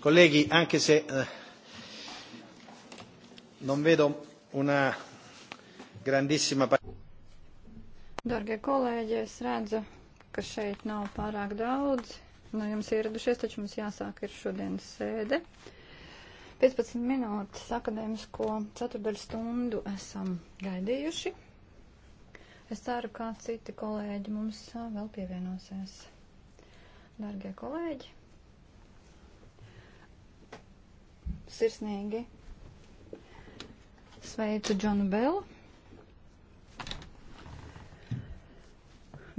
Colleghi, anche se eh, non vedo una grandissima. Darbie kolēģi, es redzu, ka šeit nav pārāk daudz. Nu, jums ieradušies, taču mums jāsāk ir šodienas sēde. 15 minūtes akadēmisko ceturdaļu stundu esam gaidījuši. Es ceru, ka citi kolēģi mums eh, vēl pievienosies. Dargie kolēģi, Sirsnīgi sveicu Džonu Belu.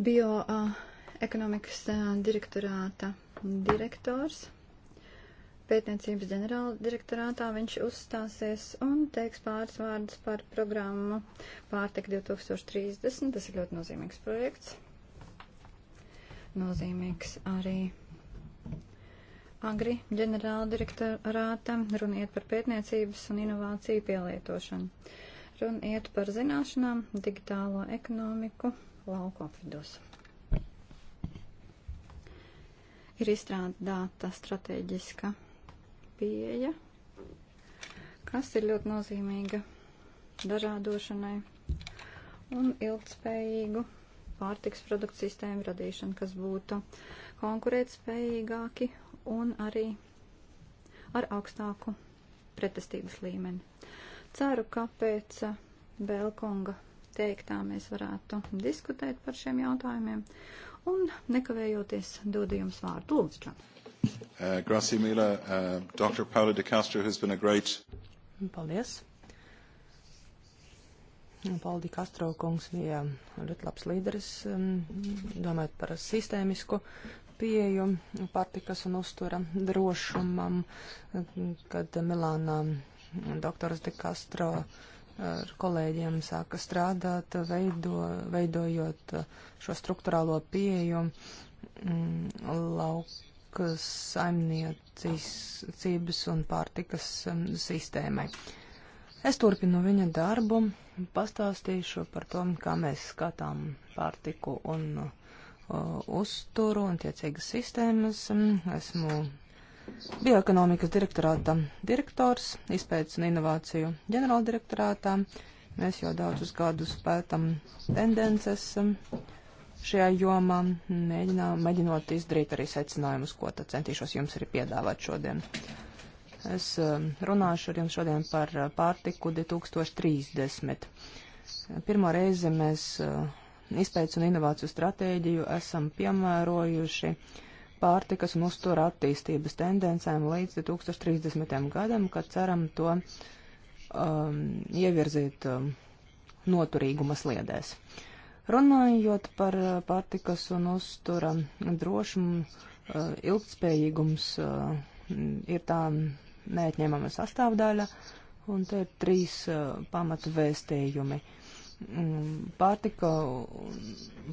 Bioekonomikas uh, uh, direktorāta direktors. Pētniecības ģenerāla direktorātā viņš uzstāsies un teiks pāris vārdus par programmu Pārtika 2030. Tas ir ļoti nozīmīgs projekts. Nozīmīgs arī Agri ģenerāla direktorāta runa iet par pētniecības un inovāciju pielietošanu. Runa iet par zināšanām, digitālo ekonomiku, lauku apvidos. Ir izstrādāta strateģiska pieeja, kas ir ļoti nozīmīga dažādošanai un ilgspējīgu pārtiks produktu sistēmu radīšanu, kas būtu konkurētspējīgāki un arī ar augstāku pretestības līmeni. Ceru, ka pēc eh, Belkonga teiktā mēs varētu diskutēt par šiem jautājumiem. Un nekavējoties dodu jums vārdu lūdzu. Uh, Grazie, Mīla. Uh, eh, Dr. Paula de Castro has been a great. Paldies. Paula de Castro kungs bija ļoti labs līderis, um, domājot par sistēmisku pieju pārtikas un uztura drošumam, kad Milānā doktors De Castro ar kolēģiem sāka strādāt, veido, veidojot šo struktūrālo pieju mm, lauka saimniecības un pārtikas mm, sistēmai. Es turpinu viņa darbu, pastāstīšu par to, kā mēs skatām pārtiku un uh, Uh, uzturu un tiecīgas sistēmas. Mm, esmu bioekonomikas direktorāta direktors, izpētes un inovāciju ģenerāldirektorātā. Mēs jau daudzus gadus pētam tendences mm, šajā jomā, mēģinā, mēģinot izdarīt arī secinājumus, ko tad centīšos jums arī piedāvāt šodien. Es mm, runāšu ar jums šodien par pārtiku 2030. Pirmo reizi mēs izpētes un inovāciju stratēģiju esam piemērojuši pārtikas un uztura attīstības tendencēm līdz 2030. gadam, kad ceram to um, ievirzīt um, noturīguma sliedēs. Runājot par uh, pārtikas un uztura drošumu, uh, ilgtspējīgums uh, ir tā neatņemama sastāvdaļa, un te ir trīs uh, pamatvēstījumi. Uh, Mm, pārtika,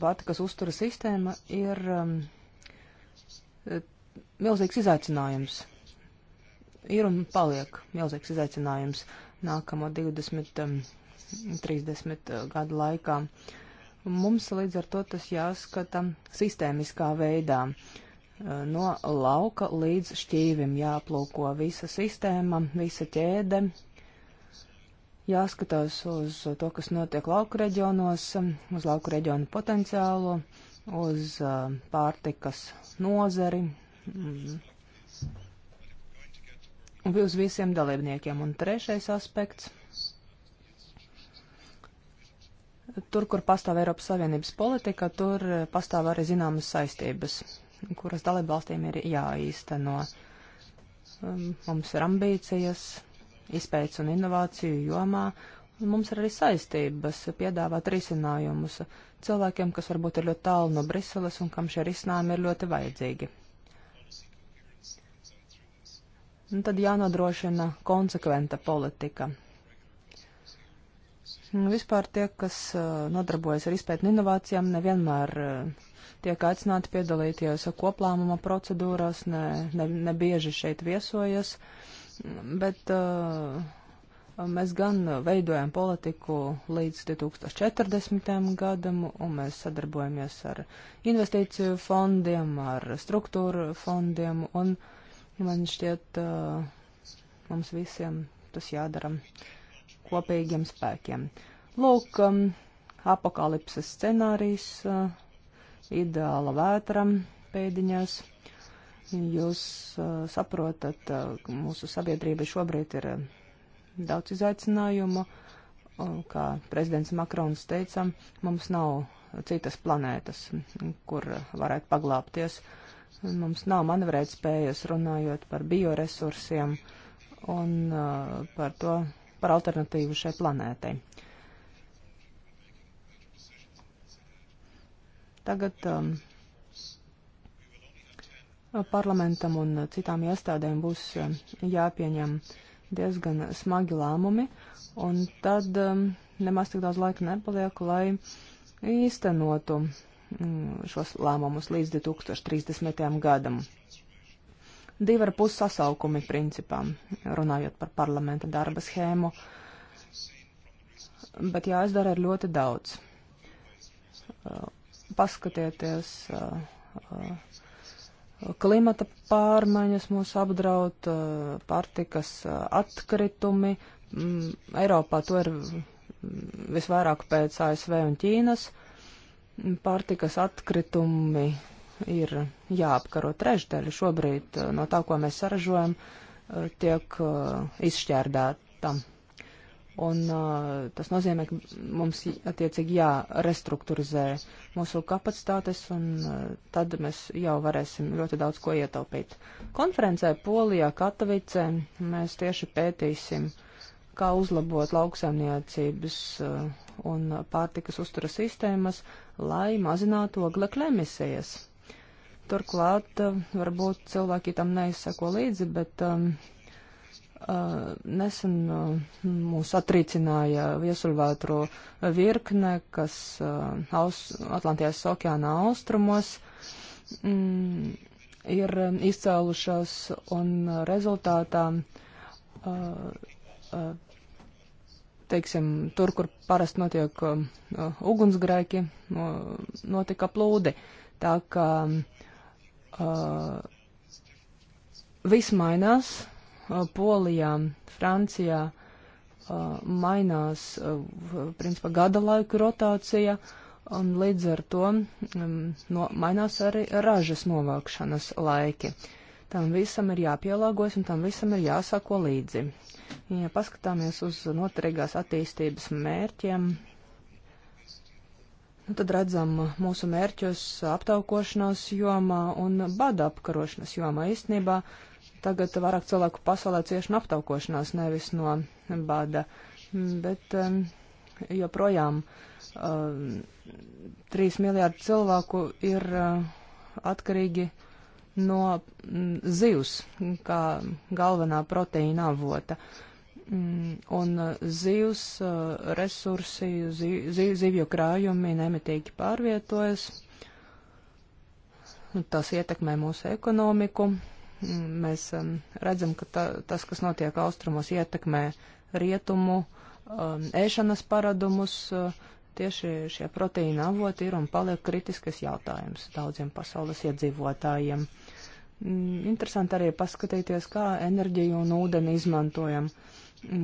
pārtikas uztura sistēma ir um, milzīgs izaicinājums. Ir un paliek milzīgs izaicinājums nākamo 20, um, 30 uh, gadu laikā. Mums līdz ar to tas jāskata sistēmiskā veidā. Uh, no lauka līdz šķīvim jāplūko visa sistēma, visa ķēde, jāskatās uz to, kas notiek lauku reģionos, uz lauku reģionu potenciālu, uz pārtikas nozari, uz visiem dalībniekiem. Un trešais aspekts. Tur, kur pastāv Eiropas Savienības politika, tur pastāv arī zināmas saistības, kuras dalībvalstīm ir jāīsteno. Mums ir ambīcijas, izpētes un inovāciju jomā. Un mums ir arī saistības piedāvāt risinājumus cilvēkiem, kas varbūt ir ļoti tālu no Briseles un kam šie risinājumi ir ļoti vajadzīgi. Un tad jānodrošina konsekventa politika. Vispār tie, kas uh, nodarbojas ar izpētni inovācijām, nevienmēr uh, tiek aicināti piedalīties koplāmuma procedūrās, ne, ne, ne bieži šeit viesojas. Uh, Bet uh, mēs gan veidojam politiku līdz 2040. gadam, un mēs sadarbojamies ar investīciju fondiem, ar struktūru fondiem, un man šķiet, uh, mums visiem tas jādara kopīgiem spēkiem. Lūk, um, apakalipses scenārijs, uh, ideāla vētra pēdiņās. Jūs uh, saprotat, uh, ka mūsu sabiedrība šobrīd ir uh, daudz izaicinājumu. Un, kā prezidents Makrons teica, mums nav citas planētas, kur varētu paglāpties. Mums nav manevrēt spējas runājot par bioresursiem un uh, par to, par alternatīvu šai planētai. Tagad um, parlamentam un citām iestādēm būs eh, jāpieņem diezgan smagi lēmumi, un tad eh, nemaz tik daudz laika nepaliek, lai īstenotu mm, šos lēmumus līdz 2030. gadam. Divi ar pus sasaukumi principā, runājot par parlamenta darba schēmu, bet jāizdara ir ļoti daudz. Eh, paskatieties klimata pārmaiņas mūs apdraud, eh, pārtikas eh, atkritumi. Mm, Eiropā to ir mm, visvairāk pēc ASV un Ķīnas. Pārtikas atkritumi ir jāapkaro trešdaļa šobrīd eh, no tā, ko mēs saražojam, tiek izšķērdēta. Un uh, tas nozīmē, ka mums attiecīgi jārestruktūrizē mūsu kapacitātes, un uh, tad mēs jau varēsim ļoti daudz ko ietaupīt. Konferencē Polijā, Katovice, mēs tieši pētīsim, kā uzlabot lauksaimniecības uh, un pārtikas uztura sistēmas, lai mazinātu oglekļa emisijas. Turklāt, uh, varbūt cilvēki tam neizsako līdzi, bet. Um, nesen mūs atrīcināja viesulvētru virkne, kas Atlantijas okeāna austrumos mm, ir izcēlušās un rezultātā, teiksim, tur, kur parasti notiek ugunsgrēki, notika plūdi. Tā kā viss mainās, Uh, Polijā, Francijā uh, mainās, uh, principā, gada laika rotācija, un līdz ar to um, no, mainās arī ražas novākšanas laiki. Tam visam ir jāpielāgojas un tam visam ir jāsako līdzi. Ja paskatāmies uz noturīgās attīstības mērķiem, nu, tad redzam mūsu mērķus aptaukošanās jomā un bada apkarošanas jomā. Īstenībā uh, Tagad vairāk cilvēku pasaulē cieši no aptaukošanās, nevis no bada. Bet um, joprojām um, 3 miljārdi cilvēku ir uh, atkarīgi no mm, zivs, kā galvenā proteīna avota. Mm, un uh, zivs uh, resursi, ziv, ziv, zivju krājumi nemitīgi pārvietojas tas ietekmē mūsu ekonomiku, Mēs um, redzam, ka ta, tas, kas notiek austrumos, ietekmē rietumu um, ēšanas paradumus. Uh, tieši šie proteīna avoti ir un paliek kritiskas jautājums daudziem pasaules iedzīvotājiem. Mm, interesanti arī paskatīties, kā enerģiju un ūdeni izmantojam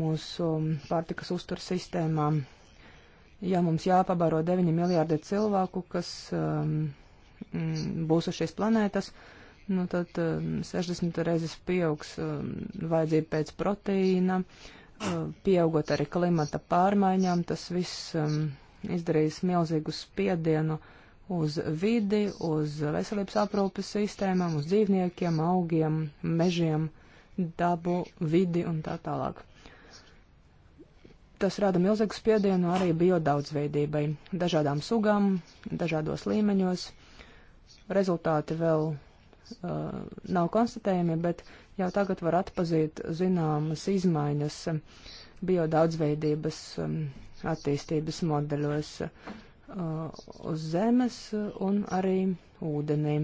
mūsu um, pārtikas uzturs sistēmām. Ja mums jāpabaro 9 miljārdi cilvēku, kas um, mm, būs uz šīs planētas, uh, nu tad 60 um, reizes pieaugs um, vajadzība pēc proteīna, uh, pieaugot arī klimata pārmaiņām, tas viss um, izdarīs milzīgu spiedienu uz vidi, uz veselības aprūpes sistēmām, uz dzīvniekiem, augiem, mežiem, dabu, vidi un tā tālāk. Tas rada milzīgu spiedienu arī biodaudzveidībai, dažādām sugām, dažādos līmeņos. Rezultāti vēl Uh, nav konstatējami, bet jau tagad var atpazīt zināmas izmaiņas biodaudzveidības um, attīstības modeļos uh, uz zemes un arī ūdenī.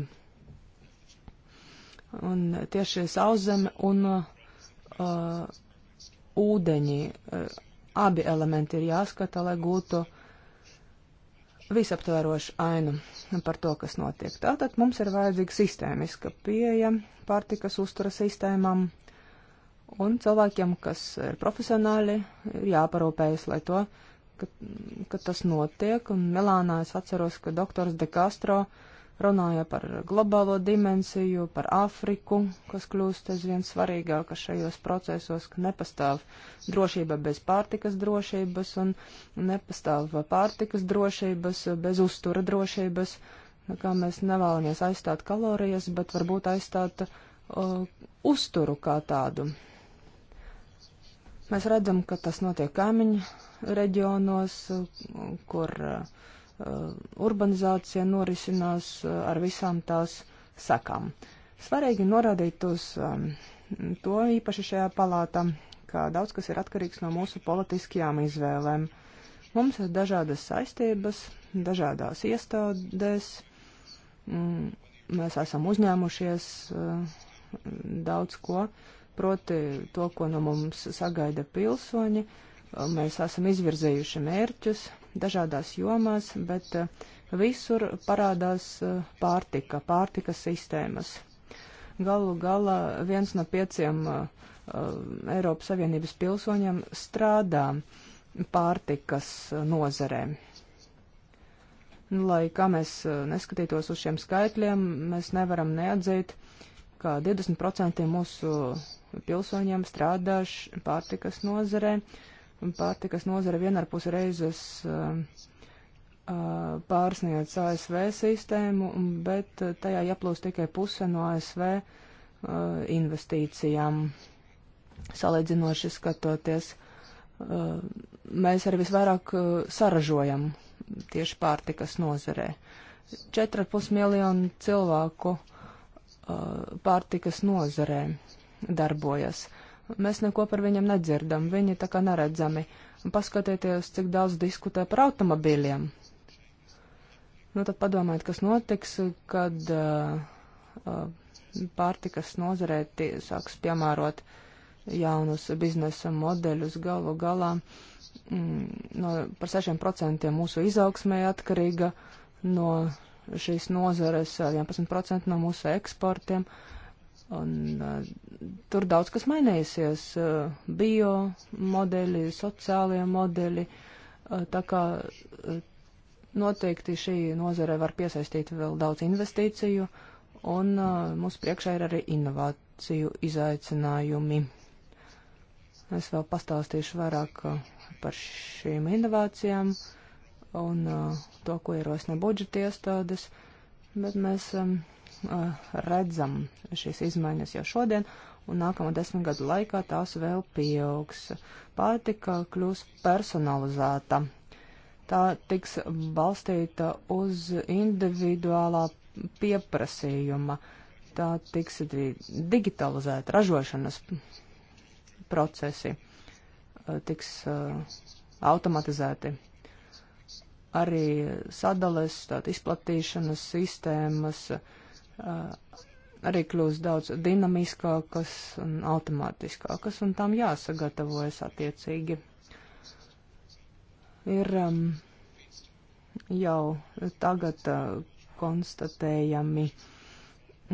Un tieši sauszeme un uh, ūdeņi, uh, abi elementi ir jāskata, lai gūtu uh, visaptvērošu ainu par to, kas notiek. Tātad mums ir vajadzīga sistēmiska pieeja pārtikas uztura sistēmām, un cilvēkiem, kas ir profesionāli, ir jāparūpējas, lai to, ka, ka tas notiek. Un Milānā es atceros, ka doktors De Castro uh, runāja par globālo dimensiju, par Āfriku, kas kļūst aizvien svarīgāka šajos procesos, ka nepastāv drošība bez pārtikas drošības un nepastāv pārtikas drošības bez uztura drošības, nu, kā mēs nevēlamies aizstāt kalorijas, bet varbūt aizstāt uh, uzturu kā tādu. Mēs redzam, ka tas notiek kaimiņu reģionos, kur uh, Eh, urbanizācija norisinās eh, ar visām tās sakām. Svarīgi norādīt uz eh, to īpaši šajā palātā, ka daudz kas ir atkarīgs no mūsu politiskajām izvēlēm. Mums ir dažādas saistības, dažādās iestādēs, mm, mēs esam uzņēmušies daudz ko, proti to, ko no mums sagaida pilsoņi, mēs esam izvirzējuši mērķus, dažādās jomās, bet eh, visur parādās eh, pārtika, pārtikas sistēmas. Galu galā viens no pieciem uh, Eiropas Savienības pilsoņiem strādā pārtikas nozarē. Lai kā mēs neskatītos uz šiem skaitļiem, mēs nevaram neatzīt, ka 20% mūsu pilsoņiem strādā pārtikas nozarē. Uh, pārtikas nozara vienarpus reizes uh, uh, pārsniedz ASV sistēmu, bet uh, tajā ieplūst tikai puse no ASV uh, investīcijām. Salīdzinoši skatoties, uh, mēs arī visvairāk uh, saražojam tieši pārtikas nozarē. 4,5 miljonu cilvēku pārtikas nozarē darbojas mēs neko par viņiem nedzirdam, viņi tā kā neredzami. Un paskatieties, cik daudz diskutē par automobīļiem. Nu, tad padomājiet, kas notiks, kad uh, uh pārtikas nozarē sāks piemērot jaunus biznesa modeļus galu galā. Mm, no, par 6% mūsu izaugsmē atkarīga no šīs nozares, 11% no mūsu eksportiem. Uh, Un uh, tur daudz kas mainīsies uh, - bio modeļi, sociālie modeļi, uh, tā kā uh, noteikti šī nozare var piesaistīt vēl daudz investīciju, un uh, mums priekšā ir arī inovāciju izaicinājumi. Es vēl pastāstīšu vairāk uh, par šīm inovācijām un uh, to, ko ierosina budžeta iestādes, bet mēs. Um, Eh, redzam šīs izmaiņas jau šodien, un nākamo desmit gadu laikā tās vēl pieaugs. Pārtika kļūs personalizēta. Tā tiks balstīta uz individuālā pieprasījuma. Tā tiks digitalizēta ražošanas procesi, eh, tiks uh, automatizēti arī sadales, tātad izplatīšanas sistēmas, uh, Eh, arī kļūst daudz dinamiskākas un automātiskākas, un tam jāsagatavojas attiecīgi. Ir um, jau tagad uh, konstatējami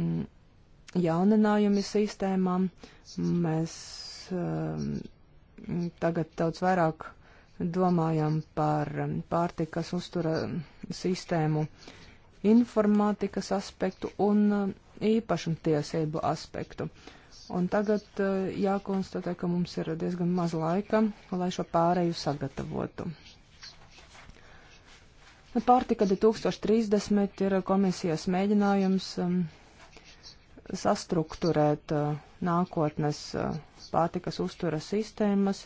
um, jauninājumi sistēmām. Mēs um, tagad daudz vairāk domājam par pārtikas uztura sistēmu uh, informātikas aspektu un uh, īpašumu tiesību aspektu. Un tagad uh, jākonstatē, ka mums ir diezgan maz laika, lai šo pārēju sagatavotu. Nu, pārtika 2030 ir komisijas mēģinājums um, sastruktūrēt uh, nākotnes pārtikas uztura sistēmas,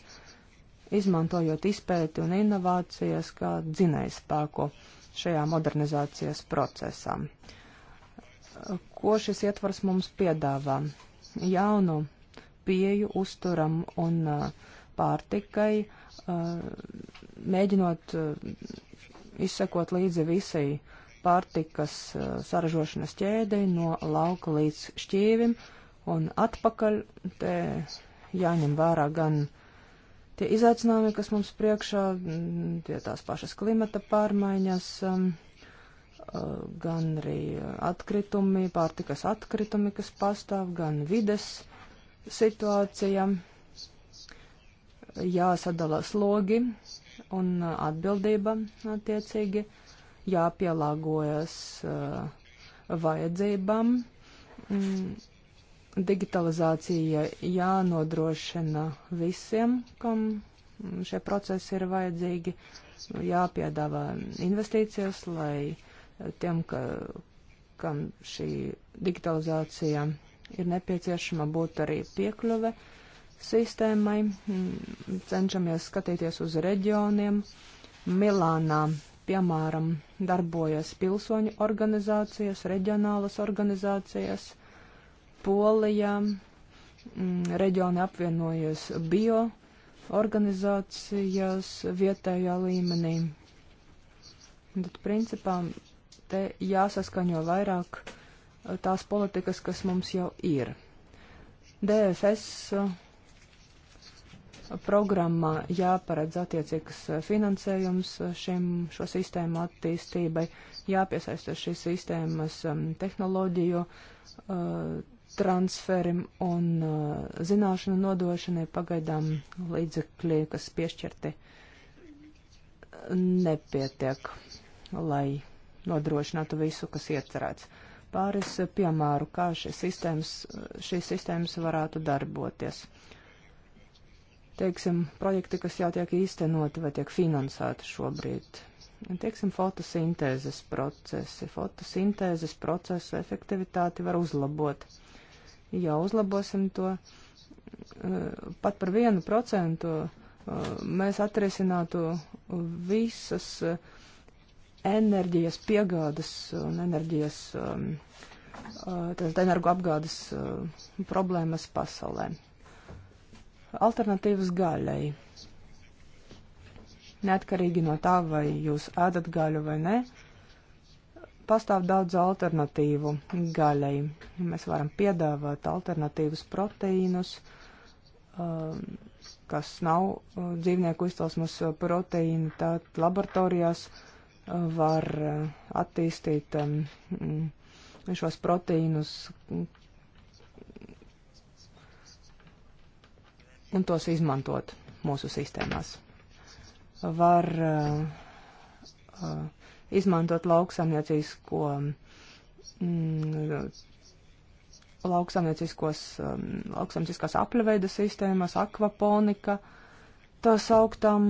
izmantojot izpēti un inovācijas kā dzinējspēku. spēku šajā modernizācijas procesā. Ko šis ietvars mums piedāvā? Jaunu pieju uzturam un uh, pārtikai, uh, mēģinot uh, izsekot līdzi visai pārtikas saražošanas ķēdei no lauka līdz šķīvim un atpakaļ. Te jāņem vērā gan tie izaicinājumi, kas mums priekšā, mm, tie tās pašas klimata pārmaiņas, um, uh, gan arī atkritumi, pārtikas atkritumi, kas pastāv, gan vides situācija, jāsadala slogi un uh, atbildība attiecīgi, jāpielāgojas uh, vajadzībām. Mm, Digitalizācija jānodrošina visiem, kam šie procesi ir vajadzīgi, jāpiedāvā investīcijas, lai tiem, ka, kam šī digitalizācija ir nepieciešama, būtu arī piekļuve sistēmai. Cenšamies skatīties uz reģioniem. Milānā, piemēram, darbojas pilsoņu organizācijas, reģionālas organizācijas, Polijā mm, reģioni apvienojas bio organizācijās vietējā līmenī. Tad, principā, te jāsaskaņo vairāk eh, tās politikas, kas mums jau ir. DFS eh, programmā jāparedz attiecīgs eh, finansējums šim, šo sistēmu attīstībai, jāpiesaista šīs sistēmas tehnoloģiju transferim un uh, zināšanu nodošanai pagaidām līdzekļi, kas piešķirti, nepietiek, lai nodrošinātu visu, kas iecerēts. Pāris piemēru, kā šīs sistēmas, šīs sistēmas varētu darboties. Teiksim, projekti, kas jau tiek īstenoti vai tiek finansēti šobrīd, teiksim, fotosintēzes procesi. Fotosintēzes procesu efektivitāti var uzlabot ja uzlabosim to, eh, pat par vienu procentu eh, mēs atrisinātu visas eh, enerģijas piegādes un enerģijas, tātad energoapgādes problēmas pasaulē. Alternatīvas gaļai neatkarīgi no tā, vai jūs ēdat gaļu vai nē, pastāv daudz alternatīvu gaļai. Mēs varam piedāvāt alternatīvus proteīnus, um, kas nav uh, dzīvnieku izcelsmes uh, proteīni. Tad laboratorijās uh, var attīstīt um, mm, šos proteīnus mm, un tos izmantot mūsu sistēmās. Var uh, uh, izmantot lauksamniecisko, mm, lauksamnieciskos, um, lauksamnieciskās apļveida sistēmas, akvaponika, tā sauktām.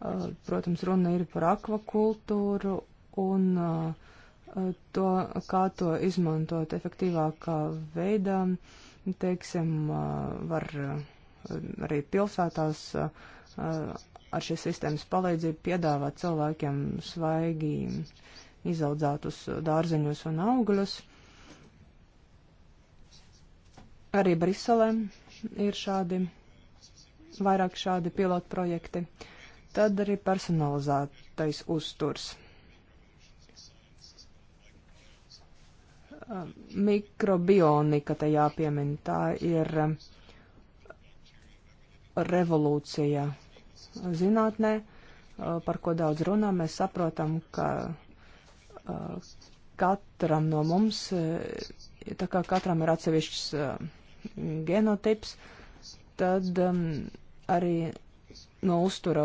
Uh, protams, runa ir par akvakultūru un uh, to, kā to izmantot efektīvākā veidā. Teiksim, uh, var arī pilsētās ar šīs sistēmas palīdzību piedāvāt cilvēkiem svaigi izaudzētus dārzeņus un augļus. Arī Briselē ir šādi, vairāk šādi pilotu projekti. Tad arī personalizētais uzturs. Mikrobionika te jāpiemina, tā ir revolūcija zinātnē, par ko daudz runā, mēs saprotam, ka katram no mums, tā kā katram ir atsevišķs genotips, tad arī no uztura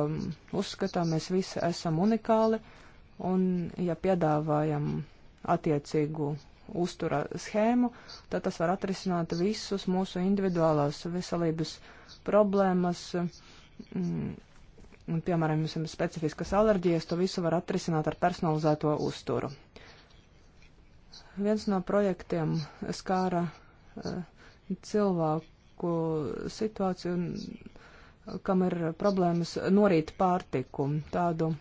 uzskatā mēs visi esam unikāli, un ja piedāvājam attiecīgu uztura schēmu, tad tas var atrisināt visus mūsu individuālās veselības problēmas, uh, Mm, un, piemēram, jums ir specifiskas alerģijas, to visu var atrisināt ar personalizēto uzturu. Viens no projektiem skāra eh, cilvēku situāciju, kam ir problēmas norīt pārtiku. Tādu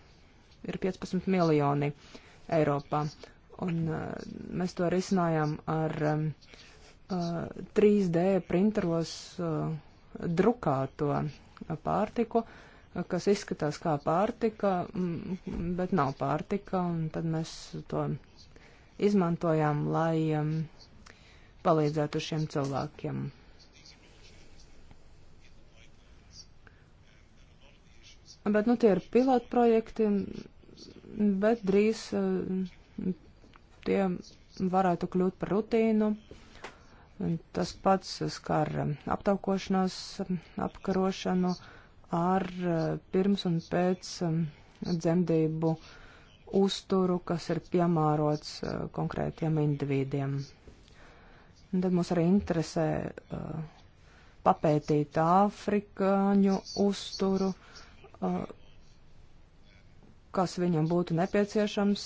ir 15 miljoni Eiropā. Un eh, mēs to risinājām ar 3D eh, printeros drukāto pārtiku, kas izskatās kā pārtika, mm, bet nav pārtika, un tad mēs to izmantojām, lai um, palīdzētu šiem cilvēkiem. Bet, nu, tie ir pilotprojekti, bet drīz uh, tie varētu kļūt par rutīnu. Uh, Un tas pats skar aptaukošanos, apkarošanu ar eh, pirms un pēc eh, dzemdību uzturu, kas ir piemērots eh, konkrētiem individiem. Un tad mūs arī interesē papētīt afrikāņu uzturu, kas viņam būtu nepieciešams,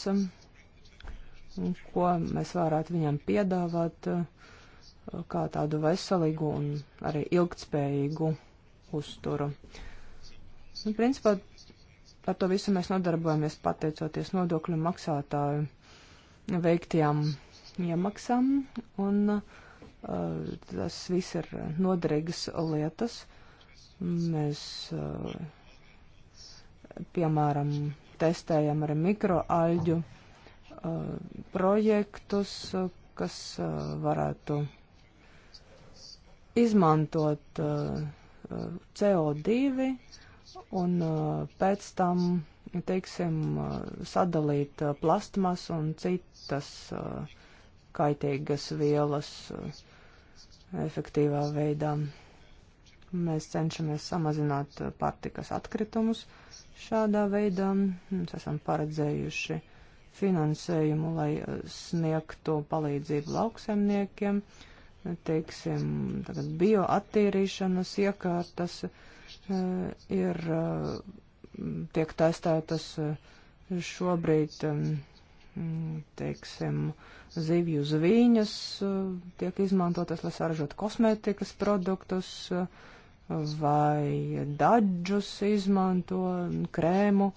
ko mēs varētu viņam piedāvāt. Uh, kā tādu veselīgu un arī ilgtspējīgu uzturu. Un, nu, principā, ar to visu mēs nodarbojamies pateicoties nodokļu maksātāju veiktajām iemaksām, un uh, tas viss ir noderīgas lietas. Mēs, uh, piemēram, testējam arī mikroaļģu uh, projektus, uh, kas uh, varētu izmantot uh, CO2 un uh, pēc tam, teiksim, uh, sadalīt plastmas un citas kaitīgas vielas efektīvā veidā. Mēs cenšamies samazināt pārtikas atkritumus šādā veidā. Mēs esam paredzējuši finansējumu, lai sniegtu palīdzību lauksemniekiem. Uh, teiksim, tagad bioattīrīšanas iekārtas e, ir, e, tiek testētas e, šobrīd, teiksim, zivju zvīņas tiek izmantotas, lai saražot kosmētikas produktus vai daļģus izmanto krēmu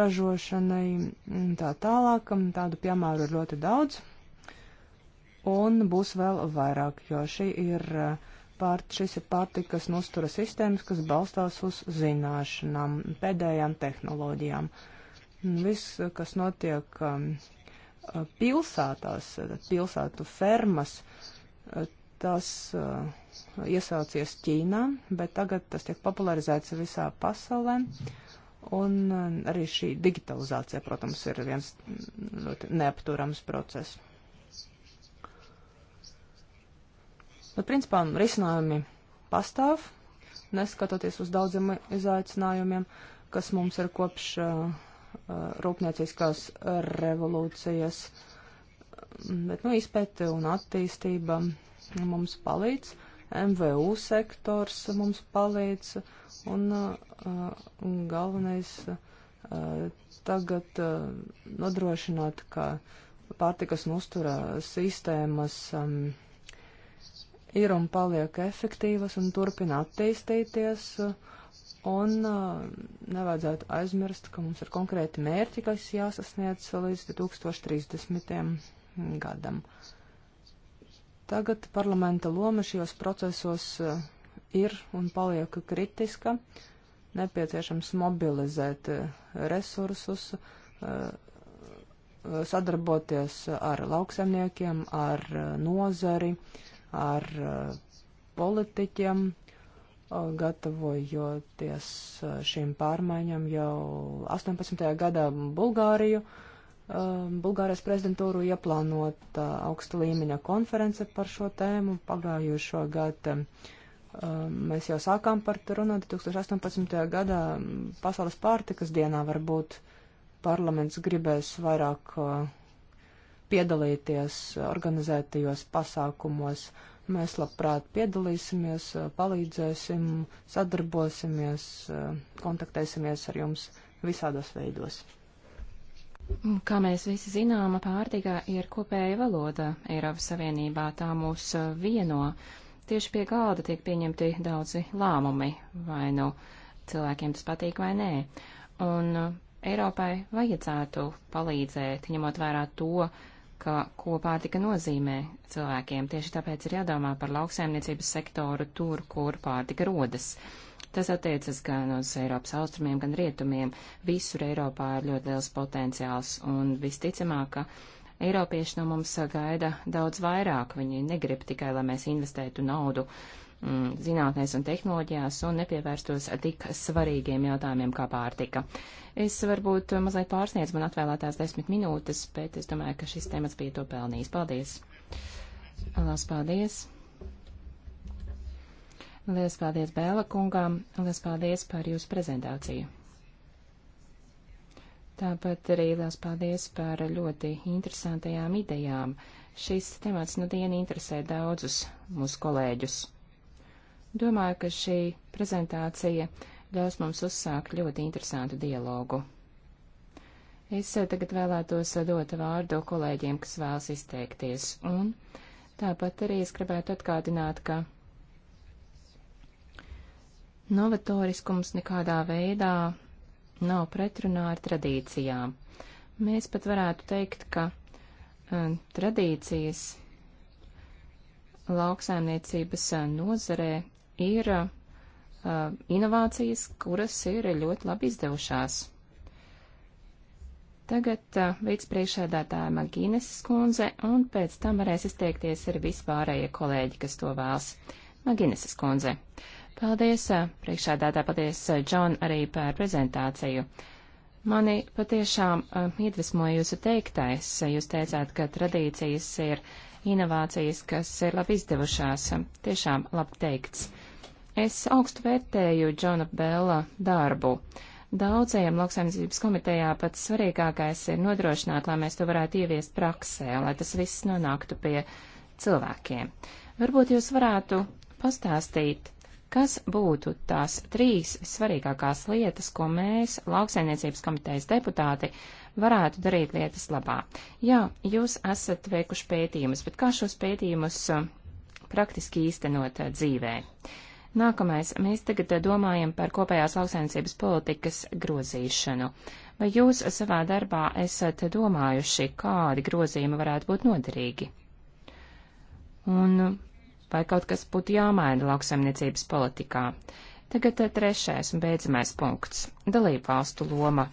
ražošanai tā tālāk. Tādu piemēru ir ļoti daudz un būs vēl vairāk, jo šī ir, eh, pār, šis ir pārtikas un uztura sistēmas, kas balstās uz zināšanām, pēdējām tehnoloģijām. Viss, kas notiek um, eh, pilsētās, eh, pilsētu fermas, tas iesaucies Ķīnā, bet tagad tas tiek popularizēts visā pasaulē. Un arī šī digitalizācija, protams, ir viens mm, ļoti neapturams process. Bet, nu, principā, risinājumi pastāv, neskatoties uz daudziem izaicinājumiem, kas mums ir kopš uh, uh rūpnieciskās revolūcijas. Bet, nu, izpēte un attīstība mums palīdz, MVU sektors mums palīdz, un uh, galvenais uh, tagad uh, nodrošināt, ka pārtikas un uzturā sistēmas um, ir un paliek efektīvas un turpina attīstīties. Un uh, nevajadzētu aizmirst, ka mums ir konkrēti mērķi, kas jāsasniedz līdz 2030. gadam. Tagad parlamenta loma šajos procesos uh, ir un paliek kritiska. Nepieciešams mobilizēt uh, resursus, sadarboties ar lauksemniekiem, ar nozari, uh, ar eh, politiķiem, eh, gatavojoties eh, šīm pārmaiņām jau 18. gadā Bulgāriju. Bulgārijas prezidentūru ieplānota augsta līmeņa konference par šo tēmu pagājušo gadu. Mēs jau sākām par to runāt 2018. gadā Pasaules pārtikas dienā varbūt parlaments gribēs vairāk uh, piedalīties organizētajos pasākumos. Mēs labprāt piedalīsimies, palīdzēsim, sadarbosimies, kontaktēsimies ar jums visādos veidos. Kā mēs visi zinām, pārtika ir kopēja valoda Eiropas Savienībā, tā mūs vieno. Tieši pie galda tiek pieņemti daudzi lēmumi, vai nu cilvēkiem tas patīk vai nē. Un Eiropai vajadzētu palīdzēt, ņemot vērā to, ka kopārtika nozīmē cilvēkiem. Tieši tāpēc ir jādomā par lauksaimniecības sektoru tur, kur pārtika rodas. Tas attiecas gan uz Eiropas austrumiem, gan rietumiem. Visur Eiropā ir ļoti liels potenciāls un visticamāk, ka Eiropieši no mums gaida daudz vairāk. Viņi negrib tikai, lai mēs investētu naudu mm, zinātnēs un tehnoloģijās un nepievērstos tik svarīgiem jautājumiem kā pārtika. Es varbūt mazliet pārsniedzu man atvēlētās desmit minūtes, bet es domāju, ka šis temats bija to pelnījis. Paldies! Lielas paldies! Lielas paldies Bēla kungām! Lielas paldies par jūsu prezentāciju! Tāpat arī liels paldies par ļoti interesantajām idejām. Šis temats nu dienu interesē daudzus mūsu kolēģus. Domāju, ka šī prezentācija ļaus mums uzsākt ļoti interesantu dialogu. Es eh, tagad vēlētos eh, dot vārdu kolēģiem, kas vēlas izteikties, un tāpat arī es gribētu atgādināt, ka novatoriskums nekādā veidā nav pretrunā ar tradīcijām. Mēs pat varētu teikt, ka uh, tradīcijas lauksaimniecības nozarē ir uh, inovācijas, kuras ir ļoti labi izdevušās. Tagad uh, vicepriekšēdātāja Magīnes skundze, un pēc tam varēs izteikties arī vispārējie kolēģi, kas to vēlas. Magīnes skundze. Paldies, uh, priekšēdātāja, paldies, uh, Džon, arī par prezentāciju. Mani patiešām uh, iedvesmoja jūsu teiktais. Jūs teicāt, ka tradīcijas ir inovācijas, kas ir labi izdevušās. Tiešām labi teikts. Es augstu vērtēju Džona Bella darbu. Daudzajam lauksaimniecības komitejā pats svarīgākais ir nodrošināt, lai mēs to varētu ieviest praksē, lai tas viss nonāktu pie cilvēkiem. Varbūt jūs varētu pastāstīt, kas būtu tās trīs svarīgākās lietas, ko mēs, lauksaimniecības komitejas deputāti, varētu darīt lietas labā. Jā, jūs esat veikuši pētījumus, bet kā šos pētījumus uh, praktiski īstenot uh, dzīvē? Uh, Nākamais, mēs tagad domājam par kopējās lauksainicības politikas grozīšanu. Vai jūs savā darbā esat domājuši, kādi grozījumi varētu būt noderīgi? Un vai kaut kas būtu jāmaina lauksaimniecības politikā? Tagad trešais un beidzamais punkts - dalību valstu loma.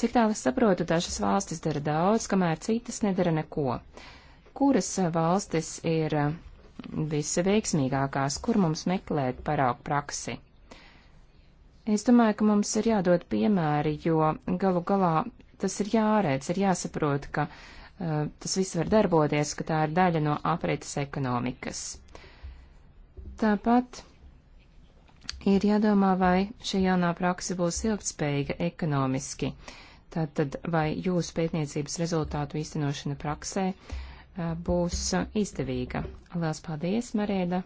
Cik tālu es saprotu, dažas valstis dara daudz, kamēr citas nedara neko. Kuras valstis ir visveiksmīgākās, kur mums meklēt paraugu praksi. Es domāju, ka mums ir jādod piemēri, jo galu galā tas ir jāredz, ir jāsaprot, ka uh, tas viss var darboties, ka tā ir daļa no aprītas ekonomikas. Tāpat ir jādomā, vai šī jaunā praksa būs ilgtspējīga ekonomiski. Tātad, vai jūsu pētniecības rezultātu īstenošana praksē uh, būs uh, izdevīga. Lielas paldies, Marēda.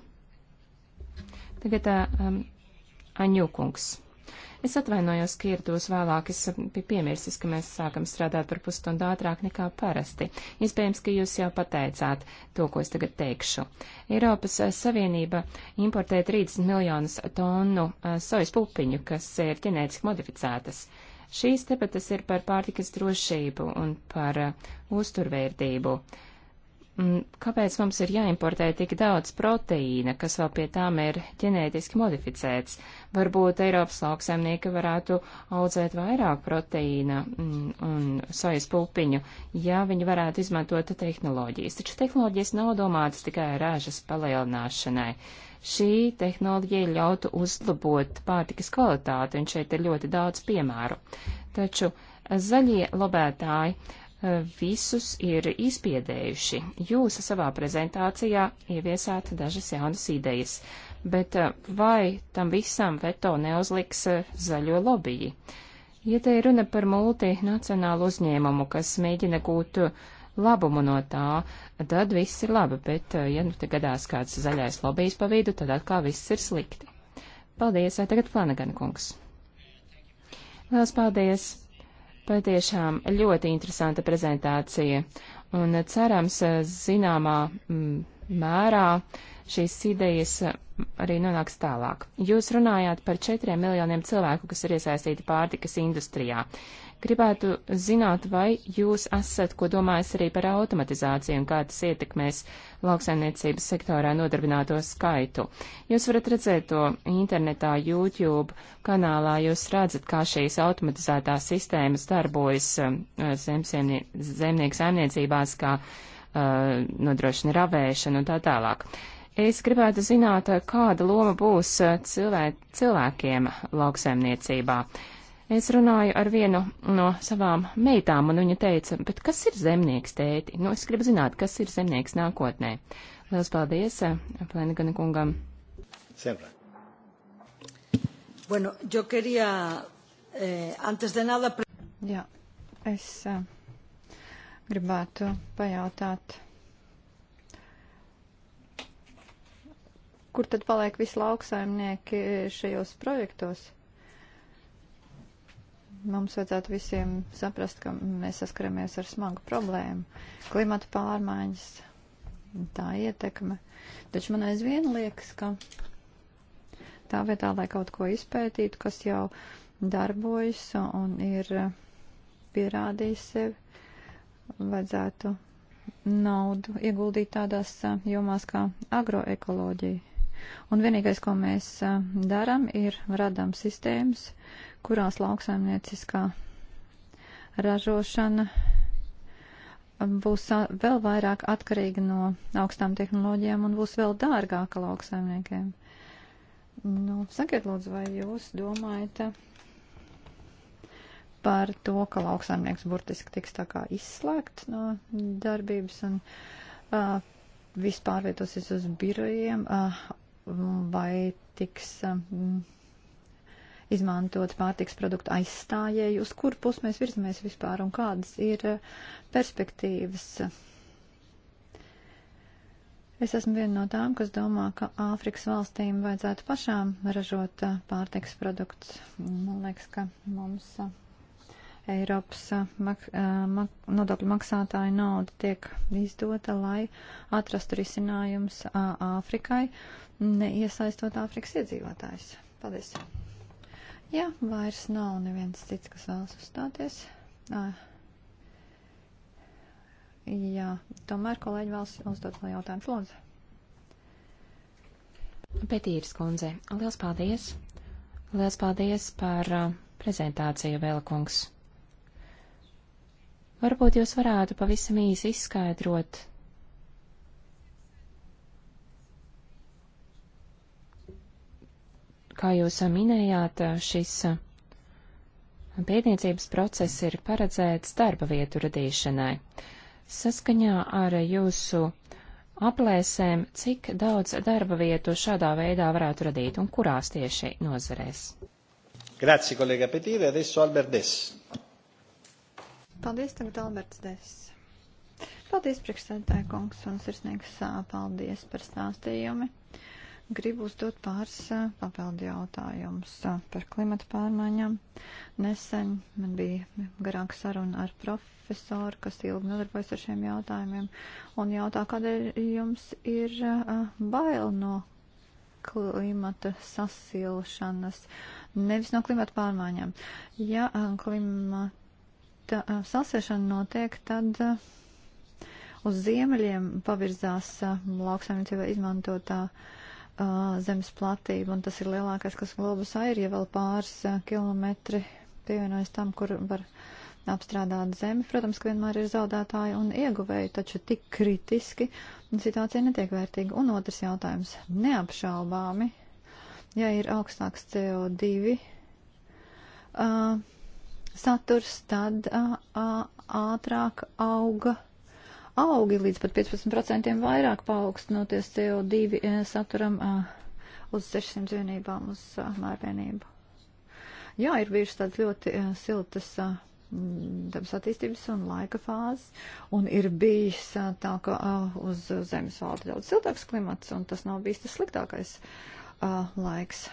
Tagad uh, um, Aņūkungs. Es atvainojos, ka ierados vēlāk, es uh, biju piemirsis, ka mēs sākam strādāt par pusstundu ātrāk nekā parasti. Iespējams, ka jūs jau pateicāt to, ko es tagad teikšu. Eiropas Savienība importē 30 miljonus tonu sojas pupiņu, kas ir ģenētiski modificētas. Šīs debatas ir par pārtikas drošību un par uh, uzturvērtību. Uh, Mm, kāpēc mums ir jāimportē tik daudz proteīna, kas vēl pie tām ir ģenētiski modificēts? Varbūt Eiropas lauksaimnieki varētu audzēt vairāk proteīna mm, un sojas pupiņu, ja viņi varētu izmantot tehnoloģijas. Taču tehnoloģijas nav domātas tikai rāžas palielināšanai. Šī tehnoloģija ļautu uzlabot pārtikas kvalitāti, un šeit ir ļoti daudz piemēru. Taču zaļie lobētāji visus ir izpiedējuši. Jūs savā prezentācijā ieviesāt dažas jaunas idejas, bet eh, vai tam visam veto neuzliks eh, zaļo lobiji? Ja te ir runa par multinacionālu uzņēmumu, kas mēģina gūt eh, labumu no tā, tad viss ir labi, bet ja nu te gadās kāds zaļais lobijs pa vidu, tad atkal viss ir slikti. Paldies, tagad Flanagan kungs. Lielas paldies! Patiešām ļoti interesanta prezentācija, un eh, cerams, eh, zināmā mm, mērā šīs idejas eh, arī nonāks tālāk. Jūs runājāt par četriem miljoniem cilvēku, kas ir iesaistīti pārtikas industrijā. Gribētu zināt, vai jūs esat, ko domājis arī par automatizāciju un kā tas ietekmēs lauksaimniecības sektorā nodarbināto skaitu. Jūs varat redzēt to internetā, YouTube kanālā, jūs redzat, kā šīs automatizētās sistēmas darbojas um, zemnie, zemnieku saimniecībās, kā uh, nodrošina ravēšanu un tā tālāk. Es gribētu zināt, kāda loma būs uh, cilvē, cilvēkiem lauksaimniecībā. Uh, Es runāju ar vienu no savām meitām, un viņa teica, bet kas ir zemnieks, tēti? Nu, es gribu zināt, kas ir zemnieks nākotnē. Lielas paldies, Plenigana eh, kungam. Siempre. Bueno, yo quería, eh, antes de nada... Jā, es uh, gribētu pajautāt, kur tad paliek visi lauksaimnieki šajos projektos? mums vajadzētu visiem saprast, ka mēs saskaramies ar smagu problēmu. Klimata pārmaiņas, tā ietekme. Taču man aizvien liekas, ka tā vietā, lai kaut ko izpētītu, kas jau darbojas un ir pierādījis sevi, vajadzētu naudu ieguldīt tādās jomās kā agroekoloģija. Un vienīgais, ko mēs darām, ir radām sistēmas, kurās lauksaimnieciskā ražošana būs vēl vairāk atkarīga no augstām tehnoloģijām un būs vēl dārgāka lauksaimniekiem. Nu, sakiet, lūdzu, vai jūs domājat par to, ka lauksaimnieks burtiski tiks tā kā izslēgt no darbības un uh, vispār vietosies uz birojiem, uh, vai tiks. Uh, izmantot pārtiks produktu aizstājēju, uz kur pus mēs virzamies vispār un kādas ir eh, perspektīvas. Es esmu viena no tām, kas domā, ka Āfrikas valstīm vajadzētu pašām ražot eh, pārtiks produktus. Man liekas, ka mums eh, Eiropas mak mak nodokļu maksātāju nauda tiek izdota, lai atrastu risinājums Āfrikai, neiesaistot Āfrikas iedzīvotājus. Paldies! Jā, vairs nav neviens cits, kas vēlas uzstāties. Jā, tomēr kolēģi vēlas uzdot vēl jautājumu lūdzu. Petīras kundze, liels paldies! Liels paldies par uh, prezentāciju, Vēla kungs! Varbūt jūs varētu pavisam īsi izskaidrot Kā jūs minējāt, šis pētniecības process ir paredzēts darba vietu radīšanai. Saskaņā ar jūsu aplēsēm, cik daudz darba vietu šādā veidā varētu radīt un kurās tieši nozarēs? Grazie, kolēģa Petīve. Adesso Albert Des. Paldies, tagad Alberts Des. Paldies, priekšsēdētāji kungs, un sirsnīgs paldies par stāstījumu. Gribu uzdot pāris papildu jautājumus par klimata pārmaiņām. Nesen man bija garāka saruna ar profesoru, kas ilgi nodarbojas ar šiem jautājumiem, un jautā, kādēļ jums ir bail no klimata sasilšanas, nevis no klimata pārmaiņām. Ja klimata sasilšana notiek, tad uz ziemeļiem pavirzās lauksaimniecībā izmantotā uh, uh, zemes platība, un tas ir lielākais, kas globusā ir, ja vēl pāris uh, kilometri pievienojas tam, kur var apstrādāt zemi. Protams, ka vienmēr ir zaudētāji un ieguvēji, taču tik kritiski situācija netiek vērtīga. Un otrs jautājums - neapšaubāmi, ja ir augstāks CO2 uh, saturs, tad uh, uh, ātrāk auga augi līdz pat 15% vairāk paaugstinoties CO2 eh, saturam eh, uz 600 vienībām uz eh, mērvienību. Jā, ir bijušas tādas ļoti siltas dabas attīstības un laika fāzes, un ir bijis tā, ka uz Zemes valda daudz siltāks klimats, un tas nav bijis tas sliktākais laiks.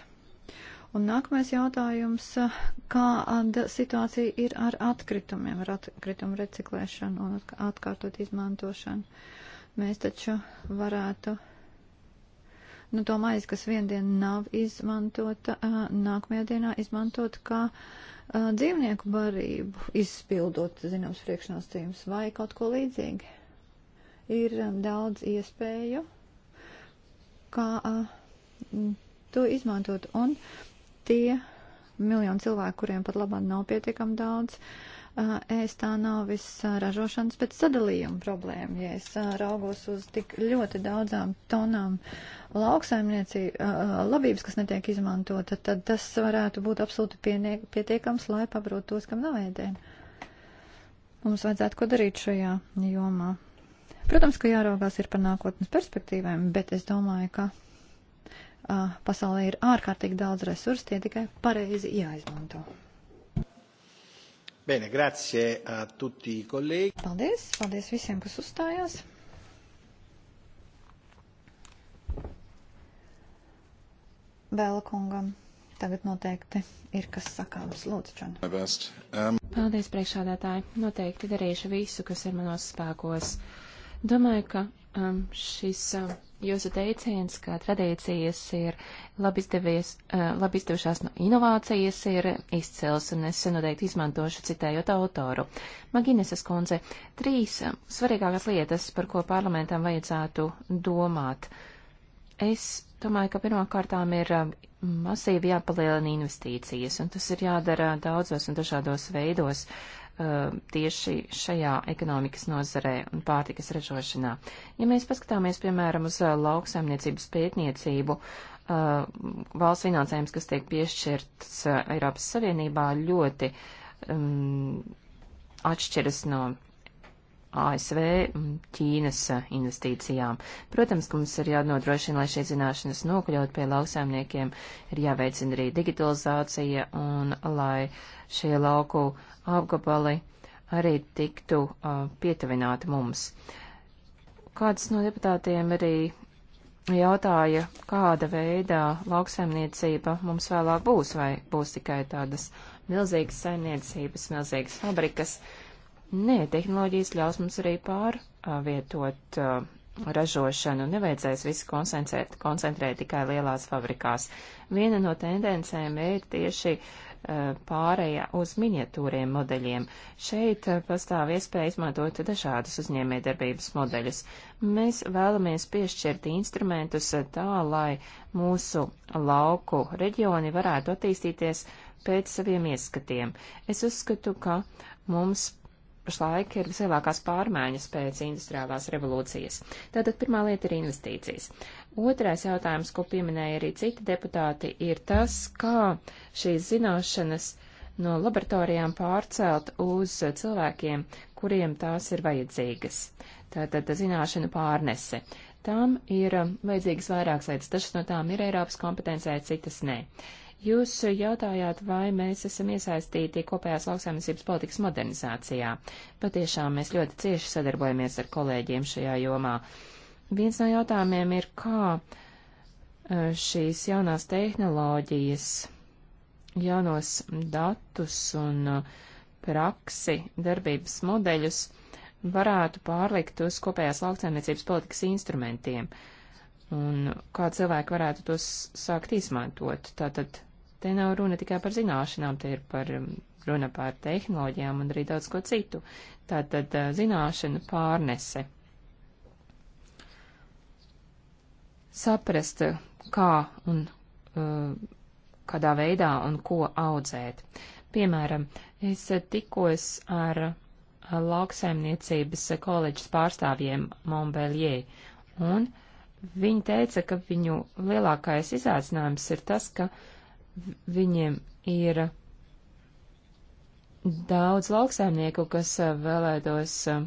Un nākamais jautājums, kāda situācija ir ar atkritumiem, ar atkritumu reciklēšanu un atkārtot izmantošanu? Mēs taču varētu, nu, to maizi, kas viendien nav izmantota, nākamajā dienā izmantot kā dzīvnieku barību, izpildot, zināms, priekšnosacījums vai kaut ko līdzīgi. Ir daudz iespēju, kā to izmantot. Un tie miljoni cilvēku, kuriem pat labāk nav pietiekami daudz, uh, es tā nav viss ražošanas pēc sadalījuma problēma. Ja es uh, raugos uz tik ļoti daudzām tonām lauksaimniecību uh, labības, kas netiek izmantota, tad tas varētu būt absolūti pietiekams, lai pabrot tos, kam nav ēdēm. Mums vajadzētu ko darīt šajā jomā. Protams, ka jāraugās ir par nākotnes perspektīvēm, bet es domāju, ka Uh, pasaulē ir ārkārtīgi daudz resursu, tie tikai pareizi jāizmanto. Bene, grazie a tutti i colleghi. Paldies, paldies visiem, kas uzstājās. Bēla kungam tagad noteikti ir kas sakāms. Lūdzu, Čana. Um... Paldies, priekšādātāji. Noteikti darīšu visu, kas ir manos spēkos. Domāju, ka um, šis. Uh, jūsu teiciens, ka tradīcijas ir labi izdevies, eh, labi izdevušās no nu, inovācijas, ir izcils, un es noteikti izmantošu citējot autoru. Magineses kundze, trīs eh, svarīgākās lietas, par ko parlamentam vajadzētu domāt. Es domāju, ka pirmkārtām ir eh, masīvi jāpalielina investīcijas, un tas ir jādara daudzos un dažādos veidos. Uh, Uh, tieši šajā ekonomikas nozarē un pārtikas ražošanā. Ja mēs paskatāmies, piemēram, uz uh, lauksaimniecības pētniecību, uh, valsts finansējums, kas tiek piešķirts Eiropas Savienībā, ļoti um, atšķiras no ASV un Ķīnas eh, investīcijām. Protams, ka mums ir jānodrošina, lai šie zināšanas nokļūtu pie lauksaimniekiem, ir jāveicina arī digitalizācija un lai šie lauku apgabali arī tiktu uh, pietuvināti mums. Kāds no deputātiem arī jautāja, kāda veidā lauksaimniecība mums vēlāk būs, vai būs tikai tādas milzīgas saimniecības, milzīgas fabrikas, uh, Nē, tehnoloģijas ļaus mums arī pārvietot uh, ražošanu, nevajadzēs visu koncentrēt, koncentrēt tikai lielās fabrikās. Viena no tendencēm ir tieši uh, pārēja uz miniatūriem modeļiem. Šeit uh, pastāv iespēja izmantot dažādus uzņēmējdarbības modeļus. Mēs vēlamies piešķirt instrumentus tā, lai mūsu lauku reģioni varētu attīstīties pēc saviem ieskatiem. Es uzskatu, ka mums pašlaik ir vislielākās pārmaiņas pēc industriālās revolūcijas. Tātad pirmā lieta ir investīcijas. Otrais jautājums, ko pieminēja arī citi deputāti, ir tas, kā šīs zināšanas no laboratorijām pārcelt uz cilvēkiem, kuriem tās ir vajadzīgas. Tātad zināšanu pārnese. Tām ir vajadzīgas vairākas lietas. Dažas no tām ir Eiropas kompetencē, citas nē. Uh, Jūs jautājāt, vai mēs esam iesaistīti kopējās lauksaimniecības politikas modernizācijā. Patiešām mēs ļoti cieši sadarbojamies ar kolēģiem šajā jomā. Viens no jautājumiem ir, kā e, šīs jaunās tehnoloģijas, jaunos datus un e, praksi darbības modeļus varētu pārlikt uz kopējās lauksaimniecības politikas instrumentiem un kā cilvēki varētu tos sākt izmantot. Tātad Te nav runa tikai par zināšanām, te ir par um, runa par tehnoloģijām un arī daudz ko citu. Tātad uh, zināšanu pārnese. Saprast, kā un uh, kādā veidā un ko audzēt. Piemēram, es tikos ar uh, lauksaimniecības koledžas pārstāvjiem Montbellier, un viņi teica, ka viņu lielākais izaicinājums ir tas, ka uh, viņiem ir daudz lauksaimnieku, kas eh, vēlētos eh,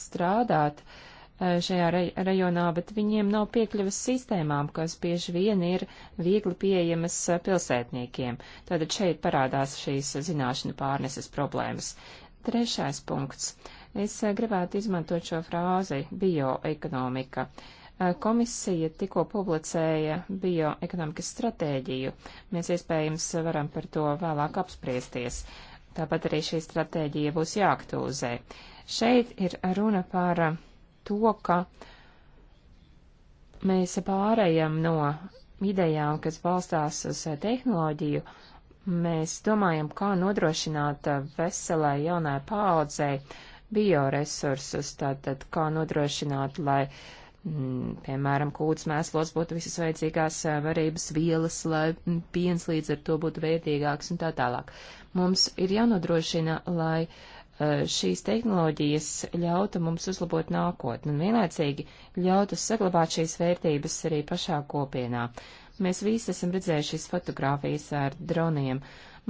strādāt eh, šajā rejonā, bet viņiem nav piekļuves sistēmām, kas bieži vien ir viegli pieejamas pilsētniekiem. Tātad šeit parādās šīs zināšanu pārneses problēmas. Trešais punkts. Es gribētu izmantot šo frāzi - bioekonomika. Uh, Komisija tikko publicēja bioekonomikas stratēģiju. Mēs iespējams varam par to vēlāk apspriesties. Tāpat arī šī stratēģija būs jāaktūzē. Šeit ir runa par to, ka mēs pārējam no idejām, kas balstās uz tehnoloģiju, mēs domājam, kā nodrošināt veselai jaunai paaudzei bioresursus, tātad kā nodrošināt, lai uh, Mm, piemēram, kūts mēslos būtu visas vajadzīgās varības vielas, lai mm, piens līdz ar to būtu vērtīgāks un tā tālāk. Mums ir jānodrošina, lai šīs tehnoloģijas ļautu mums uzlabot nākotni un vienlaicīgi ļautu saglabāt šīs vērtības arī pašā kopienā. Mēs visi esam redzējuši šīs fotogrāfijas ar droniem.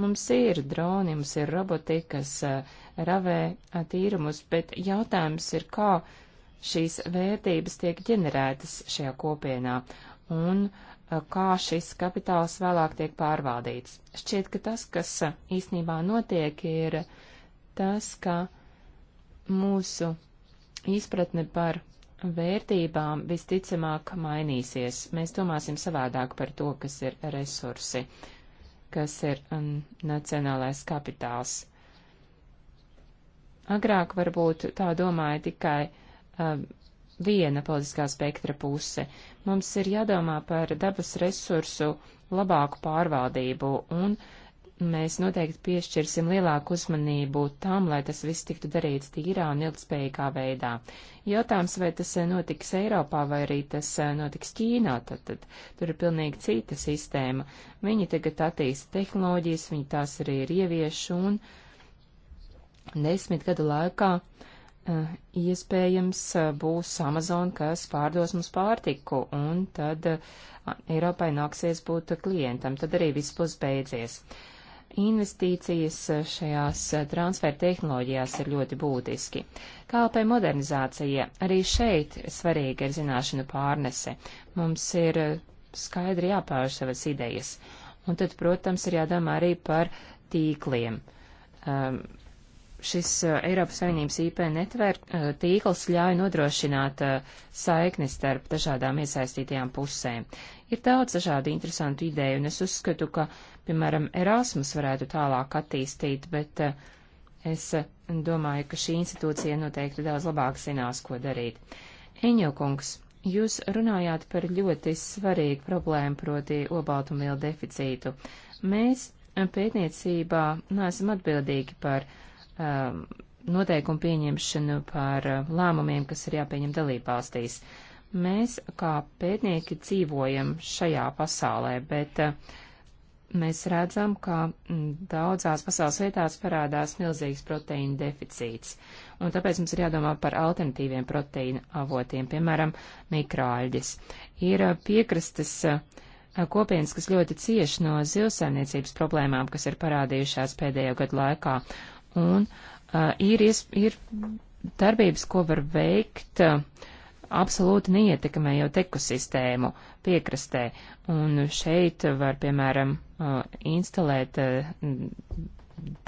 Mums ir droni, mums ir roboti, kas ravē tīrumus, bet jautājums ir, kā uh, šīs vērtības tiek ģenerētas šajā kopienā un kā šis kapitāls vēlāk tiek pārvaldīts. Šķiet, ka tas, kas īsnībā notiek, ir tas, ka mūsu izpratne par vērtībām visticamāk mainīsies. Mēs domāsim savādāk par to, kas ir resursi, kas ir um, nacionālais kapitāls. Agrāk varbūt tā domāja tikai um, viena politiskā spektra puse. Mums ir jādomā par dabas resursu labāku pārvaldību, un mēs noteikti piešķirsim lielāku uzmanību tam, lai tas viss tiktu darīts tīrā un ilgspējīgā veidā. Jautājums, vai tas eh, notiks Eiropā vai arī tas eh, notiks Ķīnā, tad, tad tur ir pilnīgi cita sistēma. Viņi tagad attīsta tehnoloģijas, viņi tās arī ir ievieši, un desmit gadu laikā uh, Eh, iespējams eh, būs Amazon, kas pārdos mums pārtiku, un tad eh, Eiropai nāksies būt klientam, tad arī viss būs beidzies. Investīcijas šajās transfer tehnoloģijās ir ļoti būtiski. Kalpē modernizācija arī šeit svarīga ir zināšanu pārnese. Mums ir skaidri jāpauž savas idejas. Un tad, protams, ir jādomā arī par tīkliem. Um, šis eh, Eiropas Savienības IP netver eh, tīkls ļauj nodrošināt eh, saikni starp dažādām iesaistītajām pusēm. Ir daudz dažādu interesantu ideju, un es uzskatu, ka, piemēram, Erasmus varētu tālāk attīstīt, bet es domāju, ka šī institūcija noteikti daudz labāk zinās, ko darīt. Eņokungs, jūs runājāt par ļoti svarīgu problēmu, proti obaltumvielu deficītu. Mēs pētniecībā neesam atbildīgi par uh, um, noteikumu pieņemšanu, par um, lēmumiem, kas ir jāpieņem dalībvalstīs. Mēs kā pētnieki dzīvojam šajā pasaulē, bet uh, mēs redzam, ka mm, daudzās pasaules vietās parādās milzīgs proteīna deficīts. Un tāpēc mums ir jādomā par alternatīviem proteīna avotiem, piemēram, mikrāļģis. Ir uh, piekrastes uh, kopienas, kas ļoti cieši no zivsaimniecības problēmām, kas ir parādījušās pēdējo gadu laikā, un uh, ir, ies, ir darbības, ko var veikt uh, absolūti neietekmējot ekosistēmu piekrastē, un šeit var, piemēram, uh, instalēt uh,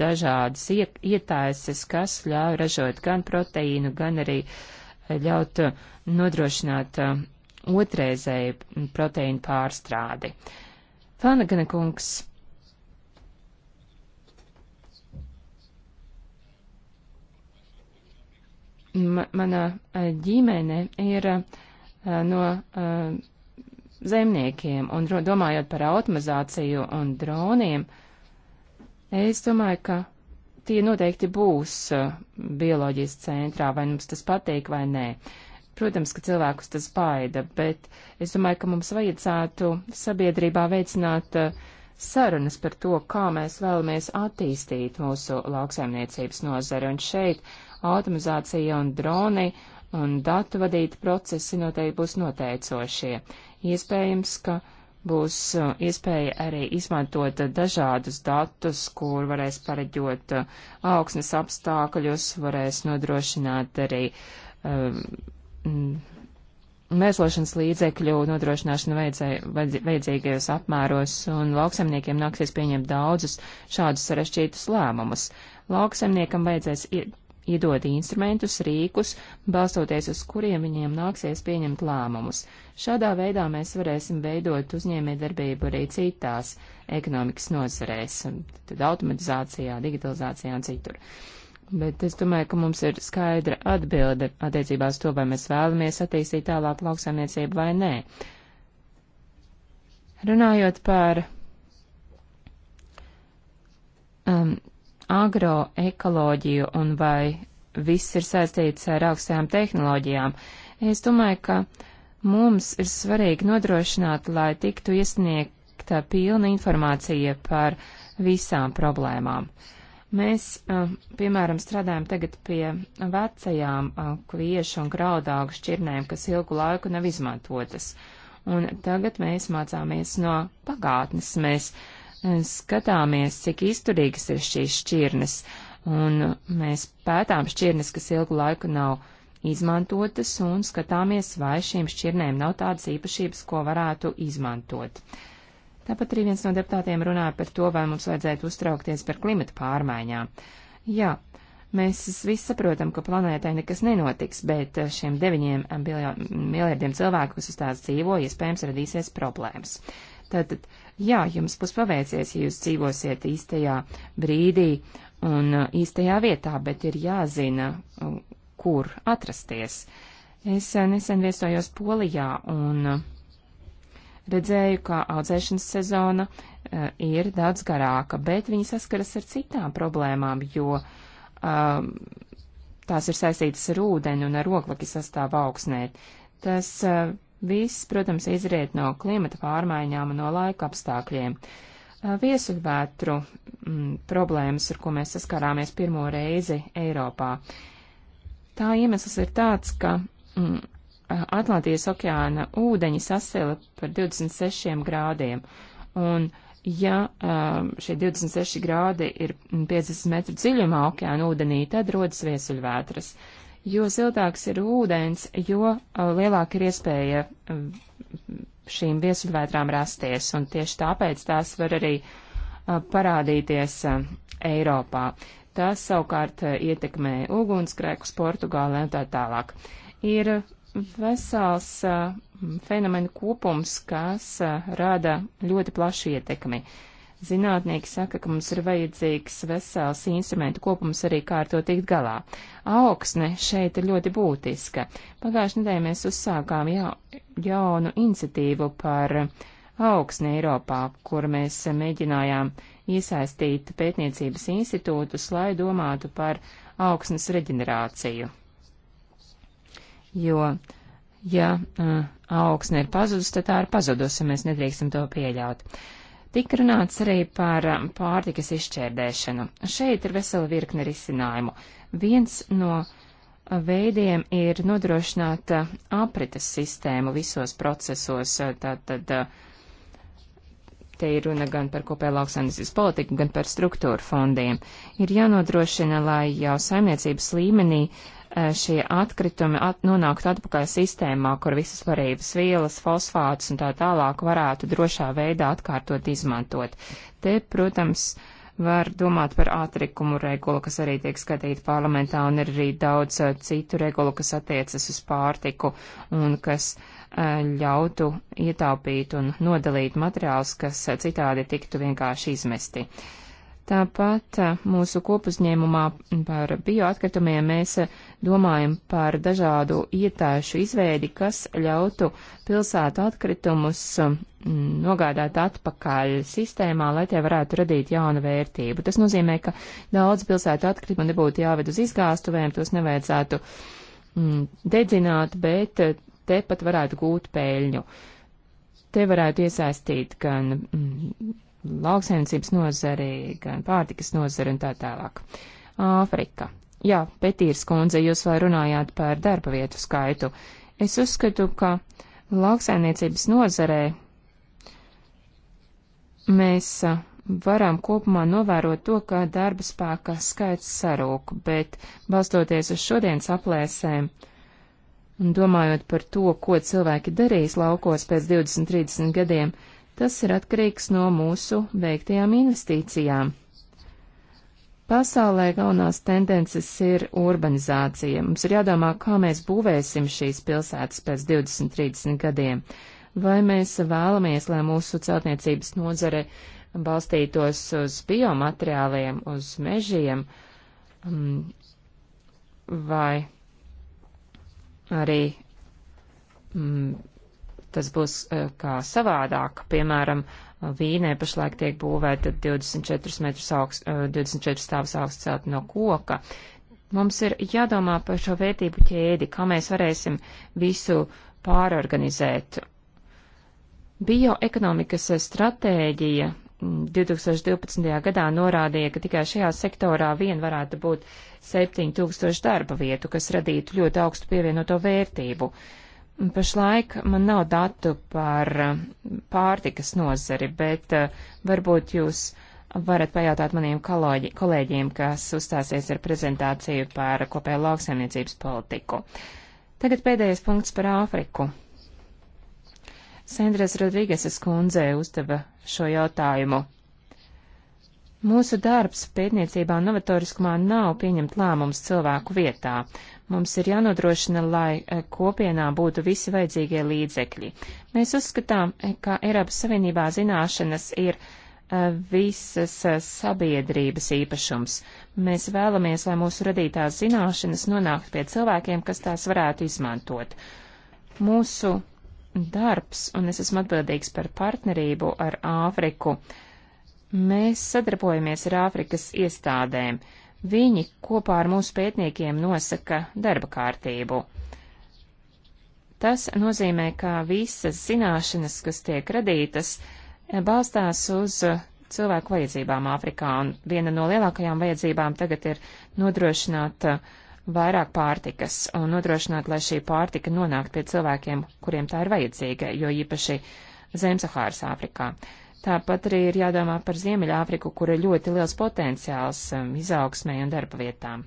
dažādas ietaises, kas ļauj ražot gan proteīnu, gan arī uh, ļaut uh, nodrošināt uh, otrreizēju proteīnu pārstrādi. Fanagana kungs Manā eh, ģimene ir eh, no eh, zemniekiem, un domājot par automatizāciju un droniem, es domāju, ka tie noteikti būs bioloģijas centrā, vai mums tas patīk vai nē. Protams, ka cilvēkus tas baida, bet es domāju, ka mums vajadzētu sabiedrībā veicināt sarunas par to, kā mēs vēlamies attīstīt mūsu lauksaimniecības nozari. Un šeit Automizācija un droni un datu vadīti procesi noteikti būs noteicošie. Iespējams, ka būs uh, iespēja arī izmantot dažādus datus, kur varēs pareģot uh, augsnes apstākļus, varēs nodrošināt arī um, mēslošanas līdzekļu nodrošināšanu vajadzīgajos apmēros, un lauksemniekiem nāksies pieņemt daudzus šādus sarešķītus lēmumus. Lauksemniekam vajadzēs iedod instrumentus, rīkus, balstoties uz kuriem viņiem nāksies pieņemt lēmumus. Šādā veidā mēs varēsim veidot uzņēmējdarbību arī citās ekonomikas nozarēs, tad automatizācijā, digitalizācijā un citur. Bet es domāju, ka mums ir skaidra atbilde attiecībās to, vai mēs vēlamies attīstīt tālāk lauksaimniecību vai nē. Runājot par um, agroekoloģiju un vai viss ir saistīts ar augstajām tehnoloģijām. Es domāju, ka mums ir svarīgi nodrošināt, lai tiktu iesniegta pilna informācija par visām problēmām. Mēs, piemēram, strādājam tagad pie vecajām kviešu un graudaugu šķirnēm, kas ilgu laiku nav izmantotas. Un tagad mēs mācāmies no pagātnes. Mēs uh, skatāmies, cik izturīgas ir šīs šķirnes, un mēs pētām šķirnes, kas ilgu laiku nav izmantotas, un skatāmies, vai šīm šķirnēm nav tādas īpašības, ko varētu izmantot. Tāpat arī viens no deputātiem runāja par to, vai mums vajadzētu uztraukties par klimata pārmaiņām. Jā, Mēs visi saprotam, ka planētai nekas nenotiks, bet šiem deviņiem miljardiem cilvēku, kas uz tās dzīvo, iespējams radīsies problēmas. Tātad, jā, jums būs paveicies, ja jūs dzīvosiet īstajā brīdī un uh, īstajā vietā, bet ir jāzina, uh, kur atrasties. Es uh, nesen viesojos Polijā un redzēju, ka audzēšanas sezona ir daudz garāka, bet viņi saskaras ar citām problēmām, jo um, tās ir saistītas ar ūdeni un ar oglaki sastāvu augsnē. Tas uh, Viss, protams, izriet no klimata pārmaiņām un no laika apstākļiem. Viesuļvētru m, mm, problēmas, ar ko mēs saskarāmies pirmo reizi Eiropā. Tā iemesls ir tāds, ka m, mm, Atlantijas okeāna ūdeņi sasila par 26 grādiem, un ja šie 26 grādi ir 50 mm, metru dziļumā okeāna ūdenī, tad rodas viesuļvētras. Uh, Jo siltāks ir ūdens, jo uh, lielāka ir iespēja uh, šīm viesuļvētrām rasties, un tieši tāpēc tās var arī uh, parādīties Eiropā. Tas savukārt ietekmē ugunsgrēkus Portugālē un tā tālāk. Ir vesels fenomenu kopums, kas rada ļoti plašu ietekmi. Uh, Zinātnieki saka, ka mums ir vajadzīgs vesels instrumentu kopums arī kā ar to tikt galā. Augsne šeit ir ļoti būtiska. Pagājušajā nedēļā mēs uzsākām ja, jaunu iniciatīvu par augsni Eiropā, kur mēs mēģinājām iesaistīt pētniecības institūtus, lai domātu par augsnes reģenerāciju. Jo, ja uh, augsne ir pazudus, tad tā ir pazudus, un mēs nedrīkstam to pieļaut. Uh, Tik runāts arī par um, pārtikas izšķērdēšanu. Šeit ir vesela virkne risinājumu. Viens no uh, veidiem ir nodrošināt uh, aprites sistēmu visos procesos. Tātad uh, te ir runa gan par kopēju lauksaimniecības politiku, gan par struktūru fondiem. Ir jānodrošina, lai jau saimniecības līmenī uh, šie atkritumi at, nonāktu atpakaļ sistēmā, kur visas varības vielas, fosfātus un tā tālāk varētu drošā veidā atkārtot izmantot. Te, protams, var domāt par atrikumu regulu, kas arī tiek skatīta parlamentā, un ir arī daudz citu regulu, kas attiecas uz pārtiku un kas ļautu ietaupīt un nodalīt materiālus, kas citādi tiktu vienkārši izmesti. Uh, Tāpat eh, mūsu kopuzņēmumā par bioatkritumiem mēs eh, domājam par dažādu ietāšu izveidi, kas ļautu pilsētu atkritumus mm, nogādāt atpakaļ sistēmā, lai tie varētu radīt jaunu vērtību. Tas nozīmē, ka daudz pilsētu atkritumu nebūtu jāved uz izgāstuvēm, tos nevajadzētu mm, dedzināt, bet eh, te pat varētu gūt pēļņu. Te varētu iesaistīt gan mm, lauksainicības nozari, gan pārtikas nozari un tā tālāk. Āfrika. Jā, Petīrs kundze, jūs vēl runājāt par darba vietu skaitu. Es uzskatu, ka lauksainiecības nozarē mēs varam kopumā novērot to, ka darba spēka skaits sarūk, bet balstoties uz šodienas aplēsēm un domājot par to, ko cilvēki darīs laukos pēc 20-30 gadiem, Tas ir atkarīgs no mūsu veiktajām investīcijām. Pasaulē galvenās tendences ir urbanizācija. Mums ir jādomā, kā mēs būvēsim šīs pilsētas pēc 20, 30 gadiem. Vai mēs vēlamies, lai mūsu celtniecības nozare balstītos uz biomateriāliem, uz mežiem, um, vai arī um, tas būs eh, kā savādāk. Piemēram, Vīnē pašlaik tiek būvēta 24, metrus augsts, 24 eh, stāvs augsts celti no koka. Mums ir jādomā par šo vērtību ķēdi, kā mēs varēsim visu pārorganizēt. Bioekonomikas stratēģija 2012. Mm, gadā norādīja, ka tikai šajā sektorā vien varētu būt 7000 darba vietu, kas radītu ļoti augstu pievienoto vērtību. Uh, Pašlaik man nav datu par eh, pārtikas nozari, bet eh, varbūt jūs varat pajautāt maniem kolēģi, kolēģiem, kas uzstāsies ar prezentāciju par kopēju lauksaimniecības politiku. Tagad pēdējais punkts par Āfriku. Sandras Rodrīgeses kundze uzdeva šo jautājumu. Mūsu darbs pētniecībā un novatoriskumā nav pieņemt lēmums cilvēku vietā. Mums ir jānodrošina, lai eh, kopienā būtu visi vajadzīgie līdzekļi. Mēs uzskatām, eh, ka Eiropas Savienībā zināšanas ir eh, visas sabiedrības īpašums. Mēs vēlamies, lai mūsu radītās zināšanas nonāktu pie cilvēkiem, kas tās varētu izmantot. Mūsu darbs, un es esmu atbildīgs par partnerību ar Āfriku. Mēs sadarbojamies ar Āfrikas iestādēm. Viņi kopā ar mūsu pētniekiem nosaka darba kārtību. Tas nozīmē, ka visas zināšanas, kas tiek radītas, balstās uz cilvēku vajadzībām Āfrikā, un viena no lielākajām vajadzībām tagad ir nodrošināt uh, vairāk pārtikas un nodrošināt, lai šī pārtika nonāk pie cilvēkiem, kuriem tā ir vajadzīga, jo īpaši Zemsahāras Āfrikā. Uh, Tāpat arī ir jādomā par Ziemeļāfriku, kur ir ļoti liels potenciāls um, izaugsmē un darba vietām.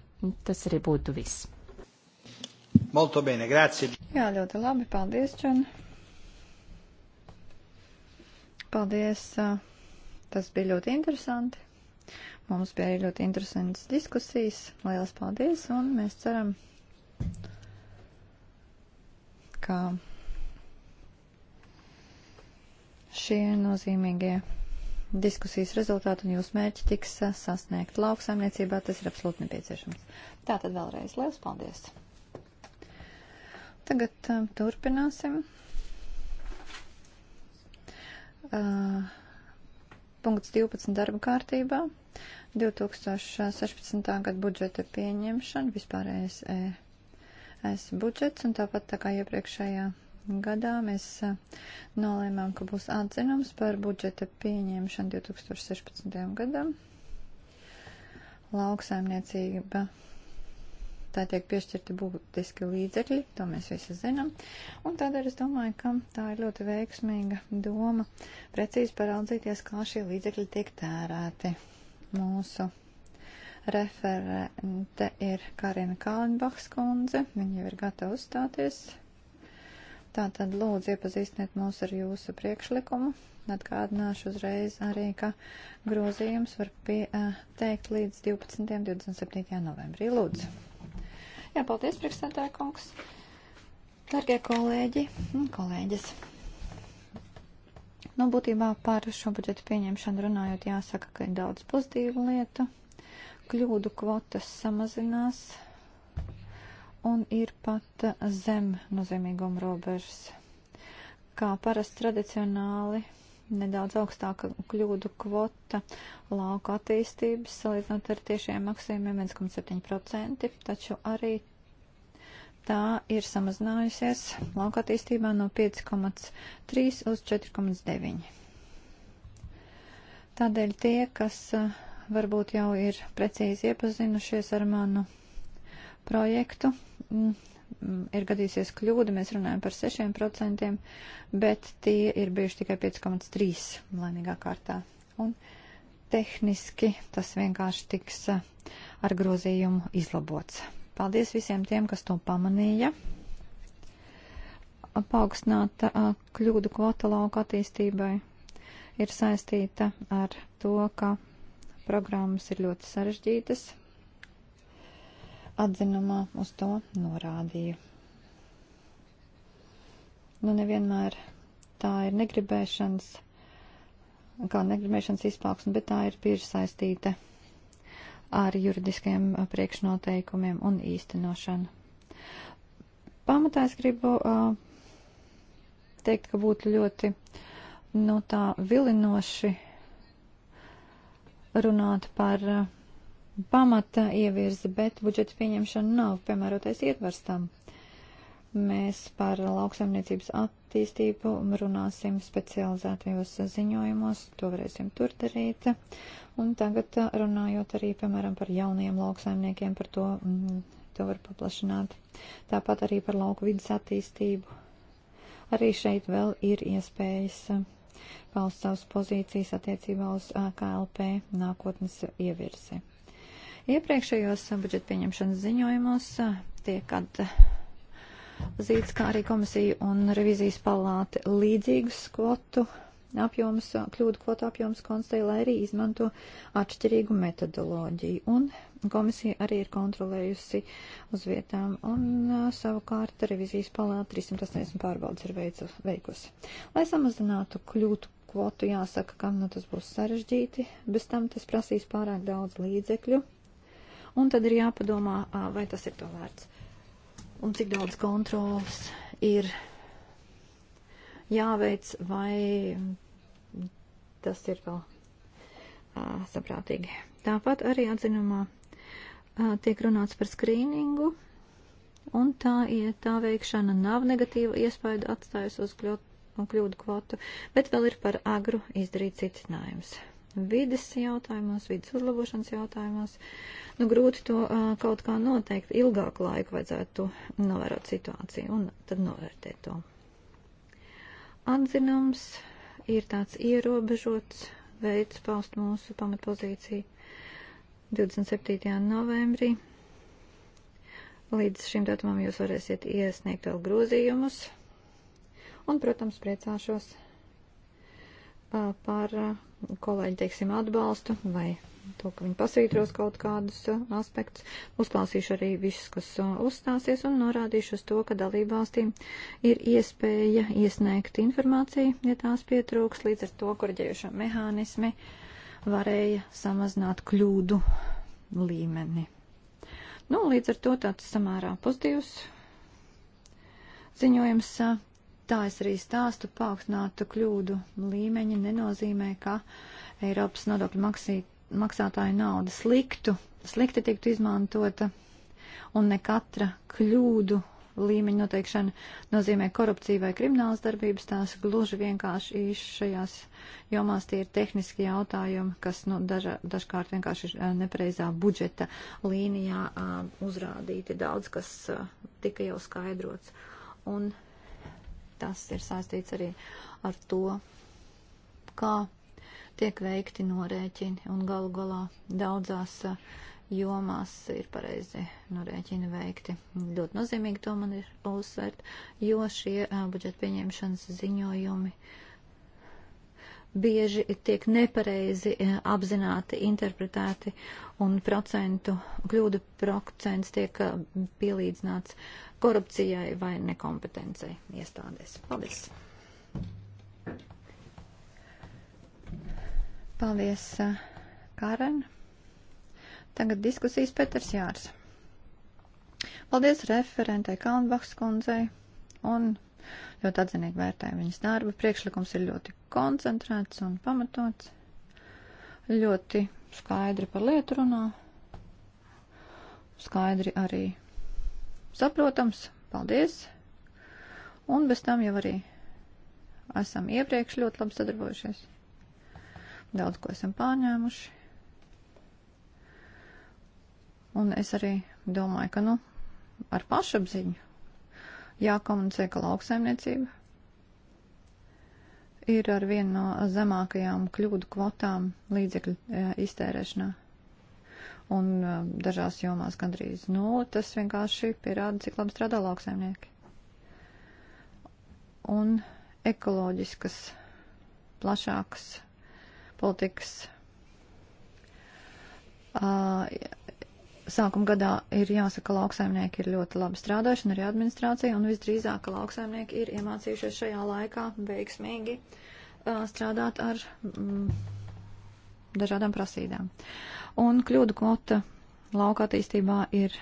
Tas arī būtu viss. Molto bene, grazie. Jā, ļoti labi, paldies, Čan. Paldies, uh, tas bija ļoti interesanti. Mums bija arī ļoti interesantas diskusijas. Lielas paldies, un mēs ceram, ka šie nozīmīgie diskusijas rezultāti un jūsu mērķi tiks eh, sasniegt lauksaimniecībā, tas ir absolūti nepieciešams. Tā tad vēlreiz liels paldies! Tagad um, turpināsim. Uh, punkts 12 darba kārtībā. 2016. gada budžeta pieņemšana, vispārējais es budžets un tāpat tā kā iepriekšējā gadā mēs uh, nolēmām, ka būs atzinums par budžeta pieņemšanu 2016. gadam. Lauksaimniecība tā tiek piešķirti būtiski līdzekļi, to mēs visi zinām. Un tādēļ es domāju, ka tā ir ļoti veiksmīga doma precīzi paraudzīties, kā šie līdzekļi tiek tērēti. Mūsu referente ir Karina Kalnbachs kundze, viņa jau ir gatava uzstāties. Tātad lūdzu iepazīstiniet mūs ar jūsu priekšlikumu. Atgādināšu uzreiz arī, ka grozījums var pieteikt līdz 12. un 27. novembrī. Lūdzu. Jā, paldies, priekšsēdētāja kungs. Dargie kolēģi un kolēģis. Nu, būtībā par šo budžetu pieņemšanu runājot, jāsaka, ka ir daudz pozitīvu lietu. Kļūdu kvotas samazinās un ir pat zem nozīmīguma robežas. Kā parasti tradicionāli nedaudz augstāka kļūdu kvota lauka attīstības, salīdzinot ar tiešiem maksājumiem 1,7%, taču arī tā ir samazinājusies lauka attīstībā no 5,3 uz 4,9. Tādēļ tie, kas eh, varbūt jau ir precīzi iepazinušies ar manu projektu. Mm, mm, ir gadījusies kļūda, mēs runājam par 6%, bet tie ir bijuši tikai 5,3% laimīgā kārtā. Un tehniski tas vienkārši tiks eh, ar grozījumu izlabots. Paldies visiem tiem, kas to pamanīja. Paaugstināta eh, kļūdu kvota lauka attīstībai ir saistīta ar to, ka programmas ir ļoti sarežģītas, atzinumā uz to norādīju. Nu, nevienmēr tā ir negribēšanas, kā negribēšanas izpauksme, bet tā ir bieži saistīta ar juridiskajiem priekšnoteikumiem un īstenošanu. Pamatā es gribu uh, teikt, ka būtu ļoti, nu, tā vilinoši runāt par uh, pamata ievirzi, bet budžeta pieņemšana nav piemērotais ietvers tam. Mēs par lauksaimniecības attīstību runāsim specializētajos ziņojumos, to varēsim tur darīt. Un tagad runājot arī, piemēram, par jauniem lauksaimniekiem, par to, mm, to var paplašināt. Tāpat arī par lauku vidas attīstību. Arī šeit vēl ir iespējas paust savas pozīcijas attiecībā uz KLP nākotnes ievirzi. Iepriekšējos budžeta pieņemšanas ziņojumos tiek atzīts, kā arī komisija un revizijas palāte līdzīgus kvotu apjomus, kļūdu kvotu apjomus konstatē, lai arī izmanto atšķirīgu metodoloģiju. Un komisija arī ir kontrolējusi uz vietām un savukārt revizijas palāta 380 pārbaudas ir veicu, veikusi. Lai samazinātu kļūtu kvotu, jāsaka, kam nu tas būs sarežģīti, bez tam tas prasīs pārāk daudz līdzekļu Un tad ir jāpadomā, vai tas ir to vērts. Un cik daudz kontrols ir jāveic, vai tas ir vēl uh, saprātīgi. Tāpat arī atzinumā uh, tiek runāts par skrīningu, un tā, ja tā veikšana nav negatīva iespēja atstājusi uz kļūdu kvotu, bet vēl ir par agru izdarīt citinājums vides jautājumos, vides uzlabošanas jautājumos. Nu, grūti to uh, kaut kā noteikt. Ilgāku laiku vajadzētu novērot situāciju un tad novērtēt to. Atzinums ir tāds ierobežots veids paust mūsu pamatpozīciju 27. novembrī. Līdz šim datumam jūs varēsiet iesniegt vēl grozījumus. Un, protams, priecāšos par kolēģi, teiksim, atbalstu vai to, ka viņi pasvītros kaut kādus aspektus. Uzklausīšu arī visus, kas uzstāsies un norādīšu uz to, ka dalībvalstīm ir iespēja iesniegt informāciju, ja tās pietrūks, līdz ar to korģējušo mehānismi varēja samazināt kļūdu līmeni. Nu, līdz ar to tāds samērā pozitīvs ziņojums Tā es arī stāstu paaugstinātu kļūdu līmeņi nenozīmē, ka Eiropas nodokļu maksī, maksātāju nauda sliktu, slikti tiktu izmantota, un ne katra kļūdu līmeņa noteikšana nozīmē korupciju vai kriminālas darbības. Tās gluži vienkārši šajās jomās tie ir tehniski jautājumi, kas nu, daža, dažkārt vienkārši ir eh, nepareizā budžeta līnijā uh, uzrādīti daudz, kas uh, tika jau skaidrots. Un Tas ir saistīts arī ar to, kā tiek veikti norēķini un galu galā daudzās uh, jomās ir pareizi norēķini veikti. Ļoti nozīmīgi to man ir uzsvērt, jo šie uh, budžeta pieņemšanas ziņojumi bieži tiek nepareizi uh, apzināti, interpretēti un procentu, kļūdu procents tiek pielīdzināts korupcijai vai nekompetencei iestādēs. Paldies! Paldies, Karen. Tagad diskusijas Peters Jārs. Paldies referentai Kalnbachs kundzei un ļoti atzinīgi vērtēju viņas darbu. Priekšlikums ir ļoti koncentrēts un pamatots. Ļoti skaidri par lietu runā. Skaidri arī saprotams. Paldies! Un bez tam jau arī esam iepriekš ļoti labi sadarbojušies. Daudz ko esam pārņēmuši. Un es arī domāju, ka, nu, ar pašapziņu jākomunicē, ka lauksaimniecība ir ar vienu no zemākajām kļūdu kvotām līdzekļu e, iztērēšanā un um, dažās jomās gandrīz nulle, tas vienkārši pierāda, cik labi strādā lauksaimnieki. Un ekoloģiskas, plašākas politikas uh, sākuma gadā ir jāsaka, lauksaimnieki ir ļoti labi strādājuši, un arī administrācija, un visdrīzāk, ka lauksaimnieki ir iemācījušies šajā laikā veiksmīgi uh, strādāt ar mm, dažādām prasībām. Un kļūdu kvota lauka attīstībā ir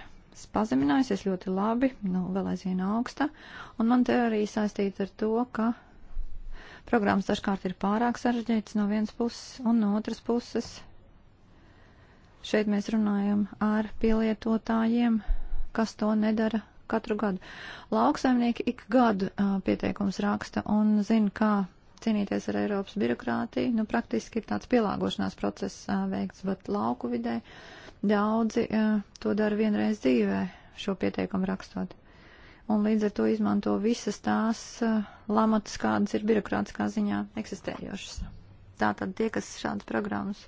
pazeminājusies ļoti labi, nu, vēl aizvien augsta. Un man teorija saistīta ar to, ka programmas dažkārt ir pārāk sarežģītas no vienas puses un no otras puses. Šeit mēs runājam ar pielietotājiem, kas to nedara katru gadu. Lauksaimnieki ik gadu uh, pieteikums raksta un zina, kā cīnīties ar Eiropas birokrātiju. Nu, praktiski ir tāds pielāgošanās process uh, veikts, bet lauku vidē daudzi uh, to dara vienreiz dzīvē, šo pieteikumu rakstot. Un līdz ar to izmanto visas tās uh, lamatas, kādas ir birokrātiskā ziņā eksistējošas. Tātad tie, kas šādas programmas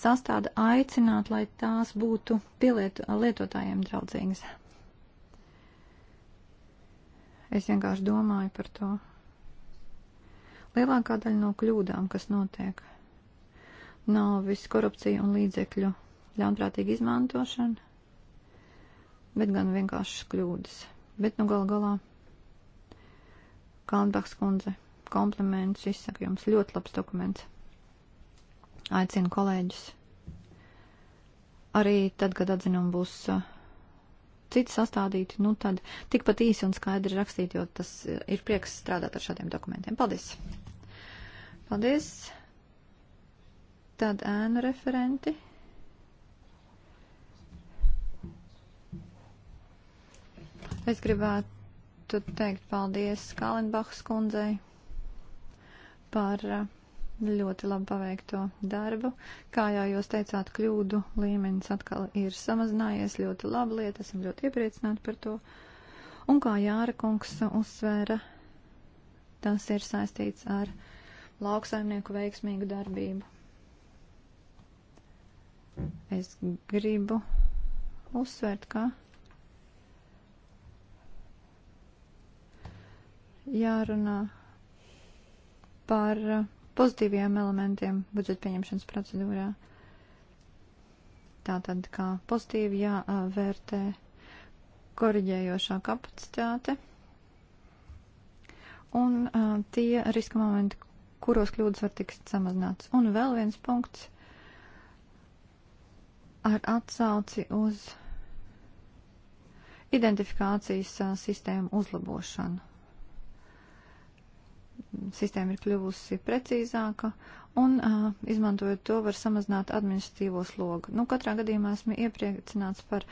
sastāda, aicināt, lai tās būtu pielietotājiem draudzīgas. Es vienkārši domāju par to. Lielākā daļa no kļūdām, kas notiek, nav viss korupcija un līdzekļu ļaunprātīga izmantošana, bet gan vienkāršas kļūdas. Bet nu gal galā Kalnbachs kundze kompliments izsaka jums ļoti labs dokuments. Aicinu kolēģus. Arī tad, kad atzinumi būs uh, citi sastādīti, nu tad tikpat īsi un skaidri rakstīt, jo tas e, ir prieks strādāt ar šādiem dokumentiem. Paldies! Paldies! Tad ēnu referenti. Es gribētu teikt paldies Kalinbachas kundzei par uh, ļoti labi paveikto darbu. Kā jau jūs teicāt, kļūdu līmenis atkal ir samazinājies ļoti labi lieta, esam ļoti iepriecināti par to. Un kā Jāra kungs uzsvēra, tas ir saistīts ar lauksaimnieku veiksmīgu darbību. Es gribu uzsvērt, ka jārunā par pozitīviem elementiem budžeta pieņemšanas procedūrā. Tātad, kā pozitīvi jāvērtē koriģējošā kapacitāte un uh, tie riska momenti, kuros kļūdas var tikt samazināts. Un vēl viens punkts ar atsauci uz identifikācijas sistēmu uzlabošanu sistēma ir kļuvusi precīzāka, un uh, izmantojot to var samazināt administratīvo slogu. Nu, katrā gadījumā esmu iepriecināts par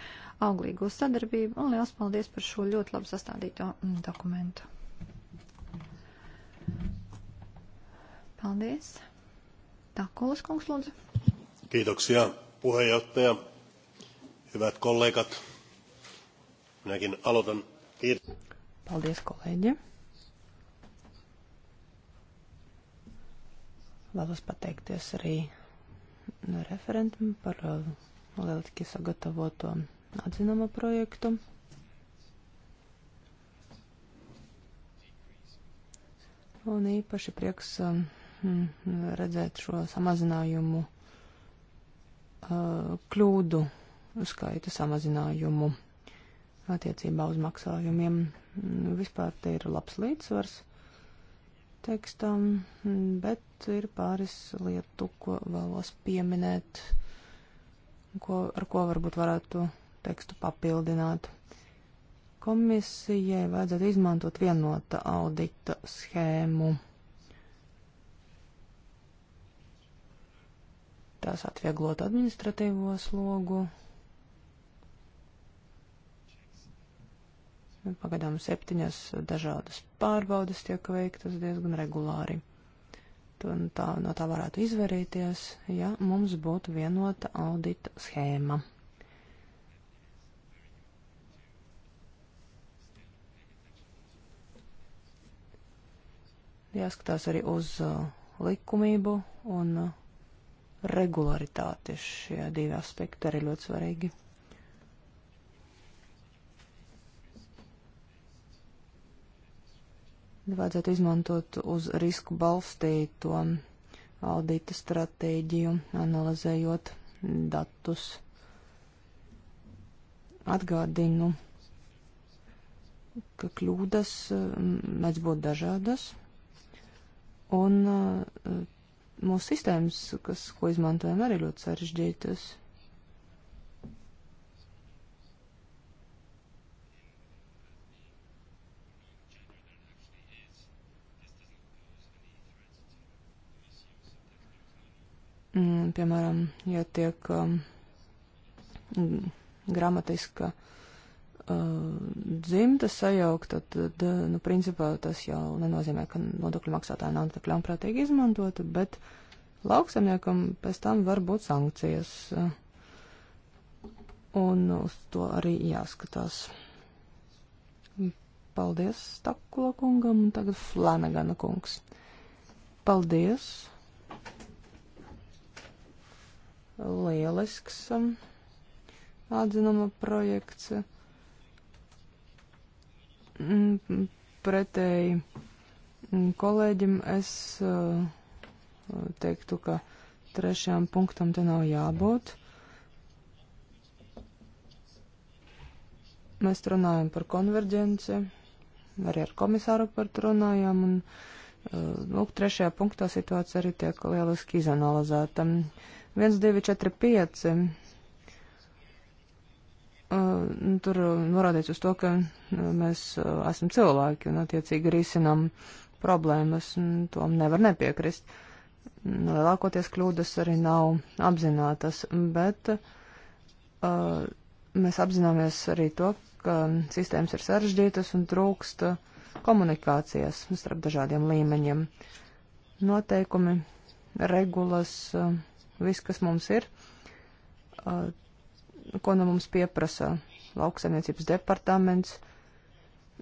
auglīgo sadarbību, un liels paldies par šo ļoti labi sastādīto mm, dokumentu. Paldies. Takulis kungs, lūdzu. Kiitoksia, puheenjohtaja. Hyvät kollegat, minäkin aloitan. Kiitos. Paldies, kolēģi. Vēlos pateikties arī no referentam par uh, lieliski sagatavoto atzinumu projektu. Un īpaši prieks um, redzēt šo samazinājumu, uh, kļūdu skaita samazinājumu attiecībā uz maksājumiem. Vispār te ir labs līdzsvars tekstam, bet ir pāris lietu, ko vēlos pieminēt, ko, ar ko varbūt varētu tekstu papildināt. Komisijai vajadzētu izmantot vienota audita schēmu. Tas atvieglot administratīvo slogu. Pagaidām septiņas dažādas pārbaudas tiek veiktas diezgan regulāri. Un tā, no tā varētu izvairīties, ja mums būtu vienota audita schēma. Jāskatās arī uz uh, likumību un uh, regularitāti. Šie divi aspekti arī ļoti svarīgi. vajadzētu izmantot uz risku balstīto audita stratēģiju, analizējot datus. Atgādinu, ka kļūdas mēdz būt dažādas, un mūsu sistēmas, kas, ko izmantojam, arī ļoti sarežģītas. Mm, piemēram, ja tiek um, mm, gramatiska uh, dzimta sajaukta, tad, uh, nu, principā tas jau nenozīmē, ka nodokļu maksātāja nav tik ļaunprātīgi izmantota, bet lauksamniekam pēc tam var būt sankcijas. Uh, un uz to arī jāskatās. Paldies Stakula kungam un tagad Flanagana kungs. Paldies! lielisks um, atzinuma projekts. Mm, pretēji mm, kolēģim es uh, teiktu, ka trešajam punktam te nav jābūt. Mēs runājam par konverģenci, arī ar komisāru par to runājam, un, lūk, uh, nu, trešajā punktā situācija arī tiek lieliski izanalizēta. Uh, 1, 2, 4, 5. Tur norādīts uz to, ka uh, mēs uh, esam cilvēki un attiecīgi risinam problēmas, un tom nevar nepiekrist. Lielākoties kļūdas arī nav apzinātas, bet uh, mēs apzināmies arī to, ka sistēmas ir sarežģītas un trūkst komunikācijas starp dažādiem līmeņiem. Noteikumi, regulas, uh, viss, kas mums ir, uh, ko no mums pieprasa lauksaimniecības departaments,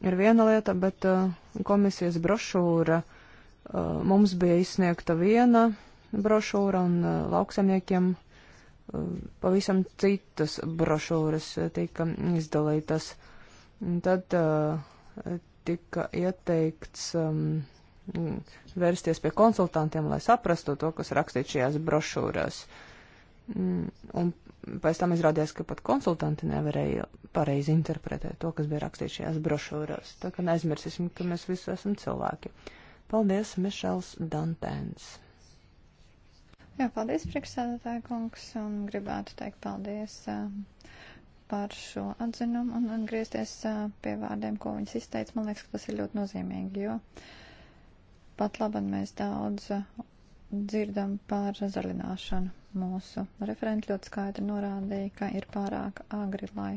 ir viena lieta, bet uh, komisijas brošūra uh, mums bija izsniegta viena brošūra un lauksaimniekiem pavisam citas brošūras tika izdalītas. Tad tika ieteikts um, Mm, vērsties pie konsultantiem, lai saprastu to, kas rakstīts šajās brošūrās. Mm, un pēc tam izrādījās, ka pat konsultanti nevarēja pareizi interpretēt to, kas bija rakstīts šajās brošūrās. Tā kā neaizmirsīsim, ka mēs visi esam cilvēki. Paldies, Mišels Dantēns. Jā, paldies, priekšsēdētāja kungs, un gribētu teikt paldies. Uh, par šo atzinumu un atgriezties pie vārdiem, ko viņas izteica. Man liekas, ka tas ir ļoti nozīmīgi, jo Pat labam mēs daudz eh, dzirdam par zaļināšanu mūsu. Referenti ļoti skaidri norādīja, ka ir pārāk agri, lai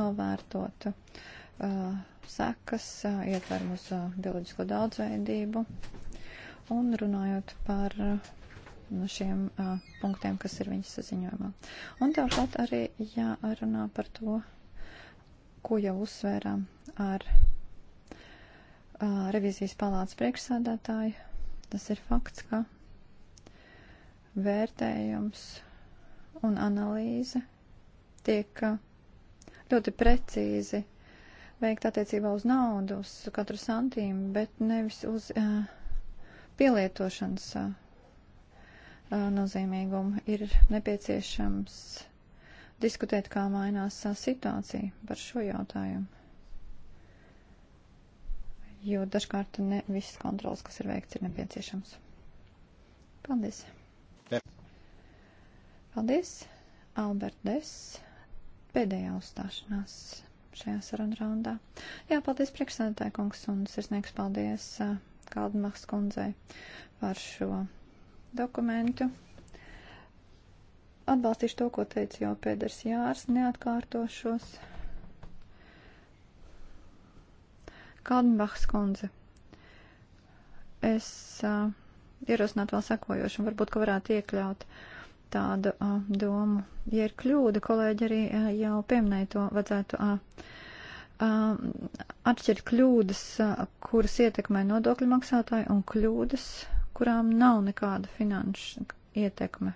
novērtotu uh, sekas, uh, ietver uz uh, bioloģisko daudzveidību. Un runājot par uh, no šiem uh, punktiem, kas ir viņas saziņojumā. Un tāpat arī jārunā par to, ko jau uzsvērām ar Uh, revizijas palātas priekšsādātāju. Tas ir fakts, ka vērtējums un analīze tiek uh, ļoti precīzi veikt attiecībā uz naudu, uz katru santīmu, bet nevis uz uh, pielietošanas uh, uh nozīmīgumu. Ir nepieciešams diskutēt, kā mainās uh, situācija par šo jautājumu jo dažkārt ne visas kontrolas, kas ir veikts, ir nepieciešams. Paldies! Paldies, Albert Des, pēdējā uzstāšanās šajā sarunraundā. Jā, paldies priekšsēdētāji kungs un sirsnieks paldies uh, Kaldmaks kundzei par šo dokumentu. Atbalstīšu to, ko teica jau Pēders Jārs, neatkārtošos. Kaldenbachs kundze, es uh, ierosinātu vēl sekojošu, un varbūt, ka varētu iekļaut tādu uh, domu. Ja ir kļūda, kolēģi arī uh, jau pieminēja to, vajadzētu uh, uh, atšķirt kļūdas, uh, kuras ietekmē nodokļu maksātāji, un kļūdas, kurām nav nekāda finanšu ietekme.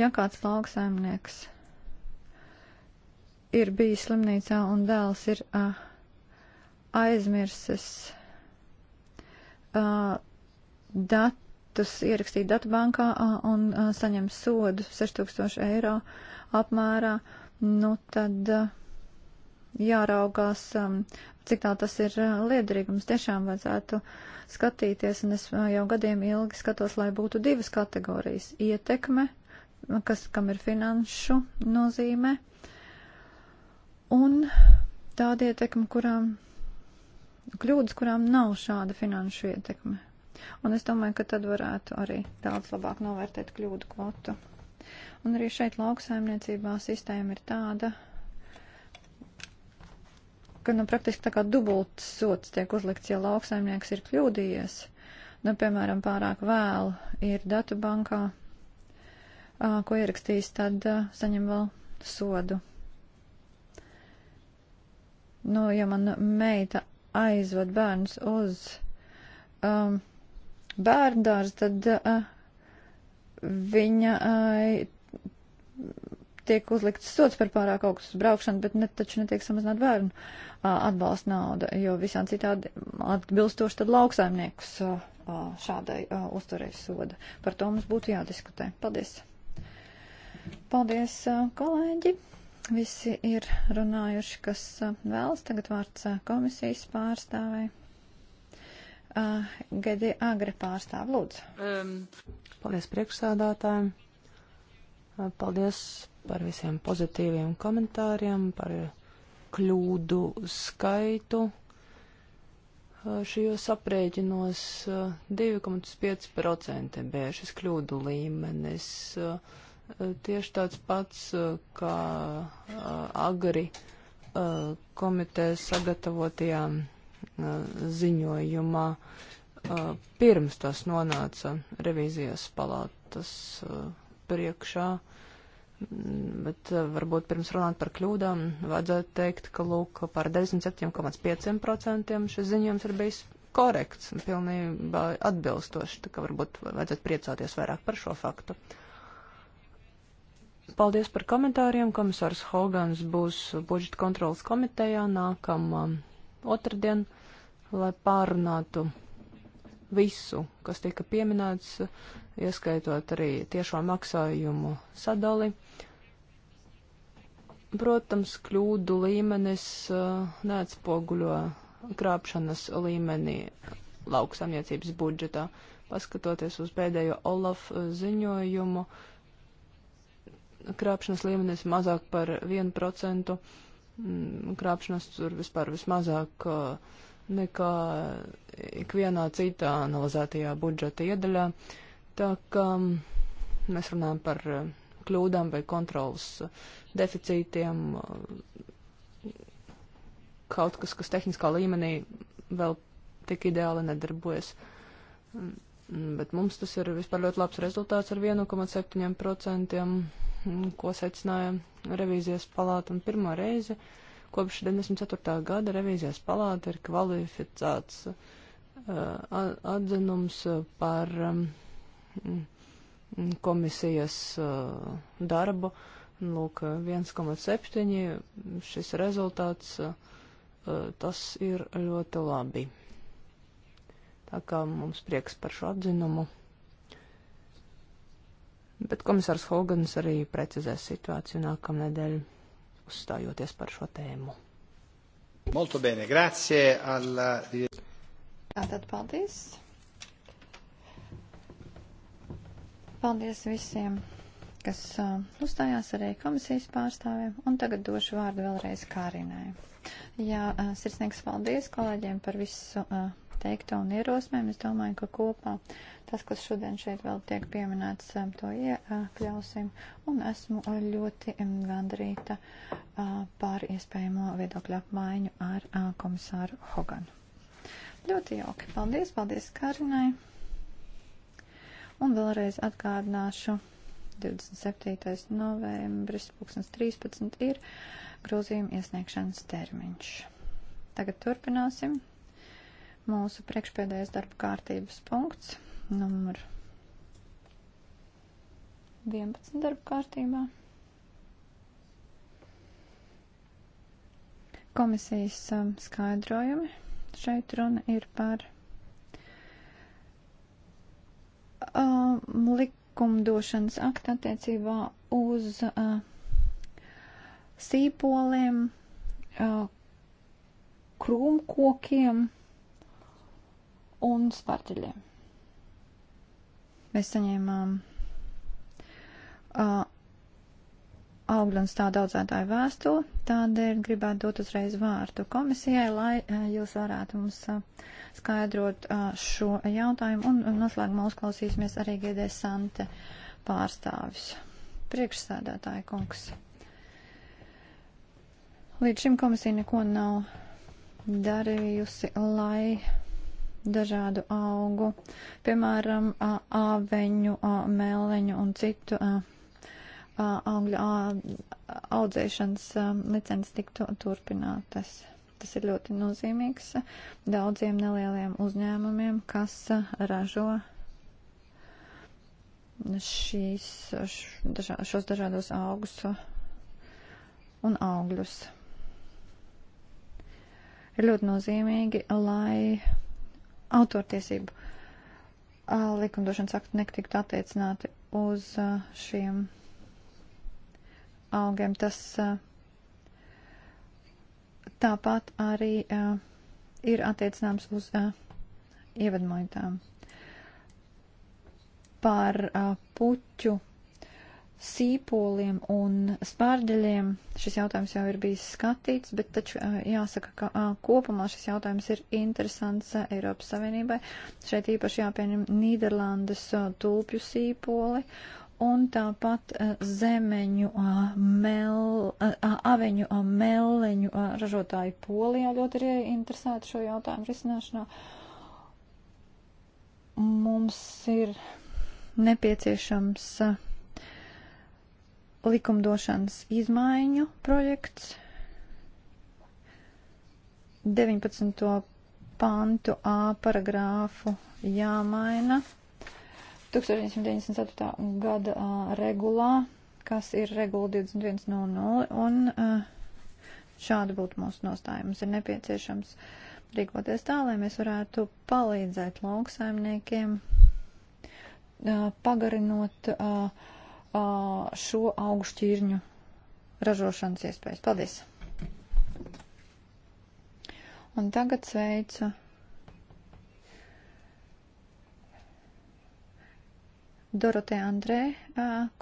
Ja kāds lauksaimnieks ir bijis slimnīcā un dēls ir. Uh, aizmirsis uh, datus ierakstīt databankā uh, un uh, saņem sodu 6000 eiro apmērā, nu tad uh, jāraugās, um, cik tā tas ir uh, liederīgi. Mums tiešām vajadzētu skatīties, un es uh, jau gadiem ilgi skatos, lai būtu divas kategorijas - ietekme, kas, kam ir finanšu nozīme, un tāda ietekme, kurām kļūdas, kurām nav šāda finanšu ietekme. Un es domāju, ka tad varētu arī daudz labāk novērtēt kļūdu kvotu. Un arī šeit lauksaimniecībā sistēma ir tāda, ka nu, praktiski tā kā dubult sots tiek uzlikts, ja lauksaimnieks ir kļūdījies. Nu, piemēram, pārāk vēlu ir datu bankā, ko ierakstījis, tad saņem vēl sodu. Nu, ja man meita aizved bērnus uz um, bērndārs, tad uh, viņa uh, tiek uzlikts sots par pārāk augstu braukšanu, bet ne, taču netiek samazināt bērnu uh, atbalsta nauda, jo visām citādi atbilstoši tad lauksaimniekus uh, uh šādai uh, uzturēju soda. Par to mums būtu jādiskutē. Paldies! Paldies, uh, kolēģi! Visi ir runājuši, kas vēlas tagad vārds komisijas pārstāvai. Gedi Agri pārstāv, lūdzu. Um. Paldies priekšsādātājiem. Paldies par visiem pozitīviem komentāriem, par kļūdu skaitu šajos aprēķinos 2,5% bija šis kļūdu līmenis. Uh, tieši tāds pats uh, kā uh, agri uh, komitejas sagatavotajā ziņojumā pirms tas nonāca revīzijas palātas priekšā. Mm, bet varbūt pirms runāt par kļūdām, vajadzētu teikt, ka lūk, par 97,5% šis ziņojums ir bijis korekts un pilnībā atbilstoši, tā ka varbūt vajadzētu priecāties vairāk par šo faktu. Uh, Paldies par komentāriem. Komisārs Hogans būs budžeta kontrolas komitejā nākamā um, otrdien, lai pārunātu visu, kas tika pieminēts, ieskaitot arī tiešo maksājumu sadali. Protams, kļūdu līmenis uh, neatspoguļo krāpšanas līmenī lauksamniecības budžetā. Paskatoties uz pēdējo Olaf ziņojumu, uh, krāpšanas līmenis mazāk par 1%, mm, krāpšanas tur vispār vismazāk uh, nekā ikvienā citā analizētajā budžeta iedaļā. Tā kā mm, mēs runājam par uh, kļūdām vai kontrolas uh, deficītiem, kaut kas, kas tehniskā līmenī vēl tik ideāli nedarbojas. Mm, bet mums tas ir vispār ļoti labs rezultāts ar 1,7% ko secināja revīzijas palāta. Un pirmo reizi kopš 94. gada revīzijas palāta ir kvalificēts uh, atzinums par um, mm, komisijas uh, darbu. Lūk, 1,7 šis rezultāts, uh, tas ir ļoti labi. Tā kā mums prieks par šo atzinumu. Bet komisārs Hogans arī precizēs situāciju nākamnedēļ, uzstājoties par šo tēmu. Molto bene, grazie alla... Tātad paldies. Paldies visiem, kas uh, uzstājās arī komisijas pārstāvjiem. Un tagad došu vārdu vēlreiz Kārinai. Jā, uh, sirsnīgs paldies kolēģiem par visu. Uh, teikto un ierosinājumi. Es domāju, ka kopā tas, kas šodien šeit vēl tiek pieminēts, to iekļausim. Un esmu ļoti gandrīta par iespējamo viedokļu apmaiņu ar komisāru Hoganu. Ļoti jauki. Paldies, paldies Karinai. Un vēlreiz atgādināšu. 27. novembris 2013 ir grozījuma iesniegšanas termiņš. Tagad turpināsim. Mūsu priekšpēdējais darba kārtības punkts, numur 11 darba kārtībā. Komisijas um, skaidrojumi. Šeit runa ir par uh, likumdošanas aktu attiecībā uz uh, sīpoliem, uh, krūmkokiem un spartaļiem. Mēs saņēmām uh, augļu un stādu audzētāju vēstuli, tādēļ gribētu dot uzreiz vārtu komisijai, lai uh, jūs varētu mums uh, skaidrot uh, šo jautājumu un noslēgumā uzklausīsimies arī GD Sante pārstāvis. Priekšsēdētāja kungs. Līdz šim komisija neko nav darījusi, lai dažādu augu, piemēram, āveņu, mēleņu un citu augļu audzēšanas licences tiktu turpinātas. Tas ir ļoti nozīmīgs daudziem nelieliem uzņēmumiem, kas ražo šīs, šos dažādos augus un augļus. Ir ļoti nozīmīgi, lai autortiesību likumdošanas akti netiktu attiecināti uz šiem augiem. Tas tāpat arī ir attiecināms uz ievadmojotām par puķu sīpoliem un spārģeļiem šis jautājums jau ir bijis skatīts, bet taču jāsaka, ka kopumā šis jautājums ir interesants Eiropas Savienībai. Šeit īpaši jāpieņem Nīderlandes tulpju sīpoli un tāpat zemeņu mel, aveņu melleņu ražotāji Polijā ļoti ir interesēti šo jautājumu risināšanā. Mums ir nepieciešams uh, likumdošanas izmaiņu projekts 19. pantu A paragrāfu jāmaina 1994. gada uh, regulā, kas ir regula 21.00 un uh, šāda būtu mūsu nostāja. Mums ir nepieciešams rīkoties tā, lai mēs varētu palīdzēt lauksaimniekiem uh, pagarinot uh, šo augšķirņu ražošanas iespējas. Paldies! Un tagad sveicu Dorotē Andrē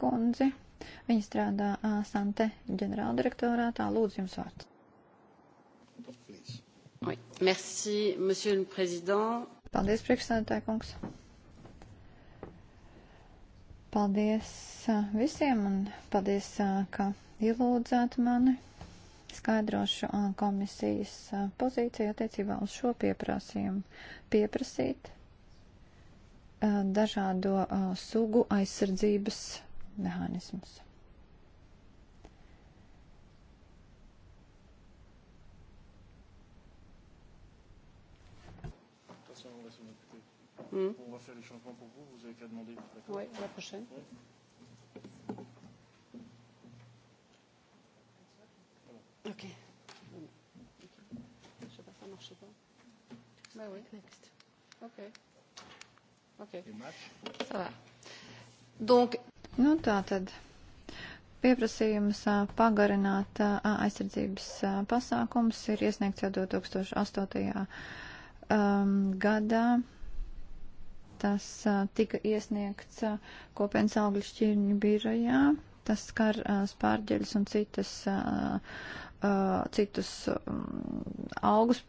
kundzi. Viņa strādā Sante ģenerāldirektorātā. Lūdzu, jums vārds. Oui. Merci, monsieur le président. Paldies, priekšsēdētāj kungs. Paldies visiem un paldies, ka ielūdzāt mani. Skaidrošu komisijas pozīciju attiecībā uz šo pieprasījumu. Pieprasīt dažādo sugu aizsardzības mehānismus. Mm. On va faire les changements pour celui qui a demandé. Oui, la prochaine. Ouais. Ok. Je sais pas, ça marche pas. Bah oui. Next. Ok. Ok. Ça va. Donc. Nu, tā tad pieprasījums pagarināt aizsardzības pasākums ir iesniegts jau 2008. Um, gadā. Tas tika iesniegts kopienas augļu šķirņu birojā. Tas skar spārģeļus un citas, citus augus,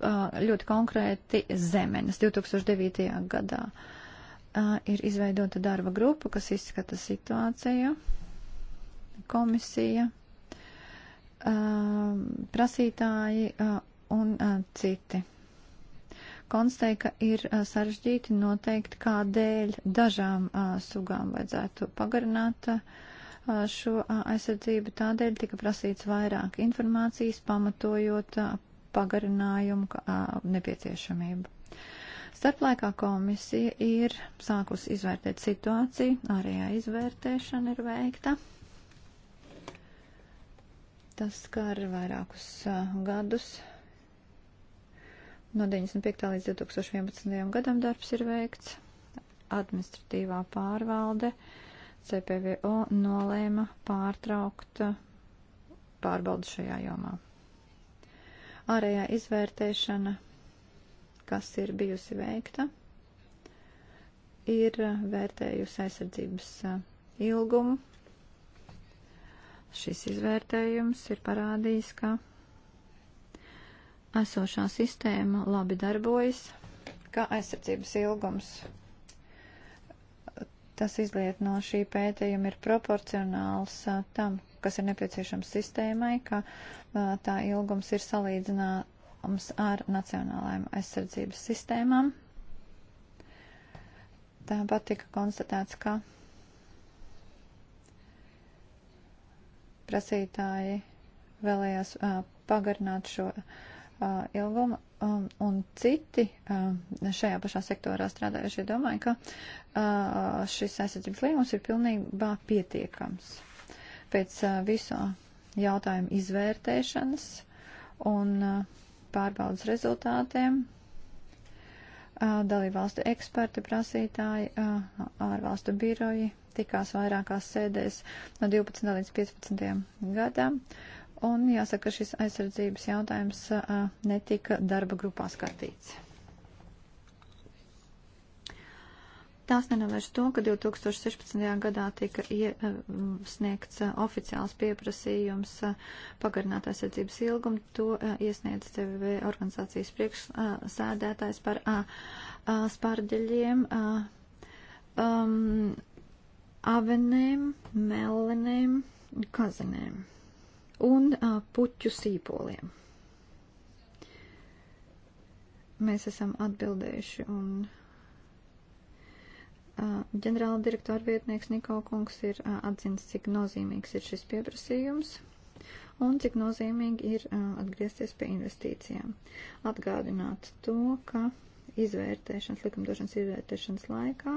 ļoti konkrēti zemenes 2009. gadā. Ir izveidota darba grupa, kas izskata situāciju, komisija, prasītāji un citi konstatēja, ka ir sarežģīti noteikt, kādēļ dažām sugām vajadzētu pagarināt šo aizsardzību. Tādēļ tika prasīts vairāk informācijas, pamatojot pagarinājumu nepieciešamību. Starplaikā komisija ir sākusi izvērtēt situāciju, ārējā izvērtēšana ir veikta. Tas skar vairākus uh, gadus, No 95. līdz 2011. gadam darbs ir veikts. Administratīvā pārvalde CPVO nolēma pārtraukt pārbaudu šajā jomā. Ārējā izvērtēšana, kas ir bijusi veikta, ir vērtējusi aizsardzības ilgumu. Šis izvērtējums ir parādījis, ka esošā sistēma labi darbojas, kā aizsardzības ilgums. Tas izliet no šī pētījuma ir proporcionāls uh, tam, kas ir nepieciešams sistēmai, ka uh, tā ilgums ir salīdzināms ar nacionālajām aizsardzības sistēmām. Tāpat tika konstatēts, ka prasītāji vēlējās uh, pagarināt šo uh, Uh, ilguma um, un citi um, šajā pašā sektorā strādājušie domāju, ka uh, šis aizsardzības līgums ir pilnībā pietiekams. Pēc uh, viso jautājumu izvērtēšanas un uh, pārbaudas rezultātiem uh, dalībvalstu eksperti, prasītāji, uh, ārvalstu biroji tikās vairākās sēdēs no 12. līdz 15. gadam. Uh, Un jāsaka, šis aizsardzības jautājums netika darba grupā skatīts. Tās nenolaiž to, ka 2016. gadā tika iesniegts oficiāls pieprasījums pagarināt aizsardzības ilgumu. To iesniedz CVV organizācijas priekšsēdētājs par spārģeļiem, um, avenēm, mellenēm, kazinēm un uh, puķu sīpoliem. Mēs esam atbildējuši un ģenerāla direktora vietnieks Niko Kungs ir atzins, cik nozīmīgs ir šis pieprasījums un cik nozīmīgi ir atgriezties pie investīcijām. Atgādināt to, ka izvērtēšanas, likumdošanas izvērtēšanas laikā.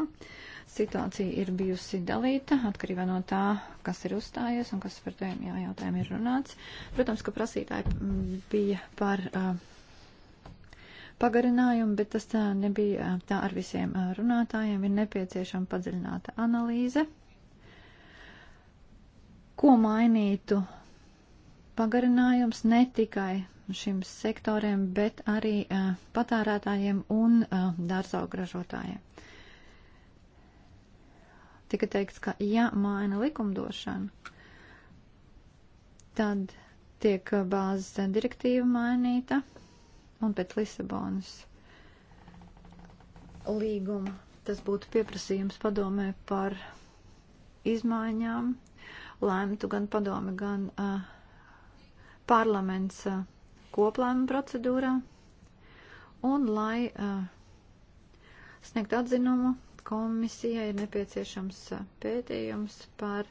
Situācija ir bijusi dalīta atkarībā no tā, kas ir uzstājies un kas par tiem jā, jautājumiem ir runāts. Protams, ka prasītāji mm, bija par pagarinājumu, bet tas tā nebija tā ar visiem runātājiem. Ir nepieciešama padziļināta analīze. Ko mainītu pagarinājums ne tikai šiem sektoriem, bet arī uh, patārētājiem un uh, dārzaugražotājiem. Tika teikts, ka ja maina likumdošana, tad tiek bāzes direktīva mainīta un pēc Lisabonas līguma tas būtu pieprasījums padomē par izmaiņām, lēmtu gan padome, gan uh, parlaments. Uh, koplēmu procedūrā un lai uh, sniegt atzinumu komisijai ir nepieciešams uh, pētījums par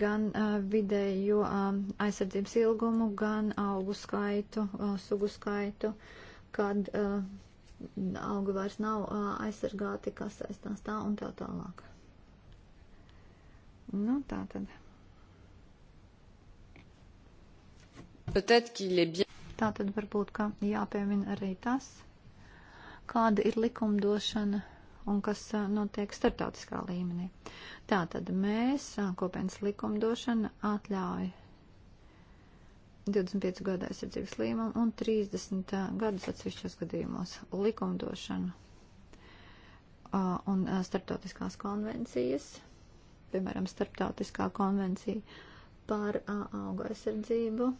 gan uh, vidējo um, aizsardzības ilgumu, gan augu skaitu, uh, sugu skaitu, kad uh, auga vairs nav uh, aizsargāti, kas saistās tā un tā tālāk. Nu, tā tad. Peut-être qu'il est bien. Tātad varbūt, ka jāpiemina arī tas, kāda ir likumdošana un kas notiek startautiskā līmenī. Tātad mēs, kopienas likumdošana, atļauj 25 gadu aizsardzības līmumu un 30 gadus atsevišķos gadījumos likumdošanu un starptautiskās konvencijas, piemēram, starptautiskā konvencija par auga aizsardzību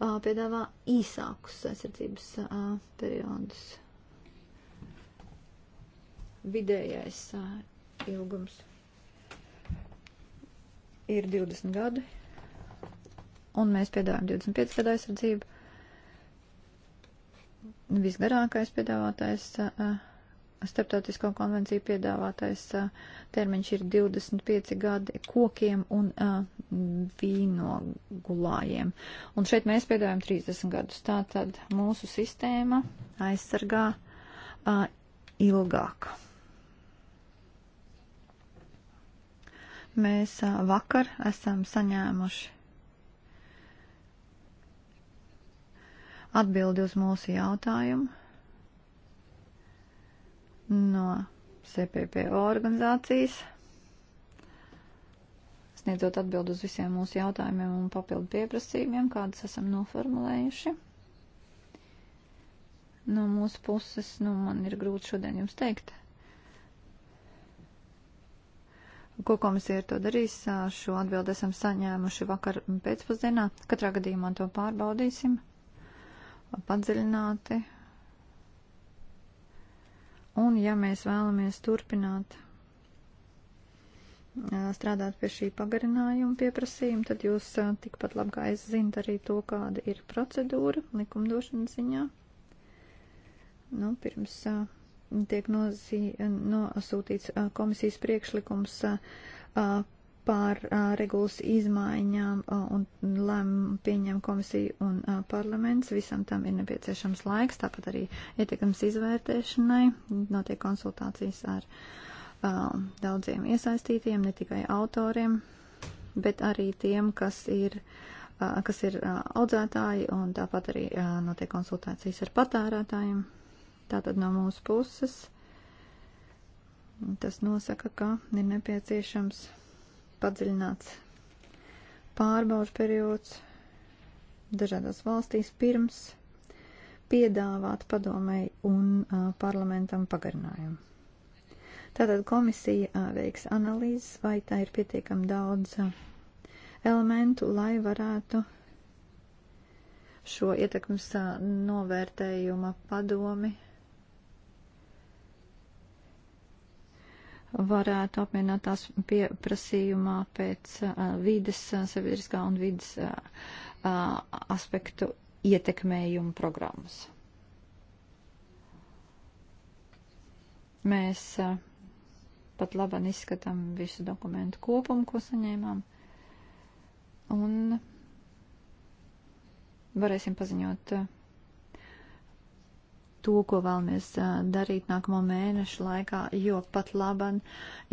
piedāvā īsākus aizsardzības periodus. Vidējais ilgums ir 20 gadi, un mēs piedāvājam 25 gadu aizsardzību. Visgarākais piedāvātais uh, starptautisko konvenciju piedāvātais termiņš ir 25 gadi kokiem un vīnogulājiem. Un šeit mēs piedāvājam 30 gadus. Tātad mūsu sistēma aizsargā a, ilgāk. Mēs a, vakar esam saņēmuši atbildi uz mūsu jautājumu no CPPO organizācijas, sniedzot atbildi uz visiem mūsu jautājumiem un papildu pieprasījumiem, kādas esam noformulējuši. No mūsu puses, nu, man ir grūti šodien jums teikt. Ko komisija ir to darīs, šo atbildi esam saņēmuši vakar pēcpusdienā. Katrā gadījumā to pārbaudīsim padziļināti Un ja mēs vēlamies turpināt strādāt pie šī pagarinājuma pieprasījuma, tad jūs tikpat labi kā es zinat arī to, kāda ir procedūra likumdošanas ziņā. Nu, pirms tiek nosūtīts komisijas priekšlikums par regulas izmaiņām un lēmumu pieņem komisija un parlaments. Visam tam ir nepieciešams laiks, tāpat arī ietekams izvērtēšanai. Notiek konsultācijas ar daudziem iesaistītiem, ne tikai autoriem, bet arī tiem, kas ir kas ir audzētāji, un tāpat arī notiek konsultācijas ar patērētājiem. Tātad no mūsu puses tas nosaka, ka ir nepieciešams padziļināts pārbaudas periods dažādās valstīs pirms piedāvāt padomēji un uh, parlamentam pagarinājumu. Tātad komisija uh, veiks analīzes, vai tā ir pietiekami daudz uh, elementu, lai varētu šo ietekmes novērtējuma padomi varētu apmienāt tās pieprasījumā pēc vides, sabiedriskā un vides aspektu ietekmējumu programmas. Mēs pat labam izskatām visu dokumentu kopumu, ko saņēmām, un varēsim paziņot to, ko vēlamies darīt nākamo mēnešu laikā, jo pat laban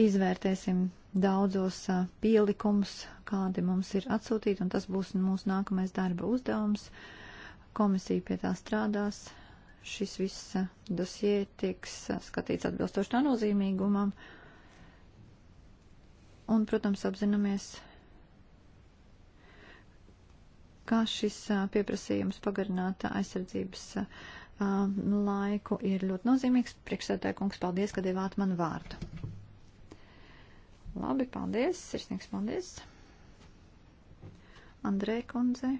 izvērtēsim daudzos pielikumus, kādi mums ir atsūtīti, un tas būs mūsu nākamais darba uzdevums. Komisija pie tā strādās. Šis viss dosie tiks skatīts atbilstoši tā nozīmīgumam. Un, protams, apzināmies, kā šis pieprasījums pagarināt aizsardzības Um, laiku ir ļoti nozīmīgs. Priekšsēdētāji kungs, paldies, ka devāt man vārdu. Labi, paldies, sirsnīgs paldies. Andrē kundze.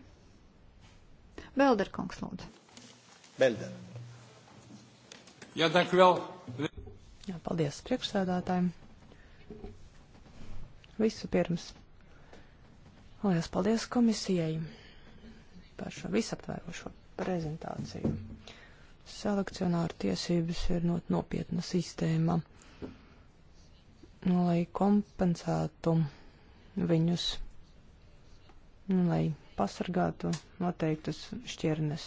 Belder kungs, lūdzu. Belder. Jā, danku vēl. Jā, paldies priekšsēdētājiem. Visu pirms. Lielas paldies komisijai par šo visaptvērošo prezentāciju selekcionāru tiesības ir not nopietna sistēma, nu, lai kompensētu viņus, nu, lai pasargātu noteiktas šķirnes.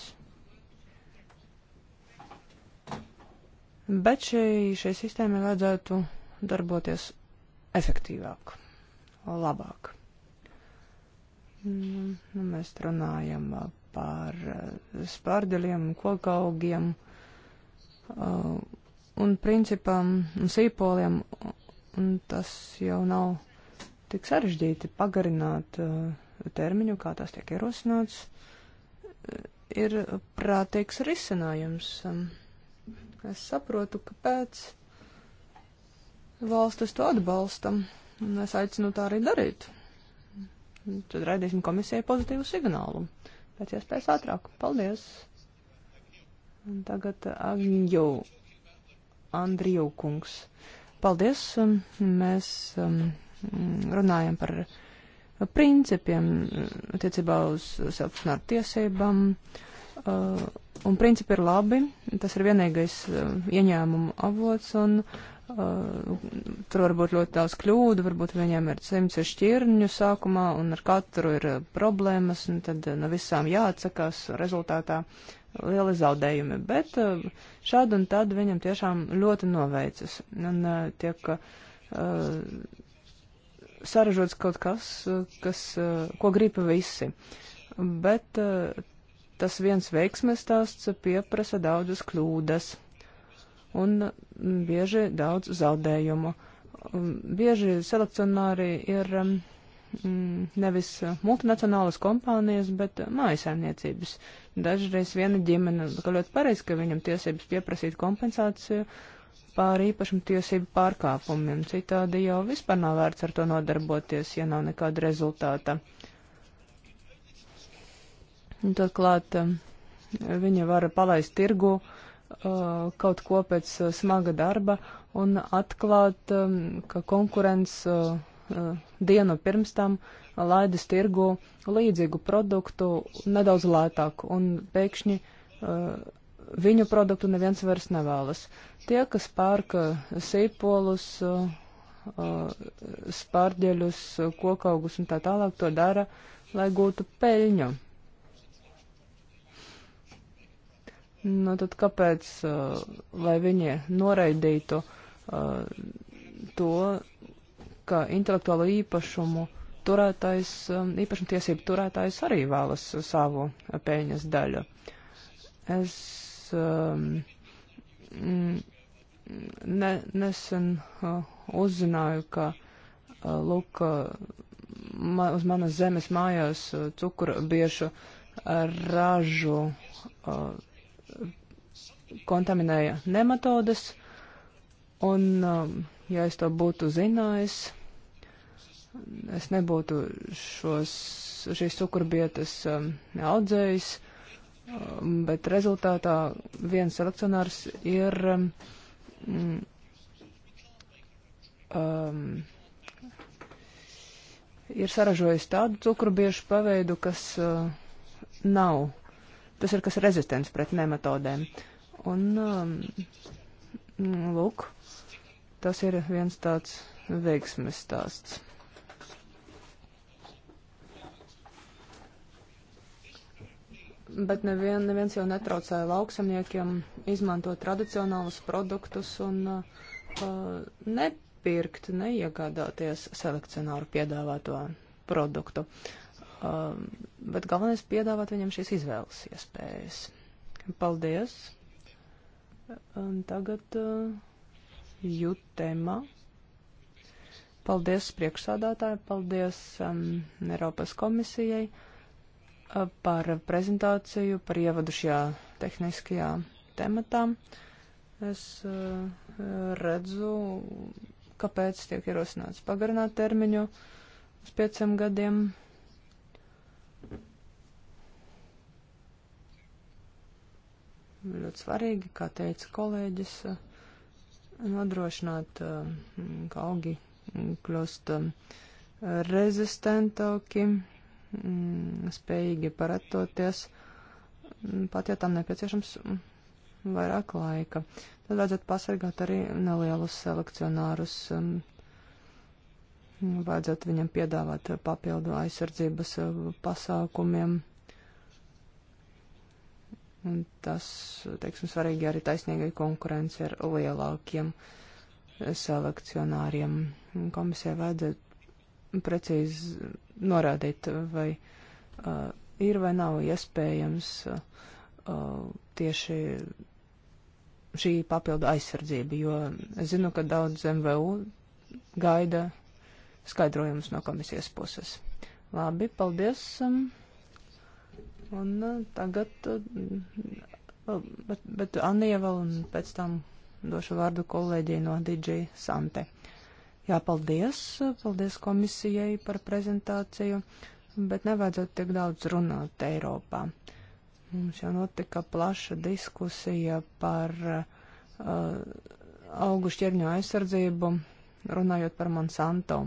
Bet šai, šai sistēmai vajadzētu darboties efektīvāk, labāk. Mm, nu, mēs runājam par eh, spārdeļiem, kokaugiem eh, un principam un sīpoliem, un tas jau nav tik sarežģīti pagarināt eh, termiņu, kā tas tiek ierosināts, ir prātīgs risinājums. Es saprotu, kāpēc valstis to atbalsta, un es aicinu tā arī darīt. Tad raidīsim komisijai pozitīvu signālu. Uh, pēc iespējas ātrāk. Paldies! Un tagad Agņģu Andriju kungs. Paldies! Mēs um, runājam par principiem attiecībā uz self-snartu tiesībām. Uh, un principi ir labi, tas ir vienīgais uh, ieņēmumu avots, un uh, Eh, tur var būt ļoti daudz kļūdu, varbūt viņiem ir simts šķirņu sākumā un ar katru ir eh, problēmas, un tad eh, no visām jāatsakās rezultātā lieli zaudējumi. Bet šādi un tad viņam tiešām ļoti noveicas. Un tiek uh, saražots kaut kas, kas, ko grib visi. Bet uh, tas viens veiksmēs stāsts pieprasa daudzas kļūdas un mm, bieži daudz zaudējumu. Mm, bieži selekcionāri ir mm, nevis multinacionālas kompānijas, bet mājasaimniecības. Dažreiz viena ģimene, ka ļoti pareizi, ka viņam tiesības pieprasīt kompensāciju pār īpašam tiesību pārkāpumiem. Citādi jau vispār nav vērts ar to nodarboties, ja nav nekāda rezultāta. Un turklāt viņa var palaist tirgu uh, Uh, kaut ko pēc uh, smaga darba un atklāt, um, ka konkurence uh, dienu pirms tam laidis tirgu līdzīgu produktu nedaudz lētāku un pēkšņi viņu produktu neviens vairs nevēlas. Tie, kas pērka sīpolus, spārģeļus, kokaugus un tā tālāk, to dara, lai gūtu peļņu. Nu, tad kāpēc, uh, lai viņi noraidītu uh, to, ka intelektuālo īpašumu turētājs, um, īpašuma tiesību turētājs arī vēlas savu peļņas daļu? Es um, ne, nesen uh, uzzināju, ka, uh, lūk, uh, ma, uz manas zemes mājās uh, cukurbiešu ražu. Uh, kontaminēja nematodas, un, um, ja es to būtu zinājis, es nebūtu šos, šīs cukurbietas um, audzējis, um, bet rezultātā viens selekcionārs ir um, um, ir saražojis tādu cukurbiešu paveidu, kas uh, nav tas ir kas rezistents pret nematodēm. Un, um, lūk, tas ir viens tāds veiksmes stāsts. Bet nevien, neviens jau netraucēja lauksamniekiem izmantot tradicionālus produktus un uh, nepirkt, neiegādāties selekcionāru piedāvāto produktu. Uh, Um, bet galvenais piedāvāt viņam šīs izvēles iespējas. Paldies! Un tagad uh, jutēma. Paldies priekšsādātāji, paldies um, Eiropas komisijai uh, par prezentāciju, par ievadu šajā tehniskajā tematā. Es uh, redzu, kāpēc tiek ierosināts pagarināt termiņu uz pieciem gadiem. ļoti svarīgi, kā teica kolēģis, eh, nodrošināt, eh, ka augi kļūst eh, rezistentāki, mm, spējīgi paratoties, mm, pat ja tam nepieciešams vairāk laika. Tad vajadzētu pasargāt arī nelielus selekcionārus. Mm, vajadzētu viņam piedāvāt papildu aizsardzības pasākumiem. Un tas, teiksim, svarīgi arī taisnīgai konkurence ar lielākiem selekcionāriem. Komisijai vajadzētu precīzi norādīt, vai uh, ir vai nav iespējams uh, tieši šī papildu aizsardzība, jo es zinu, ka daudz MVU gaida skaidrojumus no komisijas puses. Labi, paldies. Um, Un uh, tagad, uh, um, bet, bet Anija vēl un pēc tam došu vārdu kolēģiem no DJ Sante. Jā, paldies, paldies komisijai par prezentāciju, bet nevajadzētu tik daudz runāt Eiropā. Mums jau notika plaša diskusija par uh, augu šķirņu aizsardzību, runājot par Monsanto.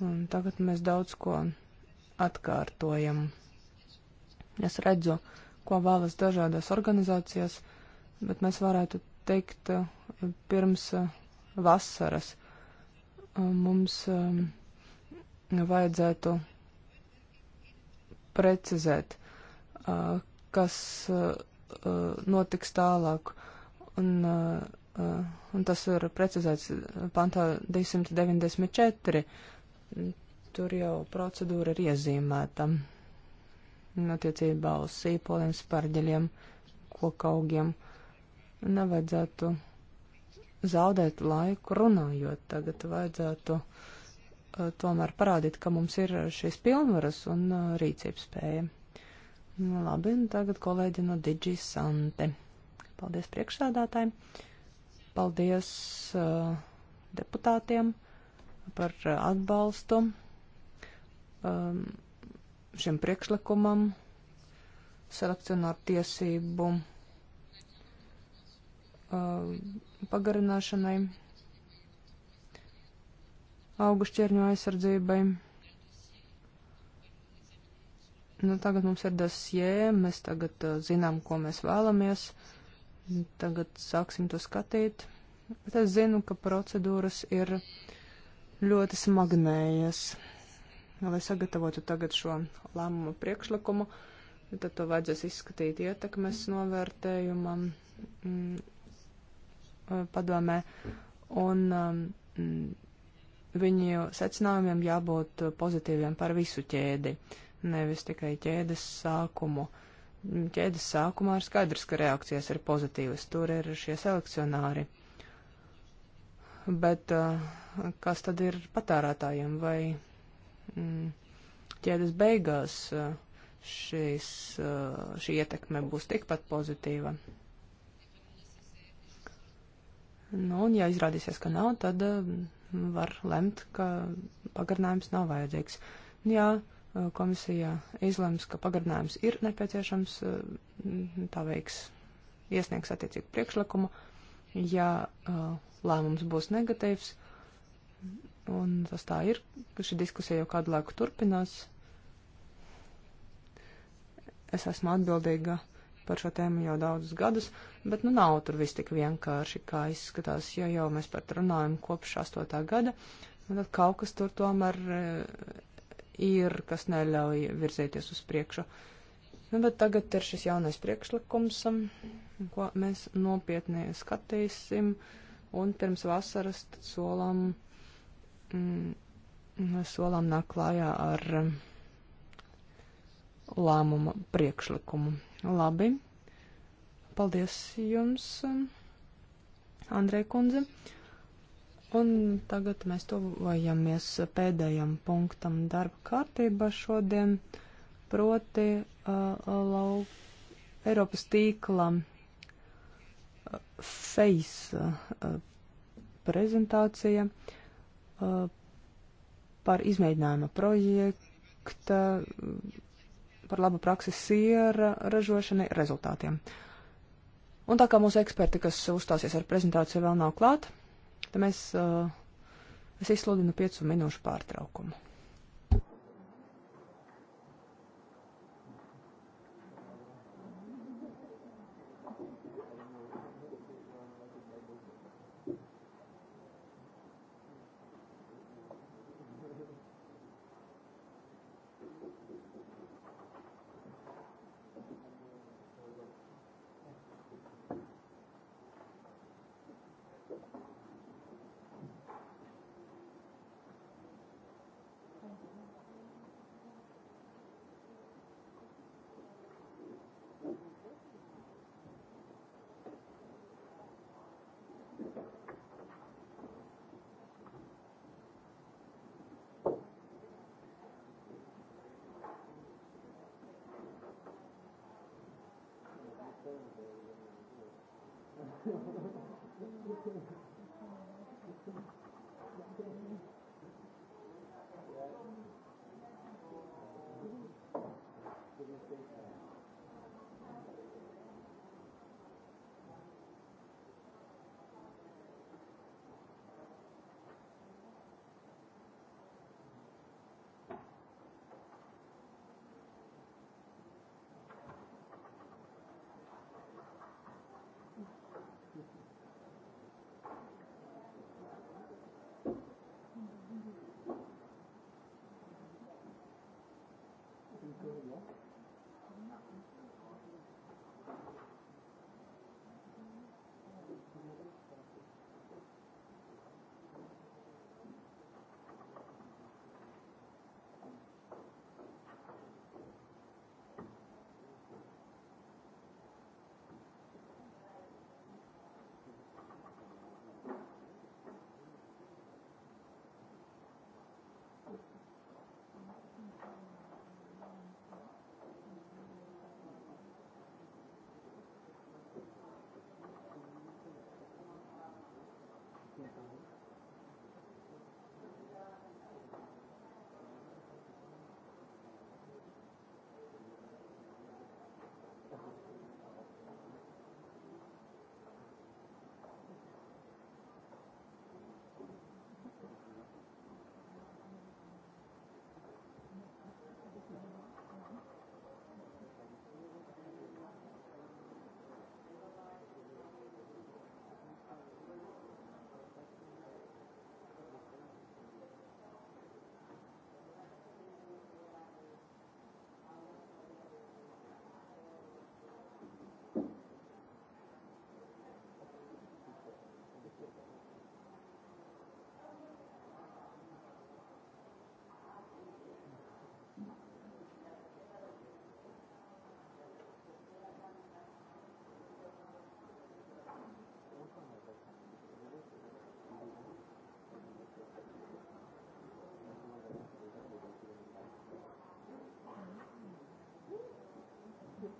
Un tagad mēs daudz ko atkārtojam. Es redzu, ko vēlas dažādas organizācijas, bet mēs varētu teikt, eh, pirms eh, vasaras eh, mums vajadzētu precizēt, kas notiks tālāk. Un, un tas ir precizēts pantā 294. Tur jau procedūra ir iezīmēta attiecībā uz sīpoliem, sparģeļiem, kokaugiem. Nevajadzētu zaudēt laiku runājot, tagad vajadzētu uh, tomēr parādīt, ka mums ir šīs pilnvaras un uh, rīcības spēja. Nu, labi, un tagad kolēģi no Digisante. Paldies priekšsēdātājiem, paldies uh, deputātiem par atbalstu. Um, šim priekšlikumam, selekcionāru tiesību uh, pagarināšanai, augušķierņu aizsardzībai. Nu, tagad mums ir dosjē, mēs tagad uh, zinām, ko mēs vēlamies, tagad sāksim to skatīt. Bet es zinu, ka procedūras ir ļoti smagnējas lai sagatavotu tagad šo lēmumu priekšlikumu, tad to vajadzēs izskatīt ietekmes novērtējumam mm, padomē, un mm, viņu secinājumiem jābūt pozitīviem par visu ķēdi, nevis tikai ķēdes sākumu. Ķēdes sākumā ir skaidrs, ka reakcijas ir pozitīvas, tur ir šie selekcionāri. Bet mm, kas tad ir patērētājiem vai Mm. ķēdes beigās eh, šis, eh, šī ietekme būs tikpat pozitīva. Nu, un ja izrādīsies, ka nav, tad eh, var lemt, ka pagarinājums nav vajadzīgs. Jā, komisija izlems, ka pagarinājums ir nepieciešams, tā veiks iesniegs attiecīgu priekšlikumu. Ja lēmums būs negatīvs, Un tas tā ir, ka šī diskusija jau kādu laiku turpinās. Es esmu atbildīga par šo tēmu jau daudzus gadus, bet nu nav tur viss tik vienkārši, kā izskatās, ja jau mēs par to runājam kopš 8. gada, tad kaut kas tur tomēr e, ir, kas neļauj virzēties uz priekšu. Nu, bet tagad ir šis jaunais priekšlikums, um, ko mēs nopietni skatīsim, un pirms vasaras solām Mm, solām nāk klājā ar um, lēmuma priekšlikumu. Labi, paldies jums, um, Andrei kundze. Un tagad mēs tuvojamies pēdējam punktam darba kārtībā šodien, proti uh, lau, Eiropas tīkla uh, Face uh, uh prezentācija. Uh, par izmēģinājuma projekta, par labu praksi siera ražošanai, rezultātiem. Un tā kā mūsu eksperti, kas uzstāsies ar prezentāciju, vēl nav klāt, tad mēs, uh, es izsludinu piecu minūšu pārtraukumu.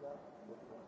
Gracias.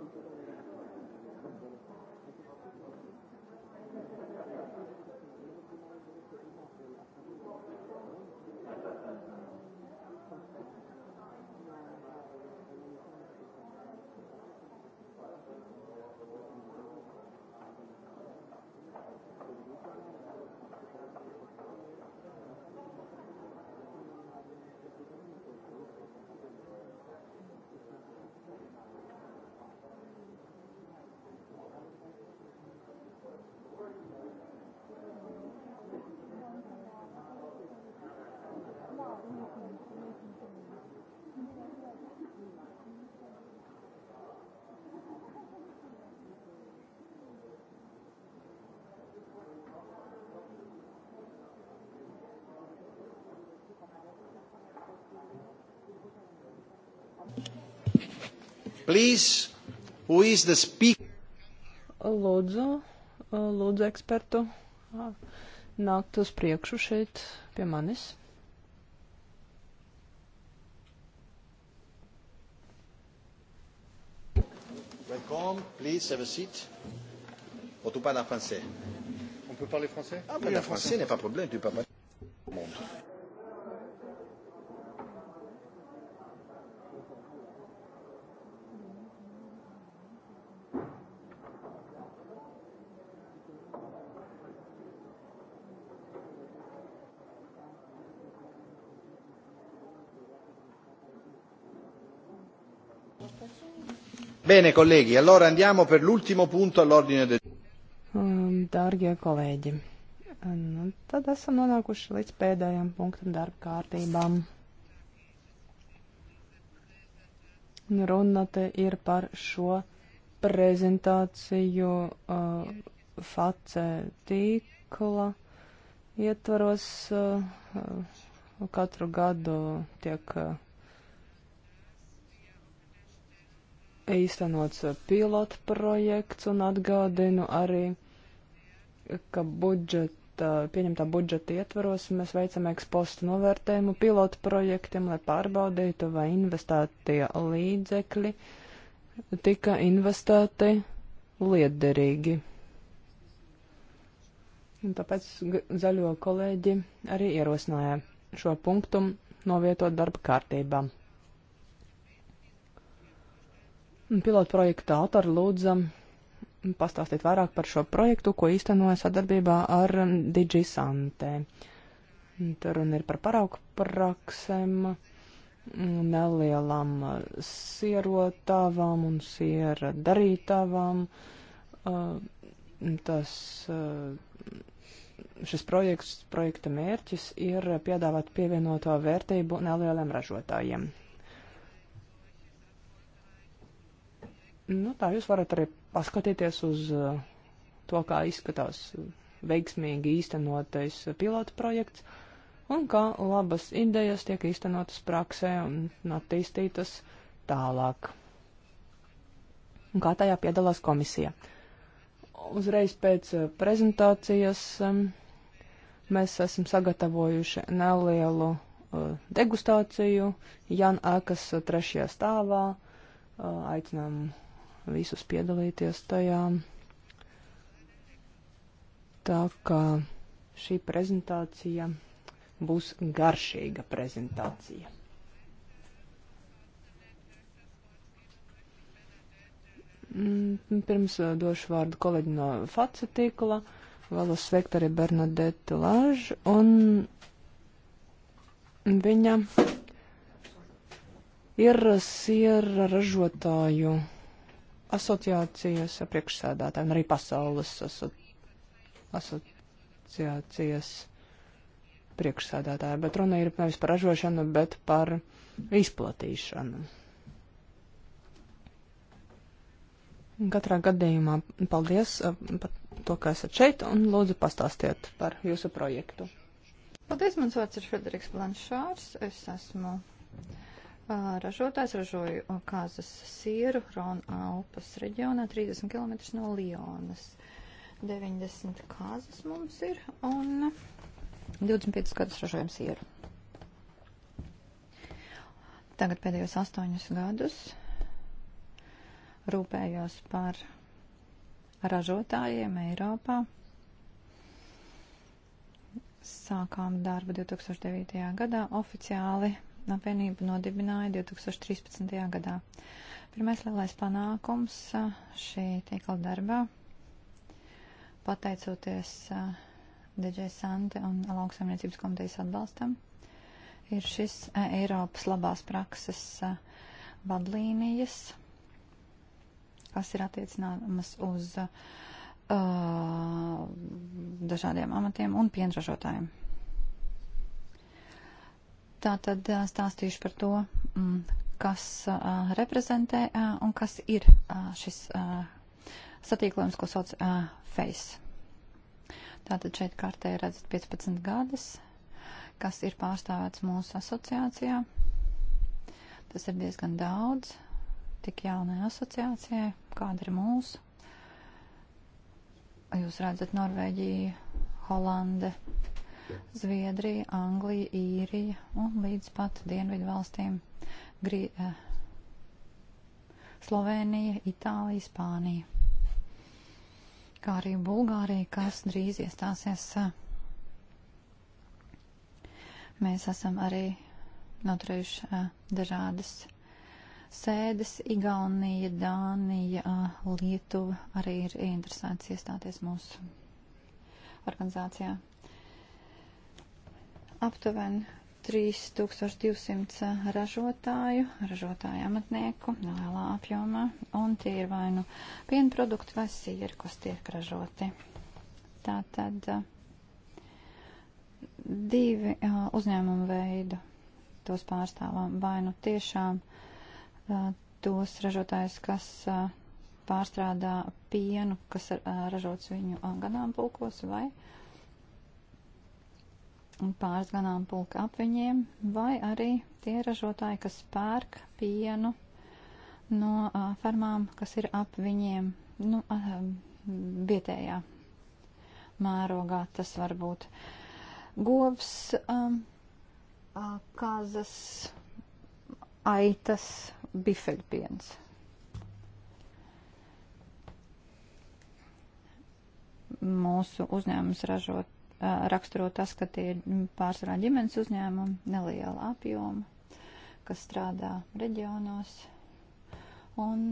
Thank you. Please, who is the speaker? Lūdzu, lūdzu ekspertu nākt uz priekšu šeit pie manis. Welcome, please have a seat. Ou tu parles français? On peut parler français? Ah, parler oui, français, français n'est pas problème, tu parles. Bene, colleghi, allora andiamo per l'ultimo punto all'ordine del giorno. Dārgie kolēģi, nu, tad esam nonākuši līdz pēdējiem punktam darba kārtībām. Runa te ir par šo prezentāciju uh, face tīkla ietvaros uh, katru gadu tiek. Uh, īstenots pilota projekts un atgādinu arī, ka budžeta, pieņemtā budžeta ietvaros mēs veicam ekspostu novērtējumu pilota projektiem, lai pārbaudītu, vai investētie līdzekļi tika investēti liederīgi. Un tāpēc zaļo kolēģi arī ierosināja šo punktu novietot darba kārtībā. Pilotu projekta autori lūdzam pastāstīt vairāk par šo projektu, ko īstenoja sadarbībā ar Digisantē. Tur un ir par paraugu praksēm, nelielām sierotavām un siera darītavām. Uh, tas, uh, šis projekts, projekta mērķis ir piedāvāt pievienoto vērtību nelieliem ražotājiem. Nu, tā jūs varat arī paskatīties uz uh, to, kā izskatās veiksmīgi īstenotais pilota projekts un kā labas idejas tiek īstenotas praksē un attīstītas tālāk. Un kā tajā piedalās komisija. Uzreiz pēc uh, prezentācijas um, mēs esam sagatavojuši nelielu uh, degustāciju Jan Akas trešajā stāvā. Aicinām visus piedalīties tajā. Tā kā šī prezentācija būs garšīga prezentācija. Mm, pirms uh, došu vārdu kolēģi no FACE tīkla, vēlos sveikt arī Bernadette Lāžu un viņa ir siera ražotāju asociācijas priekšsēdētāji un arī pasaules aso asociācijas priekšsēdētāji. Bet runa ir nevis par ražošanu, bet par izplatīšanu. Katrā gadījumā paldies uh, par to, ka esat šeit, un lūdzu pastāstiet par jūsu projektu. Paldies, mans vārds ir Frederiks Blanšārs. Es esmu Ražotājs ražoja kāzas sieru Rona Alpas reģionā 30 km no Lionas. 90 kāzas mums ir un 25 gadus ražojam sieru. Tagad pēdējos astoņus gadus rūpējos par ražotājiem Eiropā. Sākām darbu 2009. gadā oficiāli apvienību nodibināja 2013. gadā. Pirmais lielais panākums šī tīkla darbā, pateicoties DJ Sante un lauksaimniecības komitejas atbalstam, ir šis Eiropas labās prakses vadlīnijas, kas ir attiecināmas uz uh, dažādiem amatiem un pienražotājiem. Tā tad stāstīšu par to, mm, kas reprezentē un kas ir šis satīklojums, ko sauc face. Tātad šeit kārtē redzat 15 gadus, kas ir pārstāvēts mūsu asociācijā. Tas ir diezgan daudz, tik jaunai asociācijai, kāda ir mūsu. Jūs redzat Norvēģiju, Holande, Zviedrija, Anglija, Īrija un līdz pat Dienvidu valstīm Grie, eh, Slovenija, Itālija, Spānija, kā arī Bulgārija, kas drīz iestāsies. Eh. Mēs esam arī noturējuši eh, dažādas sēdes. Igaunija, Dānija, Lietuva arī ir interesēts iestāties mūsu organizācijā aptuveni 3200 ražotāju, ražotāju amatnieku lielā apjomā, un tie ir vai nu piena produkti vai sīri, kas tiek ražoti. Tā tad divi uzņēmumu veidu tos pārstāvam, vai nu tiešām tos ražotājus, kas pārstrādā pienu, kas ražots viņu ganāmpulkos, vai pāris ganāmpulka apviņiem, vai arī tie ražotāji, kas pērk pienu no uh, fermām, kas ir ap viņiem nu, uh, vietējā mērogā. Tas var būt govs, um, uh, kazas, aitas, bifeļpiens. Mūsu uzņēmums ražot raksturo tas, ka tie ir pārsvarā ģimenes uzņēmumi, neliela apjoma, kas strādā reģionos un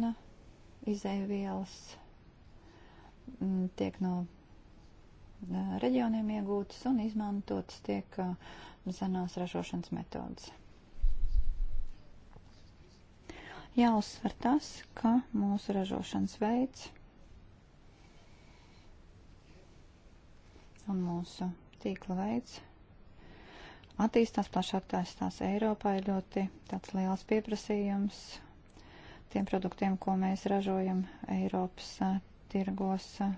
izēvielas mm, tiek no mm, reģioniem iegūtas un izmantotas tiek zanās mm, ražošanas metodas. Jāuzsver tas, ka mūsu ražošanas veids un mūsu tīkla veids attīstās, plašāk attīstās Eiropā, ir ļoti tāds liels pieprasījums tiem produktiem, ko mēs ražojam Eiropas a, eh, tirgos. A,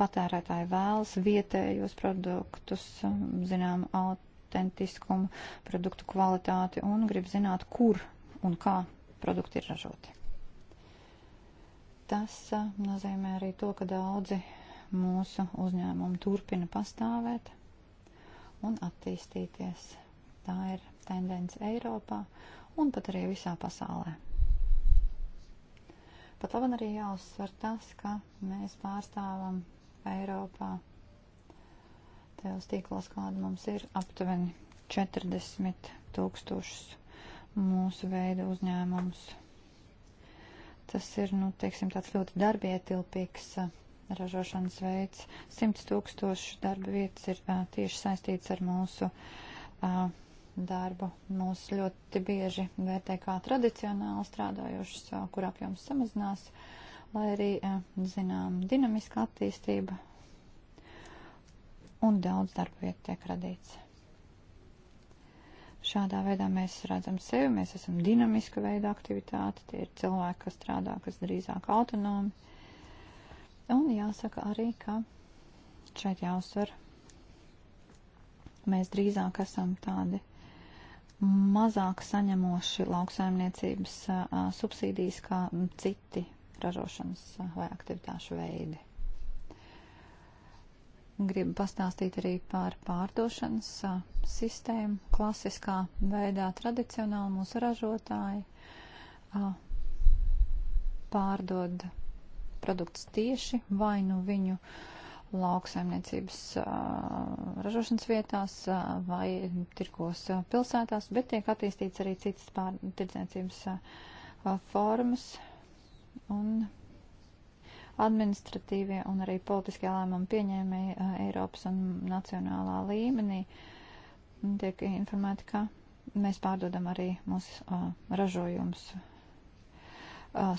patērētāji vēlas vietējos produktus, a, eh, zinām, autentiskumu, produktu kvalitāti un grib zināt, kur un kā produkti ir ražoti. Tas eh, nozīmē arī to, ka daudzi mūsu uzņēmumi turpina pastāvēt un attīstīties. Tā ir tendence Eiropā un pat arī visā pasaulē. Pat labi arī jāuzsver tas, ka mēs pārstāvam Eiropā tajos tīklos, kāda mums ir, aptuveni 40 tūkstošus mūsu veidu uzņēmumus. Tas ir, nu, teiksim, tāds ļoti darbietilpīgs uh, ražošanas veids. 100 tūkstošu darba vietas ir uh, tieši saistīts ar mūsu uh, darbu. Mūs ļoti bieži vērtē kā tradicionāli strādājošus, uh, kur apjoms samazinās, lai arī, uh, zinām, dinamiska attīstība un daudz darba vietu tiek radīts. Šādā veidā mēs redzam sevi, mēs esam dinamiska veida aktivitāte, tie ir cilvēki, kas strādā, kas drīzāk autonomi, Un jāsaka arī, ka šeit jāuzsver, mēs drīzāk esam tādi mazāk saņemoši lauksaimniecības subsīdijas kā citi ražošanas vai aktivitāšu veidi. Gribu pastāstīt arī par pārdošanas sistēmu. Klasiskā veidā tradicionāli mūsu ražotāji pārdod produktus tieši vai nu viņu lauksaimniecības ražošanas vietās vai tirkos pilsētās, bet tiek attīstīts arī citas tirdzniecības formas un administratīvie un arī politiskie lēmumi pieņēmēji Eiropas un nacionālā līmenī tiek informēti, ka mēs pārdodam arī mūsu ražojumus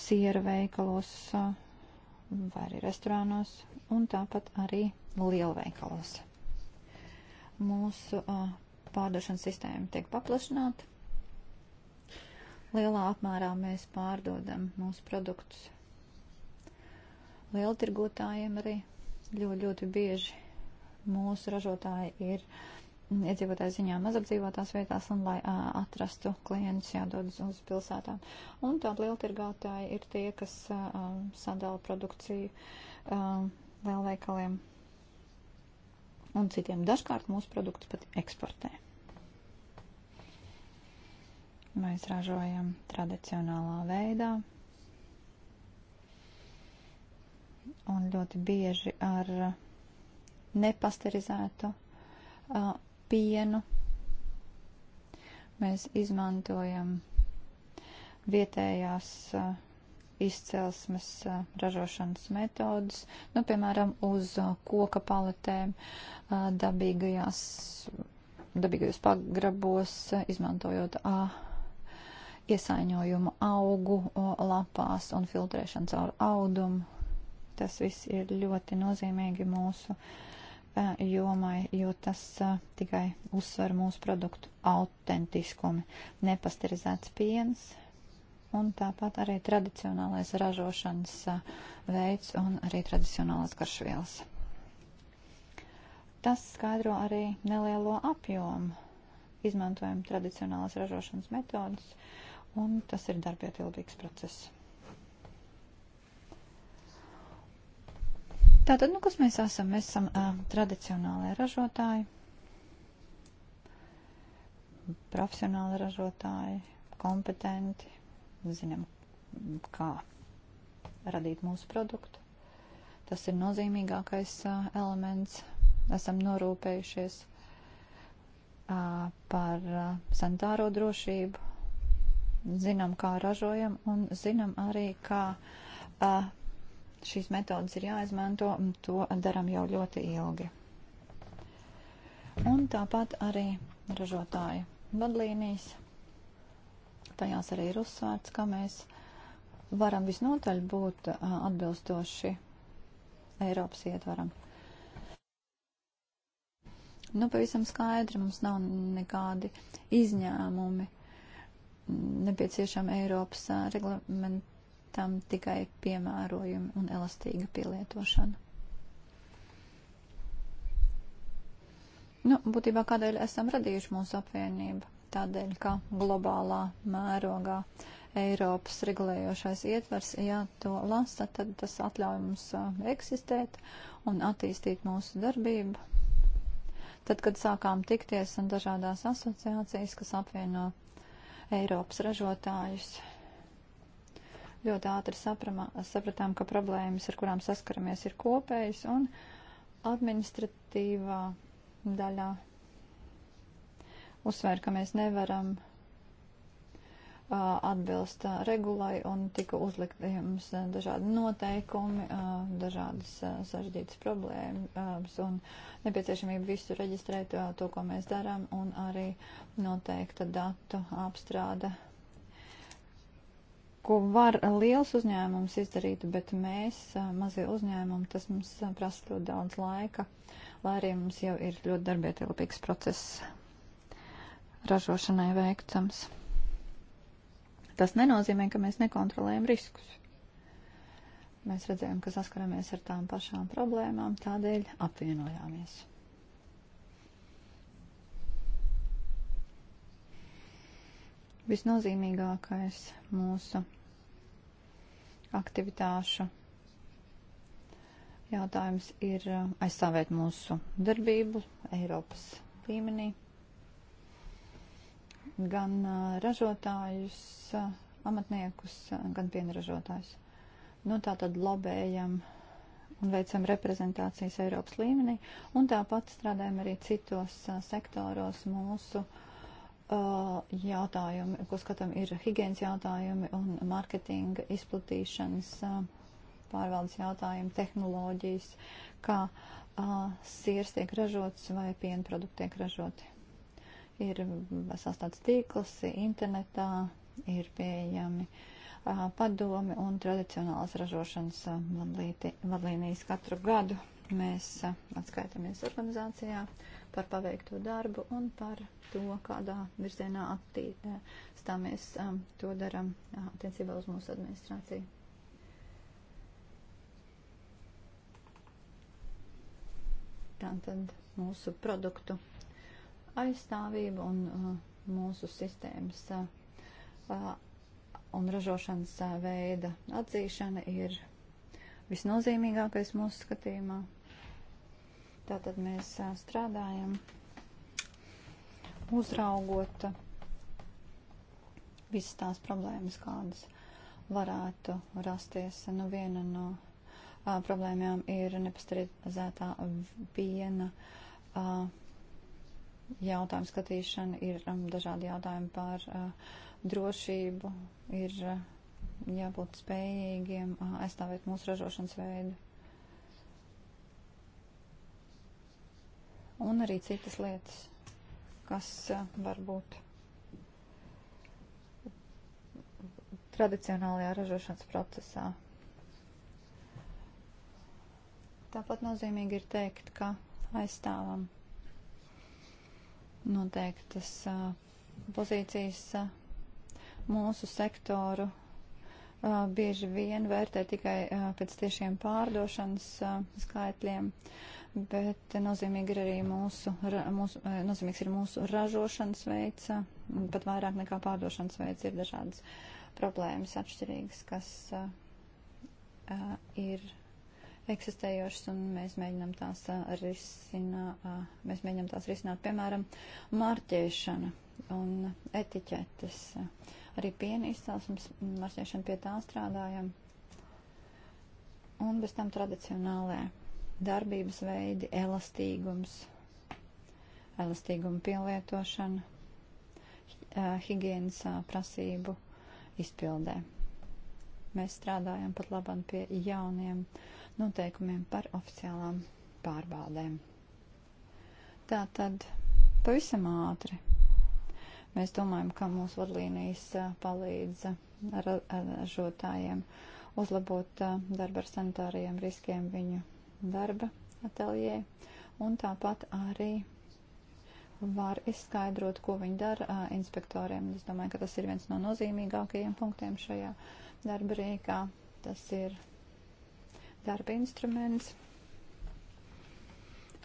siera veikalos, a, vai arī restorānos, un tāpat arī lielveikalos. Mūsu uh, pārdošanas sistēma tiek paplašināta. Lielā apmērā mēs pārdodam mūsu produktus lieltirgotājiem arī. Ļoti, ļoti bieži mūsu ražotāji ir uh, iedzīvotāju ziņā mazapdzīvotās vietās un lai uh, atrastu klientus jādodas uz pilsētām. Un tādi lieltirgātāji ir tie, kas uh, sadala produkciju uh, lielveikaliem un citiem. Dažkārt mūsu produktus pat eksportē. Mēs ražojam tradicionālā veidā un ļoti bieži ar nepasterizētu uh, pienu. Mēs izmantojam vietējās uh, izcelsmes uh, ražošanas metodas, nu, piemēram, uz uh, koka paletēm, uh, dabīgajās, dabīgajos pagrabos, uh, izmantojot uh, iesaiņojumu augu lapās un filtrēšanu caur audumu. Tas viss ir ļoti nozīmīgi mūsu uh, jomai, jo tas tikai uzsver mūsu produktu autentiskumu. Nepasterizēts piens un tāpat arī tradicionālais ražošanas veids un arī tradicionālās karšvielas. Tas skaidro arī nelielo apjomu. Izmantojam tradicionālas ražošanas metodas, un tas ir darbietilgīgs process. Tātad, nu, kas mēs esam? Mēs esam uh, tradicionālai ražotāji, profesionāli ražotāji, kompetenti, zinām, kā radīt mūsu produktu. Tas ir nozīmīgākais uh, elements. Esam norūpējušies uh, par uh, sanitāro drošību, zinām, kā ražojam un zinām arī, kā uh, Šīs metodas ir jāizmanto, un to daram jau ļoti ilgi. Un tāpat arī ražotāju vadlīnijas. Tajās arī ir uzsvērts, ka mēs varam visnotaļ būt atbilstoši Eiropas ietvaram. Nu, pavisam skaidri, mums nav nekādi izņēmumi nepieciešama Eiropas reglamenta tam tikai piemērojumi un elastīga pielietošana. Nu, būtībā kādēļ esam radījuši mūsu apvienību? Tādēļ, ka globālā mērogā Eiropas regulējošais ietvers, ja to lasa, tad tas atļauj mums uh, eksistēt un attīstīt mūsu darbību. Tad, kad sākām tikties un dažādās asociācijas, kas apvieno Eiropas ražotājus, ļoti ātri sapramā, sapratām, ka problēmas, ar kurām saskaramies, ir kopējas un administratīvā daļā uzsver, ka mēs nevaram atbilst regulai un tika uzlikt jums dažādi noteikumi, dažādas sažģītas problēmas un nepieciešamība visu reģistrēt, to, ko mēs darām, un arī noteikta datu apstrāde ko var liels uzņēmums izdarīt, bet mēs, mazie uzņēmumi, tas mums prasa ļoti daudz laika, lai arī mums jau ir ļoti darbietilpīgs process ražošanai veikts. Tas nenozīmē, ka mēs nekontrolējam riskus. Mēs redzējām, ka saskaramies ar tām pašām problēmām, tādēļ apvienojāmies. Visnozīmīgākais mūsu aktivitāšu. Jautājums ir uh, aizstāvēt mūsu darbību Eiropas līmenī, gan uh, ražotājus, uh, amatniekus, gan pienražotājus. Nu, tā tad lobējam un veicam reprezentācijas Eiropas līmenī, un tāpat strādājam arī citos sektoros mūsu uh, jautājumi, ko skatām, ir higiēnas jautājumi un marketinga izplatīšanas pārvaldes jautājumi, tehnoloģijas, kā sirs tiek ražots vai piena produkti tiek ražoti. Ir sastāds tīkls internetā, ir pieejami padomi un tradicionālas ražošanas vadlīnijas katru gadu. Mēs atskaitamies organizācijā. Uh, par paveikto darbu un par to, kādā virzienā attīstāmies. Um, to daram uh, attiecībā uz mūsu administrāciju. Tātad mūsu produktu aizstāvību un uh, mūsu sistēmas uh, uh un ražošanas uh, veida atzīšana ir visnozīmīgākais mūsu skatījumā. Tātad mēs strādājam uzraugot visas tās problēmas, kādas varētu rasties. Nu, viena no a, problēmām ir nepastarīzētā viena a, jautājuma skatīšana, ir a, dažādi jautājumi par a, drošību, ir a, jābūt spējīgiem a, aizstāvēt mūsu ražošanas veidu un arī citas lietas, kas eh, varbūt tradicionālajā ražošanas procesā. Tāpat nozīmīgi ir teikt, ka aizstāvam noteiktas eh, pozīcijas eh, mūsu sektoru. Bieži vien vērtē tikai pēc tiešiem pārdošanas skaitļiem. Uh, bet nozīmīgi ir arī mūsu, mūsu, eh, nozīmīgs ir mūsu ražošanas veids, eh, un pat vairāk nekā pārdošanas veids ir dažādas problēmas atšķirīgas, kas uh, ir eksistējošas, un mēs mēģinām tās, risina, uh, mēs mēģinām tās risināt, piemēram, marķēšana un etiķetes. Arī piena izcelsmes marķēšana pie tā strādājam. Un bez tam tradicionālajā darbības veidi, elastīgums, elastīguma pielietošana, higienas prasību izpildē. Mēs strādājam pat labam pie jauniem noteikumiem par oficiālām pārbaudēm. Tā tad pavisam ātri. Mēs domājam, ka mūsu vadlīnijas palīdz ražotājiem uzlabot darbu ar sanitāriem riskiem viņu darba ateljē, un tāpat arī var izskaidrot, ko viņi dara uh, inspektoriem. Es domāju, ka tas ir viens no nozīmīgākajiem punktiem šajā darba rīkā. Tas ir darba instruments,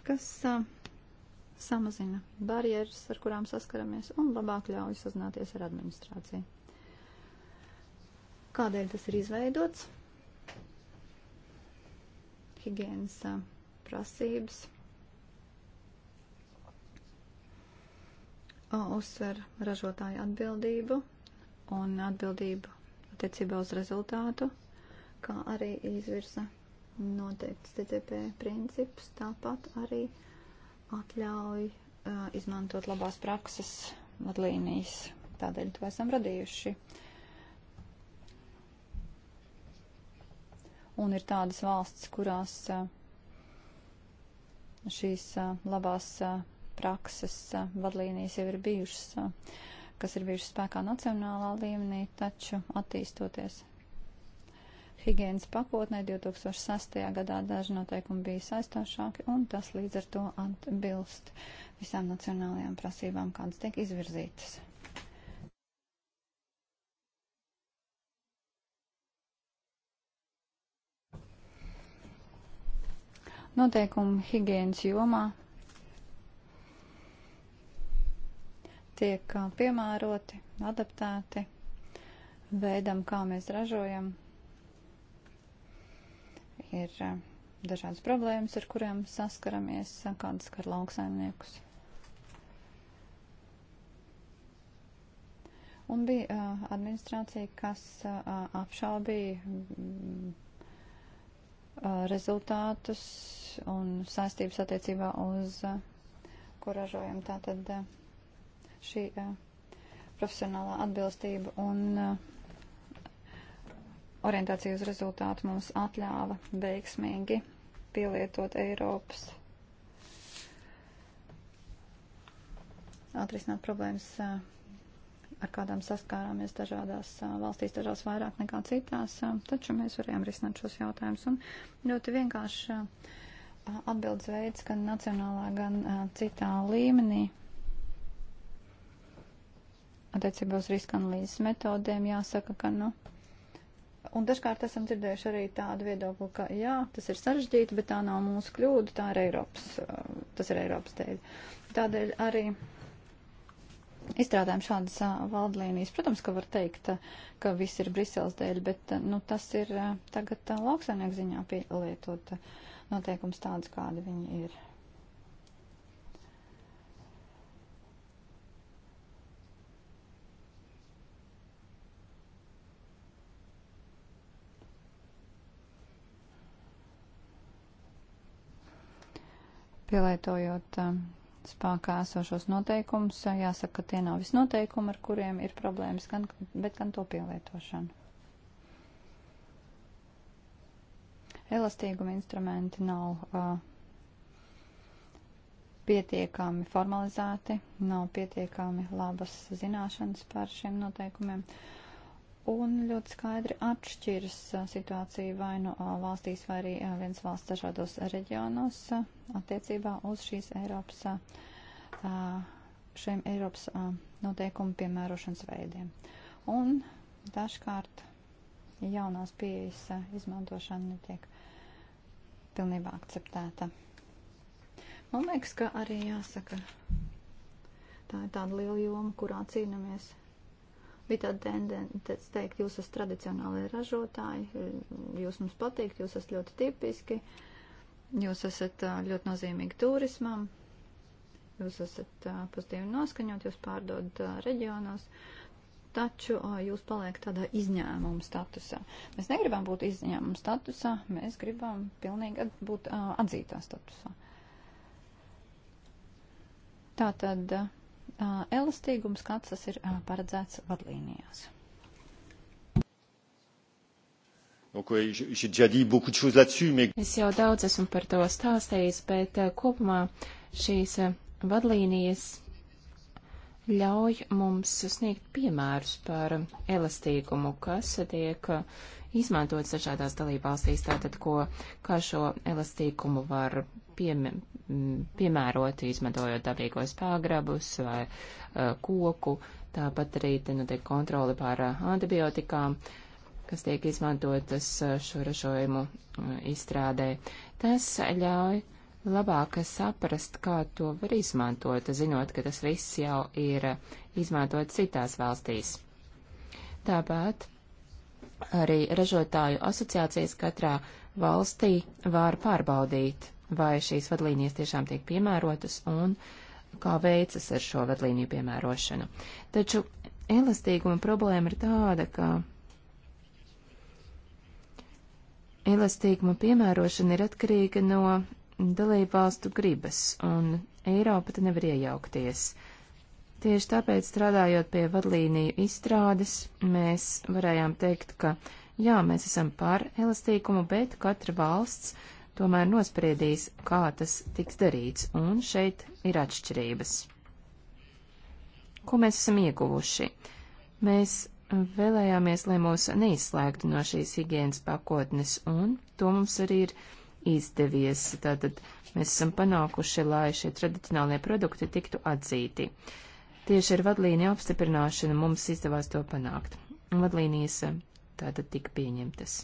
kas uh, samazina barjeras, ar kurām saskaramies, un labāk ļauj sazināties ar administrāciju. Kādēļ tas ir izveidots? higienas prasības uzsver ražotāju atbildību un atbildību attiecībā uz rezultātu, kā arī izvirza noteikts TTP princips, tāpat arī atļauj uh, izmantot labās prakses vadlīnijas. Tādēļ to esam radījuši. Uh, un ir tādas valsts, kurās eh, šīs eh, labās eh, prakses vadlīnijas jau ir bijušas, kas ir bijušas spēkā nacionālā līmenī, taču attīstoties. Higienas pakotnē 2006. gadā daži noteikumi bija saistošāki, un tas līdz ar to atbilst visām nacionālajām prasībām, kādas tiek izvirzītas. noteikumi higienas jomā tiek uh, piemēroti, adaptēti veidam, kā mēs ražojam. Ir uh, dažādas problēmas, ar kurām saskaramies, uh, kādas skar lauksaimniekus. Un bija administrācija, kas apšaubīja rezultātus un saistības attiecībā uz, ko ražojam. Tātad šī profesionālā atbilstība un orientācija uz rezultātu mums atļāva veiksmīgi pielietot Eiropas atrisināt problēmas ar kādām saskārāmies dažādās valstīs, dažās vairāk nekā citās, taču mēs varējām risināt šos jautājumus. Un ļoti vienkārši atbildes veids gan nacionālā, gan citā līmenī. Attiecībā uz riska analīzes metodēm jāsaka, ka, nu, un dažkārt esam dzirdējuši arī tādu viedokli, ka jā, tas ir sarežģīti, bet tā nav mūsu kļūda, tā ir Eiropas, tas ir Eiropas dēļ. Tādēļ arī izstrādājam šādas valdlīnijas. Protams, ka var teikt, ka viss ir Briseles dēļ, bet nu, tas ir tagad lauksaimnieku ziņā pielietot noteikums tāds, kādi viņi ir. Pielietojot spākā esošos noteikumus. Jāsaka, ka tie nav visi noteikumi, ar kuriem ir problēmas, gan, bet gan to pielietošanu. Elastīguma instrumenti nav uh, pietiekami formalizēti, nav pietiekami labas zināšanas par šiem noteikumiem. Uh, un ļoti skaidri atšķiras situācija vai nu no valstīs, vai arī viens valsts dažādos reģionos attiecībā uz šīs Eiropas, šiem Eiropas noteikumu piemērošanas veidiem. Un dažkārt jaunās pieejas izmantošana netiek pilnībā akceptēta. Man liekas, ka arī jāsaka, tā ir tāda liela joma, kurā cīnāmies bija tāda tendence teikt, jūs esat tradicionālai ražotāji, eh, jūs mums patīk, jūs esat ļoti tipiski, jūs esat eh, ļoti nozīmīgi turismam, jūs esat eh, pozitīvi noskaņot, jūs pārdodat reģionos, taču jūs paliekat tādā izņēmuma statusā. Mēs negribam būt izņēmuma statusā, mēs gribam pilnīgi būt atzītā statusā. Tātad. Uh, elastīgums, kāds tas ir paredzēts vadlīnijās. Es jau daudz esmu par to stāstījis, bet kopumā šīs vadlīnijas ļauj mums sniegt piemērus par elastīgumu, kas tiek izmantots dažādās dalībvalstīs, tātad, ko, kā šo elastīgumu var piem, piemērot, izmantojot dabīgos pāgrabus vai uh, koku, tāpat arī te notiek nu, kontroli pār antibiotikām, kas tiek izmantotas šo ražojumu izstrādē. Tas ļauj uh, labāk saprast, kā to var izmantot, zinot, ka tas viss jau ir izmantot citās valstīs. Tāpat arī ražotāju asociācijas katrā valstī var pārbaudīt, vai šīs vadlīnijas tiešām tiek piemērotas un kā veicas ar šo vadlīniju piemērošanu. Taču elastīguma problēma ir tāda, ka elastīguma piemērošana ir atkarīga no dalībvalstu gribas, un Eiropa te nevar iejaukties. Tieši tāpēc, strādājot pie vadlīniju izstrādes, mēs varējām teikt, ka jā, mēs esam par elastīkumu, bet katra valsts tomēr nospriedīs, kā tas tiks darīts, un šeit ir atšķirības. Ko mēs esam ieguvuši? Mēs vēlējāmies, lai mūs neizslēgtu no šīs higienas pakotnes, un to mums arī ir izdevies. Tātad mēs esam panākuši, lai šie tradicionālie produkti tiktu atzīti. Tieši ar vadlīniju apstiprināšanu mums izdevās to panākt. Vadlīnijas eh, tātad tika pieņemtas.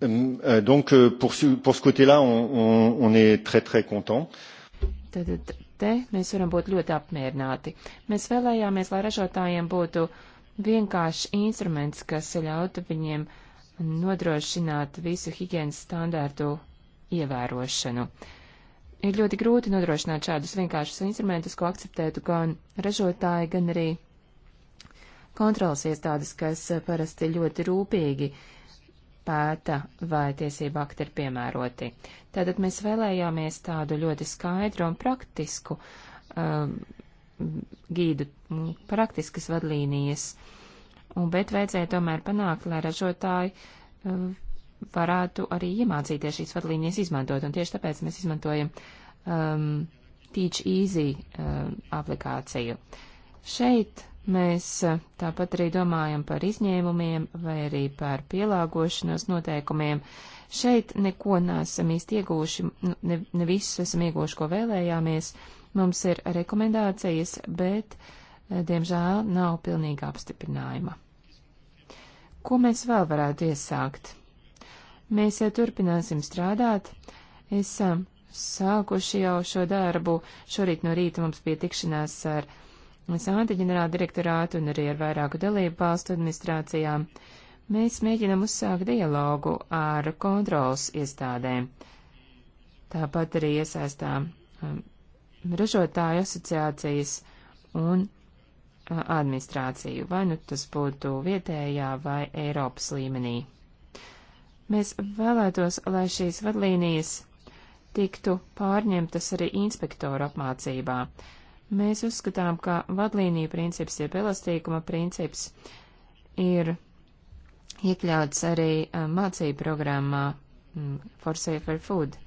Eh, donc, euh, pour ce, pour ce côté-là, on, on, on est très, très content. Tātad te mēs varam būt ļoti apmierināti. Mēs vēlējāmies, lai ražotājiem būtu vienkārši instruments, kas ļautu viņiem uh, nodrošināt visu higienas standārtu ievērošanu. Ir ļoti grūti nodrošināt šādus vienkāršus instrumentus, ko akceptētu gan ražotāji, gan arī kontrolas iestādes, kas parasti ļoti rūpīgi pēta, vai tiesība akti ir piemēroti. Tātad mēs vēlējāmies tādu ļoti skaidru un praktisku um, gīdu, praktiskas vadlīnijas uh, un bet vajadzēja tomēr panākt, lai ražotāji um, varētu arī iemācīties šīs vadlīnijas izmantot, un tieši tāpēc mēs izmantojam um, Teach Easy um, aplikāciju. Šeit mēs eh, tāpat arī domājam par izņēmumiem vai arī par pielāgošanos noteikumiem. Šeit neko nesam īsti iegūši, nu, ne, ne visus esam iegūši, ko vēlējāmies. Mums ir rekomendācijas, bet uh, diemžēl, nav pilnīga apstiprinājuma. Ko mēs vēl varētu iesākt? Mēs ja turpināsim strādāt. Esam um, sākuši jau šo darbu. Šorīt no rīta mums bija tikšanās ar Sānti ģenerāla direktorātu un arī ar vairāku dalību valstu administrācijām. Mēs mēģinam uzsākt dialogu ar kontrols iestādēm. Tāpat arī iesaistām um, ražotāju asociācijas un administrāciju, vai nu tas būtu vietējā vai Eiropas līmenī. Mēs vēlētos, lai šīs vadlīnijas tiktu pārņemtas arī inspektoru apmācībā. Mēs uzskatām, ka vadlīnija princips, jeb elastīguma princips, ir iekļauts arī uh, mācību programmā mm, For Safer Food.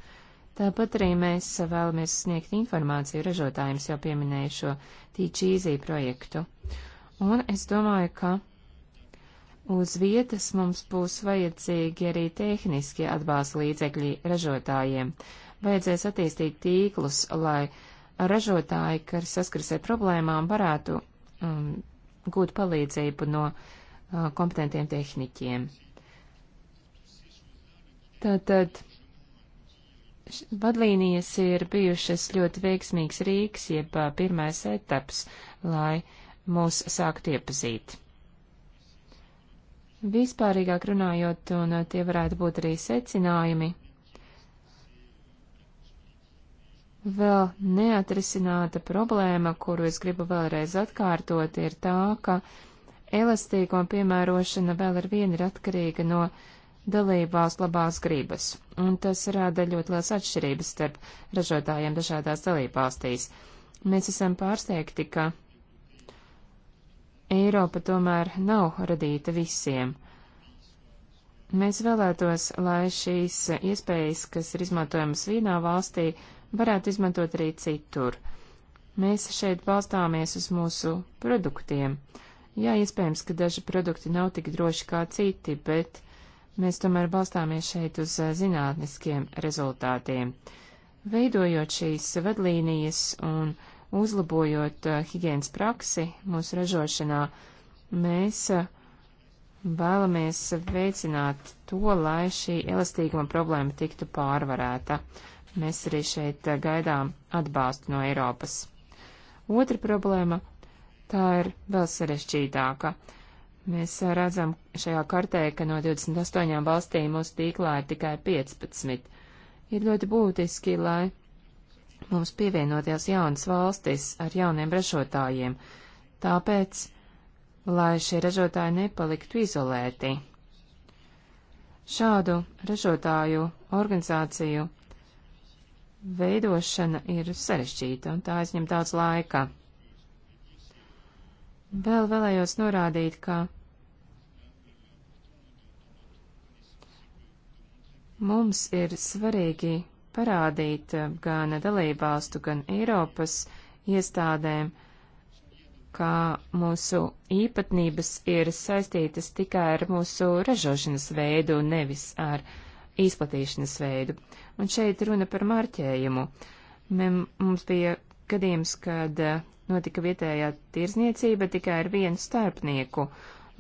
Tāpat arī mēs vēlamies sniegt informāciju ražotājiem jau pieminējušo Tīčīzī projektu. Un es domāju, ka uz vietas mums būs vajadzīgi arī tehniski atbalsta līdzekļi ražotājiem. Vajadzēs attīstīt tīklus, lai ražotāji, kas saskaras ar problēmām, varētu um, gūt palīdzību no uh, kompetentiem tehniķiem. Tātad. Tā, Vadlīnijas ir bijušas ļoti veiksmīgs rīks, jeb pirmais etaps, lai mūs sākt iepazīt. Vispārīgāk runājot, un tie varētu būt arī secinājumi, vēl neatrisināta problēma, kuru es gribu vēlreiz atkārtot, ir tā, ka elastīguma piemērošana vēl ar vienu ir atkarīga no uh, dalībās labās gribas, un tas rada ļoti liels atšķirības starp ražotājiem dažādās dalībvalstīs. Mēs esam pārsteigti, ka Eiropa tomēr nav radīta visiem. Mēs vēlētos, lai šīs iespējas, kas ir izmantojamas vienā valstī, varētu izmantot arī citur. Mēs šeit balstāmies uz mūsu produktiem. Jā, iespējams, ka daži produkti nav tik droši kā citi, bet Mēs tomēr balstāmies šeit uz eh, zinātniskiem rezultātiem. Veidojot šīs vadlīnijas un uzlabojot eh, higienas praksi mūsu ražošanā, mēs eh, vēlamies veicināt to, lai šī elastīguma problēma tiktu pārvarēta. Mēs arī šeit gaidām atbalstu no Eiropas. Otra problēma - tā ir vēl sarežģītāka. Mēs redzam šajā kartē, ka no 28 valstīm mūsu tīklā ir tikai 15. Ir ļoti būtiski, lai mums pievienoties jaunas valstis ar jauniem ražotājiem, tāpēc, lai šie ražotāji nepaliktu izolēti. Šādu ražotāju organizāciju veidošana ir sarežģīta un tā aizņem daudz laika. Vēl vēlējos norādīt, ka mums ir svarīgi parādīt gan dalībvalstu, gan Eiropas iestādēm, ka mūsu īpatnības ir saistītas tikai ar mūsu ražošanas veidu, nevis ar izplatīšanas veidu. Un šeit runa par marķējumu. Mums bija gadījums, kad Notika vietējā tirzniecība tikai ar vienu starpnieku,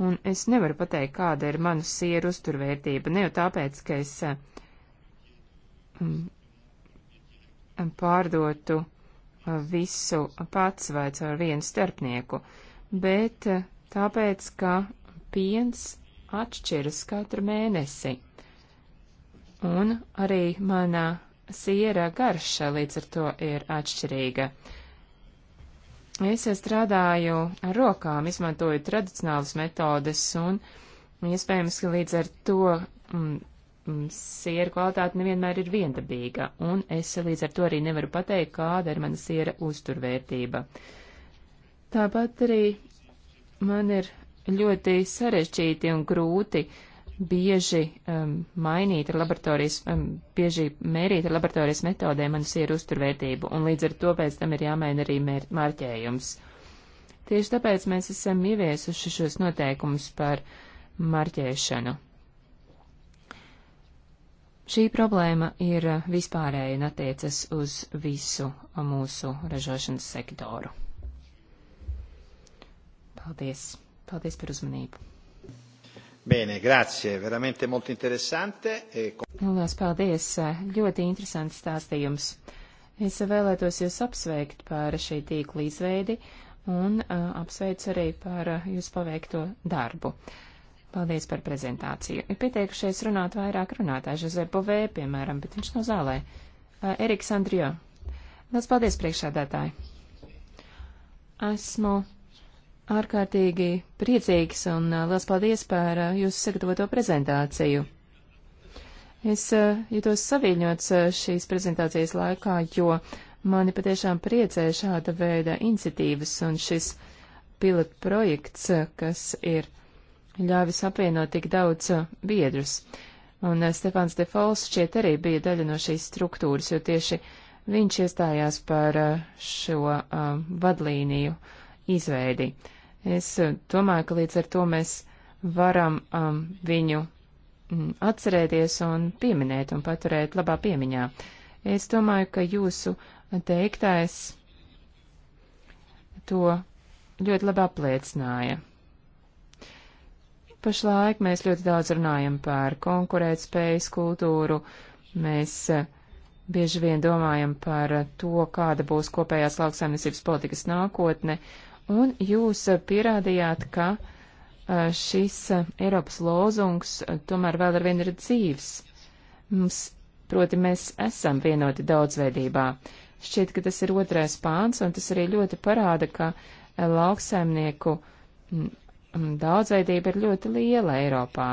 un es nevaru pateikt, kāda ir mana sieru uzturvērtība, ne jau tāpēc, ka es eh, pārdotu eh, visu pats vai caur vienu starpnieku, bet eh, tāpēc, ka piens atšķiras katru mēnesi. Un arī manā siera garša līdz ar to ir atšķirīga. Es strādāju ar rokām, izmantoju tradicionālas metodes un iespējams, ka līdz ar to mm, mm, siera kvalitāte nevienmēr ir viendabīga, un es līdz ar to arī nevaru pateikt, kāda ir mana siera uzturvērtība. Tāpat arī man ir ļoti sarežģīti un grūti uh, bieži um, mainīt ar laboratorijas, um, bieži mērīt ar laboratorijas metodēm manas sieru uzturvērtību, un līdz ar to pēc tam ir jāmaina arī mēr, marķējums. Tieši tāpēc mēs esam ieviesuši šos noteikumus par marķēšanu. Šī problēma ir uh, vispārēja un attiecas uz visu mūsu ražošanas sektoru. Paldies! Paldies par uzmanību! Bene, grazie, veramente molto interessante. E... Lielas paldies, ļoti interesants stāstījums. Es vēlētos jūs apsveikt par šī tīkla izveidi un uh, apsveicu arī par uh, jūsu paveikto darbu. Paldies par prezentāciju. Ir pieteikušies runāt vairāk runātāju, Žozē Bovē, piemēram, bet viņš nav no zālē. Uh, Eriks Andrijo. Lielas paldies priekšādātāji. Esmu ārkārtīgi priecīgs un liels paldies par jūsu sagatavoto prezentāciju. Es jūtos saviņots šīs prezentācijas laikā, jo mani patiešām priecē šāda veida iniciatīvas un šis pilotprojekts, kas ir ļāvis apvienot tik daudz biedrus. Un Stefāns Defols šķiet arī bija daļa no šīs struktūras, jo tieši viņš iestājās par šo uh, vadlīniju izveidi. Es eh, domāju, ka līdz ar to mēs varam um, viņu mm, atcerēties un pieminēt un paturēt labā piemiņā. Es domāju, ka jūsu teiktais to ļoti labi apliecināja. Pašlaik mēs ļoti daudz runājam par konkurētspējas kultūru, mēs eh, bieži vien domājam par to, kāda būs kopējās lauksaimniecības politikas nākotne, un jūs pierādījāt, ka šis Eiropas lozungs tomēr vēl ar vienu ir dzīves. Mums, proti, mēs esam vienoti daudzveidībā. Šķiet, ka tas ir otrais pāns, un tas arī ļoti parāda, ka lauksaimnieku daudzveidība ir ļoti liela Eiropā.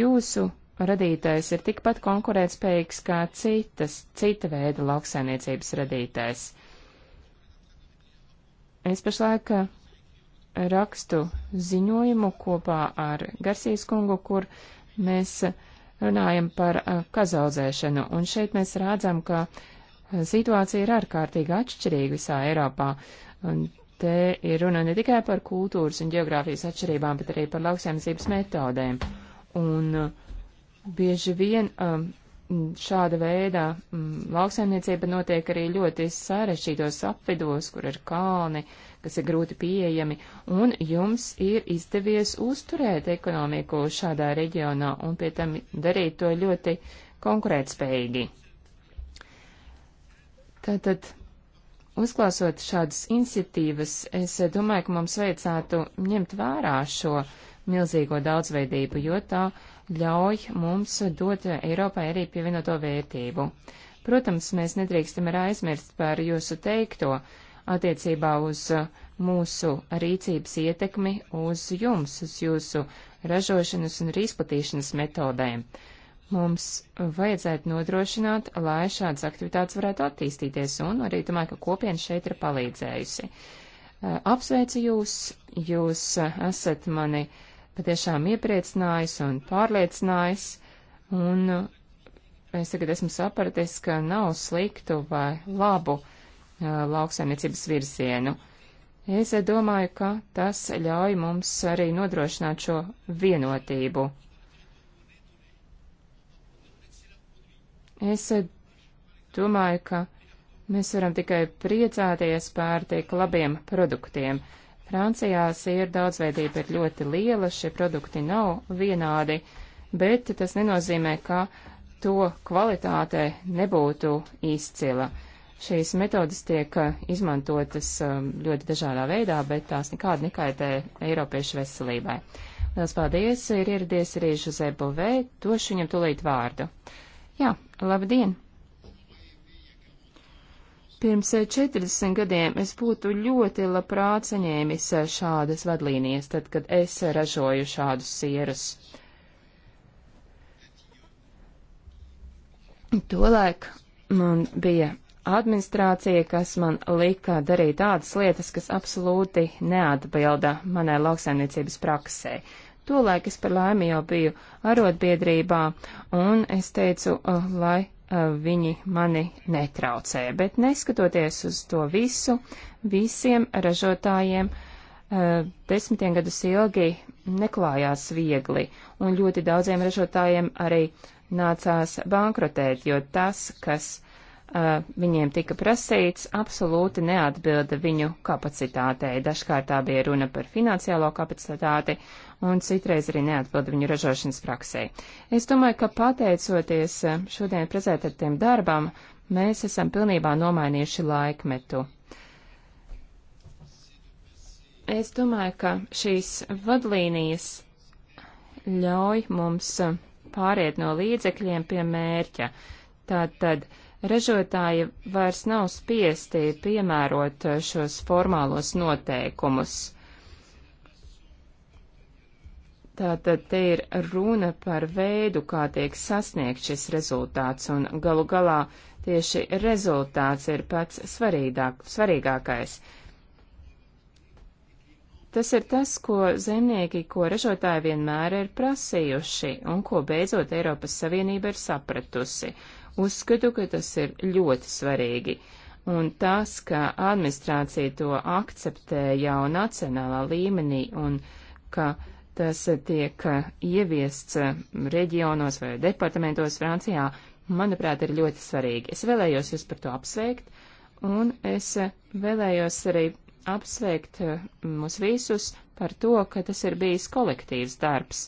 Jūsu radītais ir tikpat konkurētspējīgs kā citas, cita veida lauksaimniecības radītais. Uh, Es pašlaik eh, rakstu ziņojumu kopā ar Garsīs kungu, kur mēs eh, runājam par eh, kazaudzēšanu. Un šeit mēs rādzam, ka situācija ir ārkārtīgi atšķirīga visā Eiropā. Un te ir runa ne tikai par kultūras un geogrāfijas atšķirībām, bet arī par lauksaimniecības metodēm. Un bieži vien um, Mm, šāda veida mm, lauksaimniecība notiek arī ļoti sarežģītos apvidos, kur ir kalni, kas ir grūti pieejami, un jums ir izdevies uzturēt ekonomiku šādā reģionā un pie tam darīt to ļoti konkurētspējīgi. Tātad, uzklāsot šādas iniciatīvas, es domāju, ka mums vajadzētu ņemt vērā šo milzīgo daudzveidību, jo tā ļauj mums dot Eiropai arī pievienoto vērtību. Protams, mēs nedrīkstam arī aizmirst par jūsu teikto attiecībā uz mūsu rīcības ietekmi uz jums, uz jūsu ražošanas un arī izplatīšanas metodēm. Mums vajadzētu nodrošināt, lai šādas aktivitātes varētu attīstīties, un arī domāju, ka kopiena šeit ir palīdzējusi. Apsveicu jūs, jūs esat mani uh, patiešām iepriecinājis un pārliecinājis, un uh, es tagad esmu sapratis, ka nav sliktu vai labu uh, lauksaimniecības virzienu. Es uh, domāju, ka tas ļauj mums arī nodrošināt šo vienotību. Es uh, domāju, ka mēs varam tikai priecāties pār tik labiem produktiem. Francijā sieru daudzveidība ir ļoti liela, šie produkti nav vienādi, bet tas nenozīmē, ka to kvalitāte nebūtu izcila. Šīs metodas tiek eh, izmantotas um, ļoti dažādā veidā, bet tās nekādi nekaitē Eiropiešu veselībai. Lielas paldies, ir ieradies arī Žuzē Bovē, došu viņam tulīt vārdu. Jā, labdien! Pirms 40 eh, gadiem es būtu ļoti labprāt saņēmis eh, šādas vadlīnijas, tad, kad es eh, ražoju šādus sierus. Tolēk man bija administrācija, kas man lika darīt tādas lietas, kas absolūti neatbilda manai lauksaimniecības praksē. Tolēk es par laimi jau biju arotbiedrībā, un es teicu, lai viņi mani netraucē. Bet neskatoties uz to visu, visiem ražotājiem desmitiem gadus ilgi neklājās viegli, un ļoti daudziem ražotājiem arī nācās bankrotēt, jo tas, kas viņiem tika prasīts, absolūti neatbilda viņu kapacitātei. Dažkārt tā bija runa par finansiālo kapacitāti, un citreiz arī neatbild viņu ražošanas praksē. Es domāju, ka pateicoties eh, šodien prezentētiem darbam, mēs esam pilnībā nomainījuši laikmetu. Es domāju, ka šīs vadlīnijas ļauj mums eh, pāriet no līdzekļiem pie mērķa. Tātad ražotāji vairs nav spiesti piemērot eh, šos formālos noteikumus. Tātad te ir runa par veidu, kā tiek sasniegt šis rezultāts, un galu galā tieši rezultāts ir pats svarīgāk, svarīgākais. Tas ir tas, ko zemnieki, ko ražotāji vienmēr ir prasījuši, un ko beidzot Eiropas Savienība ir sapratusi. Uzskatu, ka tas ir ļoti svarīgi. Un tas, ka administrācija to akceptē jau nacionālā līmenī un ka uh, tas tiek uh, ieviests uh, reģionos vai departamentos Francijā, manuprāt, ir ļoti svarīgi. Es vēlējos jūs par to apsveikt, un es uh, vēlējos arī apsveikt mūs visus par to, ka tas ir bijis kolektīvs darbs.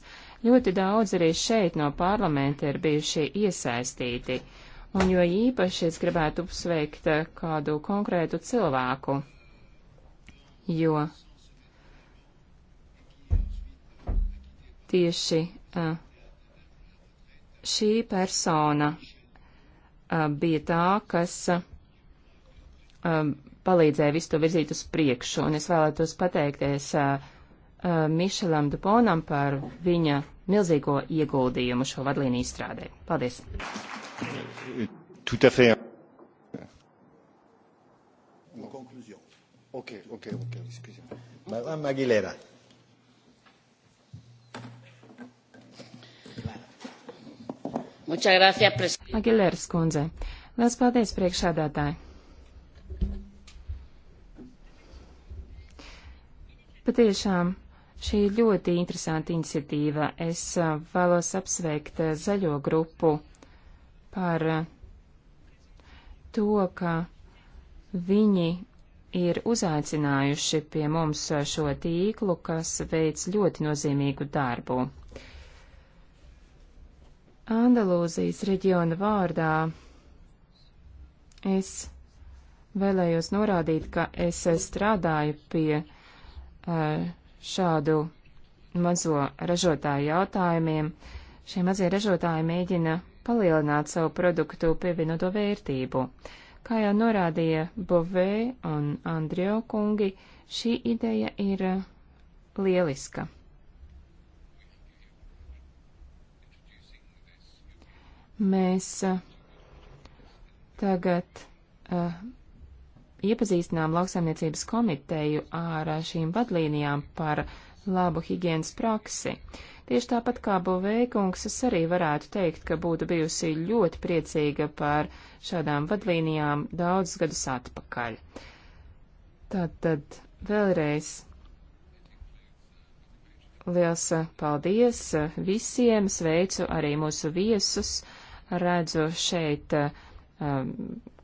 Ļoti daudz arī šeit no parlamenta ir bijuši iesaistīti, un jo īpaši es gribētu apsveikt kādu konkrētu cilvēku, jo tieši šī persona bija tā, kas palīdzēja visu to virzīt uz priekšu, un es vēlētos pateikties Mišelam Duponam par viņa milzīgo ieguldījumu šo vadlīniju izstrādē. Paldies! Tout à fait. Conclusion. Ok, ok, ok, excusez-moi. Madame Aguilera. Gracias, Agilēras kundze. Lielas paldies, priekšādātāji. Patiešām šī ir ļoti interesanta iniciatīva. Es vēlos apsveikt zaļo grupu par to, ka viņi ir uzaicinājuši pie mums šo tīklu, kas veic ļoti nozīmīgu darbu. Andalūzijas reģiona vārdā es vēlējos norādīt, ka es strādāju pie eh, šādu mazo ražotāju jautājumiem. Šie mazie ražotāji mēģina palielināt savu produktu pievienoto vērtību. Kā jau norādīja Bovē un Andrio kungi, šī ideja ir eh, lieliska. Mēs uh, tagad uh, iepazīstinām lauksaimniecības komiteju ar uh, šīm vadlīnijām par labu higienas praksi. Tieši tāpat kā Bovēkungs, es arī varētu teikt, ka būtu bijusi ļoti priecīga par šādām vadlīnijām daudzus gadus atpakaļ. Tātad vēlreiz liels uh, paldies visiem, sveicu arī mūsu viesus redzu šeit eh, um,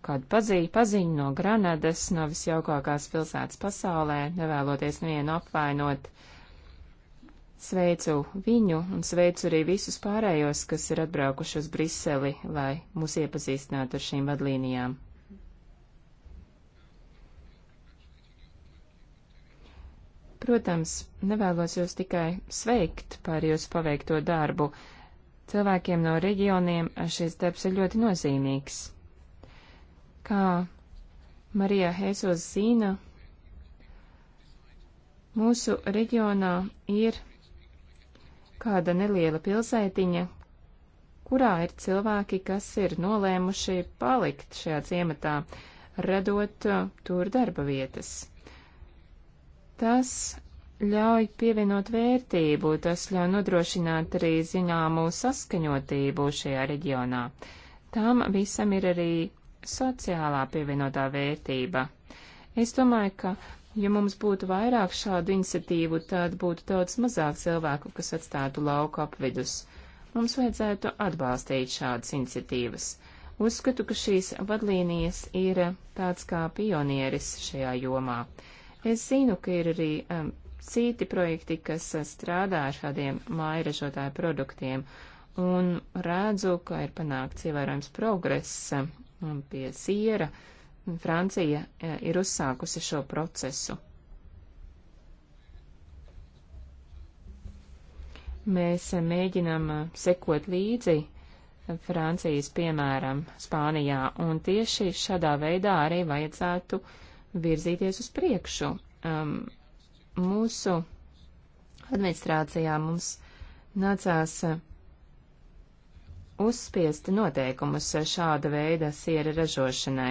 kādu paziņu, paziņu no Granadas, no visjaukākās pilsētas pasaulē, nevēloties nevienu apvainot. Sveicu viņu un sveicu arī visus pārējos, kas ir atbraukuši uz Briseli, lai mūs iepazīstinātu ar šīm vadlīnijām. Protams, nevēlos jūs tikai sveikt par jūsu paveikto darbu, Cilvēkiem no reģioniem eh, šis darbs ir ļoti nozīmīgs. Kā Marija Hēsos zina, mūsu reģionā ir kāda neliela pilsētiņa, kurā ir cilvēki, kas ir nolēmuši palikt šajā ciematā, radot eh, tur darba vietas. Tas ļauj pievienot vērtību, tas ļauj nodrošināt arī zināmu saskaņotību šajā reģionā. Tam visam ir arī sociālā pievienotā vērtība. Es domāju, ka, ja mums būtu vairāk šādu iniciatīvu, tad būtu daudz mazāk cilvēku, kas atstātu lauku apvidus. Mums vajadzētu atbalstīt šādas iniciatīvas. Uzskatu, ka šīs vadlīnijas ir tāds kā pionieris šajā jomā. Es zinu, ka ir arī um, citi projekti, kas strādā ar šādiem mājražotāju produktiem, un redzu, ka ir panākts ievērojams progress pie siera. Francija e, ir uzsākusi šo procesu. Mēs mēģinām e, sekot līdzi Francijas piemēram Spānijā, un tieši šādā veidā arī vajadzētu virzīties uz priekšu. Um, mūsu administrācijā mums nācās eh, uzspiest noteikumus šāda veida siera ražošanai.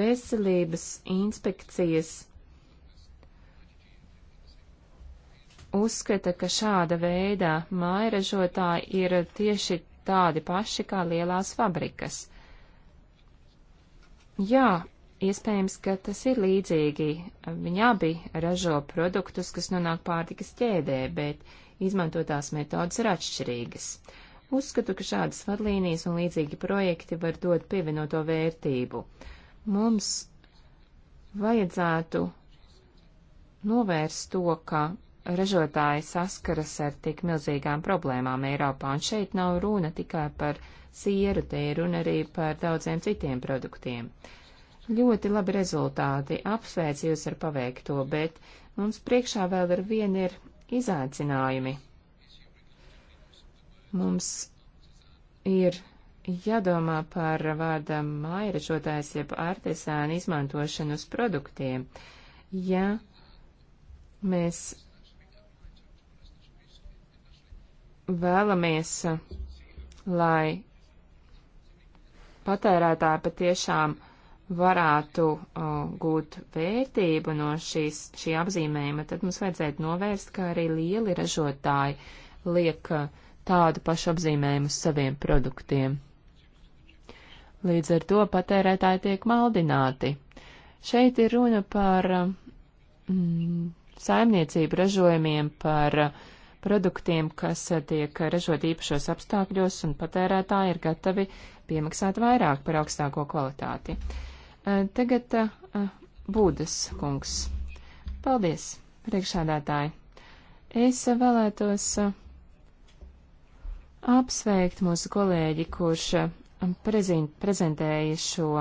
Veselības inspekcijas uzskata, ka šāda veida mājražotāji ir tieši tādi paši kā lielās fabrikas. Jā, Iespējams, ka tas ir līdzīgi. Viņi abi ražo produktus, kas nonāk pārtikas ķēdē, bet izmantotās metodas ir atšķirīgas. Uzskatu, ka šādas vadlīnijas un līdzīgi projekti var dot pievienoto vērtību. Mums vajadzētu novērst to, ka ražotāji saskaras ar tik milzīgām problēmām Eiropā, un šeit nav runa tikai par sieru, te ir runa arī par daudziem citiem produktiem. Uh, Ļoti labi rezultāti, apsveicu jūs ar paveikto, bet mums priekšā vēl ar vienu ir izaicinājumi. Mums ir jādomā par vārda mairažotājs jeb artesānu izmantošanu uz produktiem. Ja mēs vēlamies, lai patērētāji patiešām varētu o, uh, gūt vērtību no šīs, šī apzīmējuma, tad mums vajadzētu novērst, ka arī lieli ražotāji liek uh, tādu pašu apzīmējumu saviem produktiem. Līdz ar to patērētāji tiek maldināti. Šeit ir runa par uh, mm, saimniecību ražojumiem, par produktiem, kas tiek ražot īpašos apstākļos, un patērētāji ir gatavi piemaksāt vairāk par augstāko kvalitāti. Uh, Eh, tagad eh, Būdas kungs. Paldies, priekšādātāji. Es vēlētos eh, apsveikt mūsu kolēģi, kurš prezentēja šo,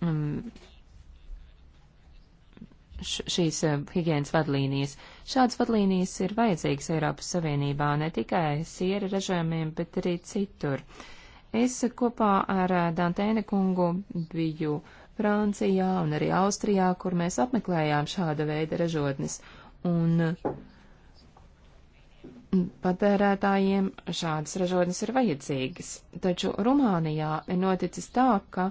mm, šīs higienas vadlīnijas. Šādas vadlīnijas ir vajadzīgas Eiropas Savienībā ne tikai siera ražojumiem, bet arī citur. Uh, Es kopā ar eh, Dantēne kungu biju Francijā un arī Austrijā, kur mēs apmeklējām šāda veida ražotnes. Un mm, patērētājiem šādas ražotnes ir vajadzīgas. Taču Rumānijā ir noticis tā, ka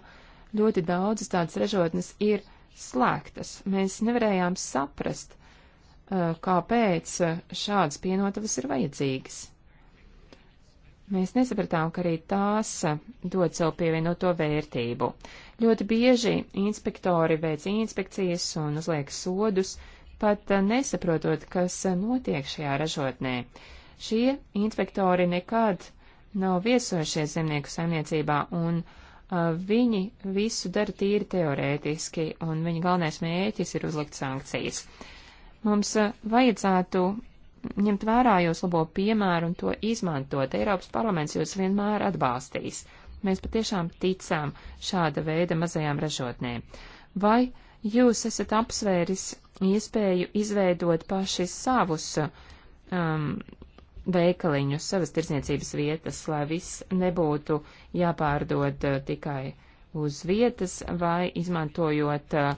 ļoti daudzas tādas ražotnes ir slēgtas. Mēs nevarējām saprast, eh, kāpēc eh, šādas pienotavas ir vajadzīgas. Mēs nesapratām, ka arī tās dod savu pievienoto vērtību. Ļoti bieži inspektori veic inspekcijas un uzliek sodus, pat nesaprotot, kas notiek šajā ražotnē. Šie inspektori nekad nav viesojušies zemnieku saimniecībā, un a, viņi visu dara tīri teorētiski, un viņa galvenais mēķis ir uzlikt sankcijas. Mums a, vajadzētu ņemt vērā jūs labo piemēru un to izmantot. Eiropas parlaments jūs vienmēr atbalstīs. Mēs patiešām ticām šāda veida mazajām ražotnēm. Vai jūs esat apsvēris iespēju izveidot paši savus um, veikaliņus, savas tirsniecības vietas, lai viss nebūtu jāpārdod uh, tikai uz vietas vai izmantojot uh,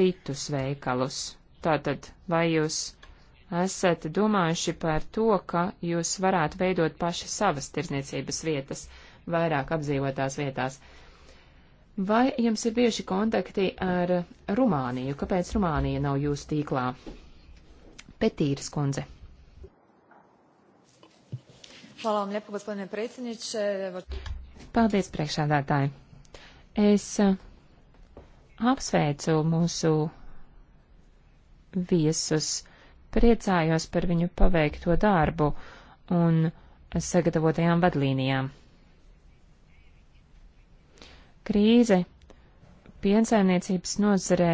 citus veikalus? Tātad, vai jūs esat domājuši par to, ka jūs varētu veidot paši savas tirzniecības vietas vairāk apdzīvotās vietās. Vai jums ir bieži kontakti ar Rumāniju? Kāpēc Rumānija nav jūsu tīklā? Petīras kundze. Hvala vam lijepo, gospodine predsjedniče. Paldies, priekšādātāji. Es eh, apsveicu mūsu viesus priecājos par viņu paveikto darbu un sagatavotajām vadlīnijām. Krīze piensaimniecības nozarē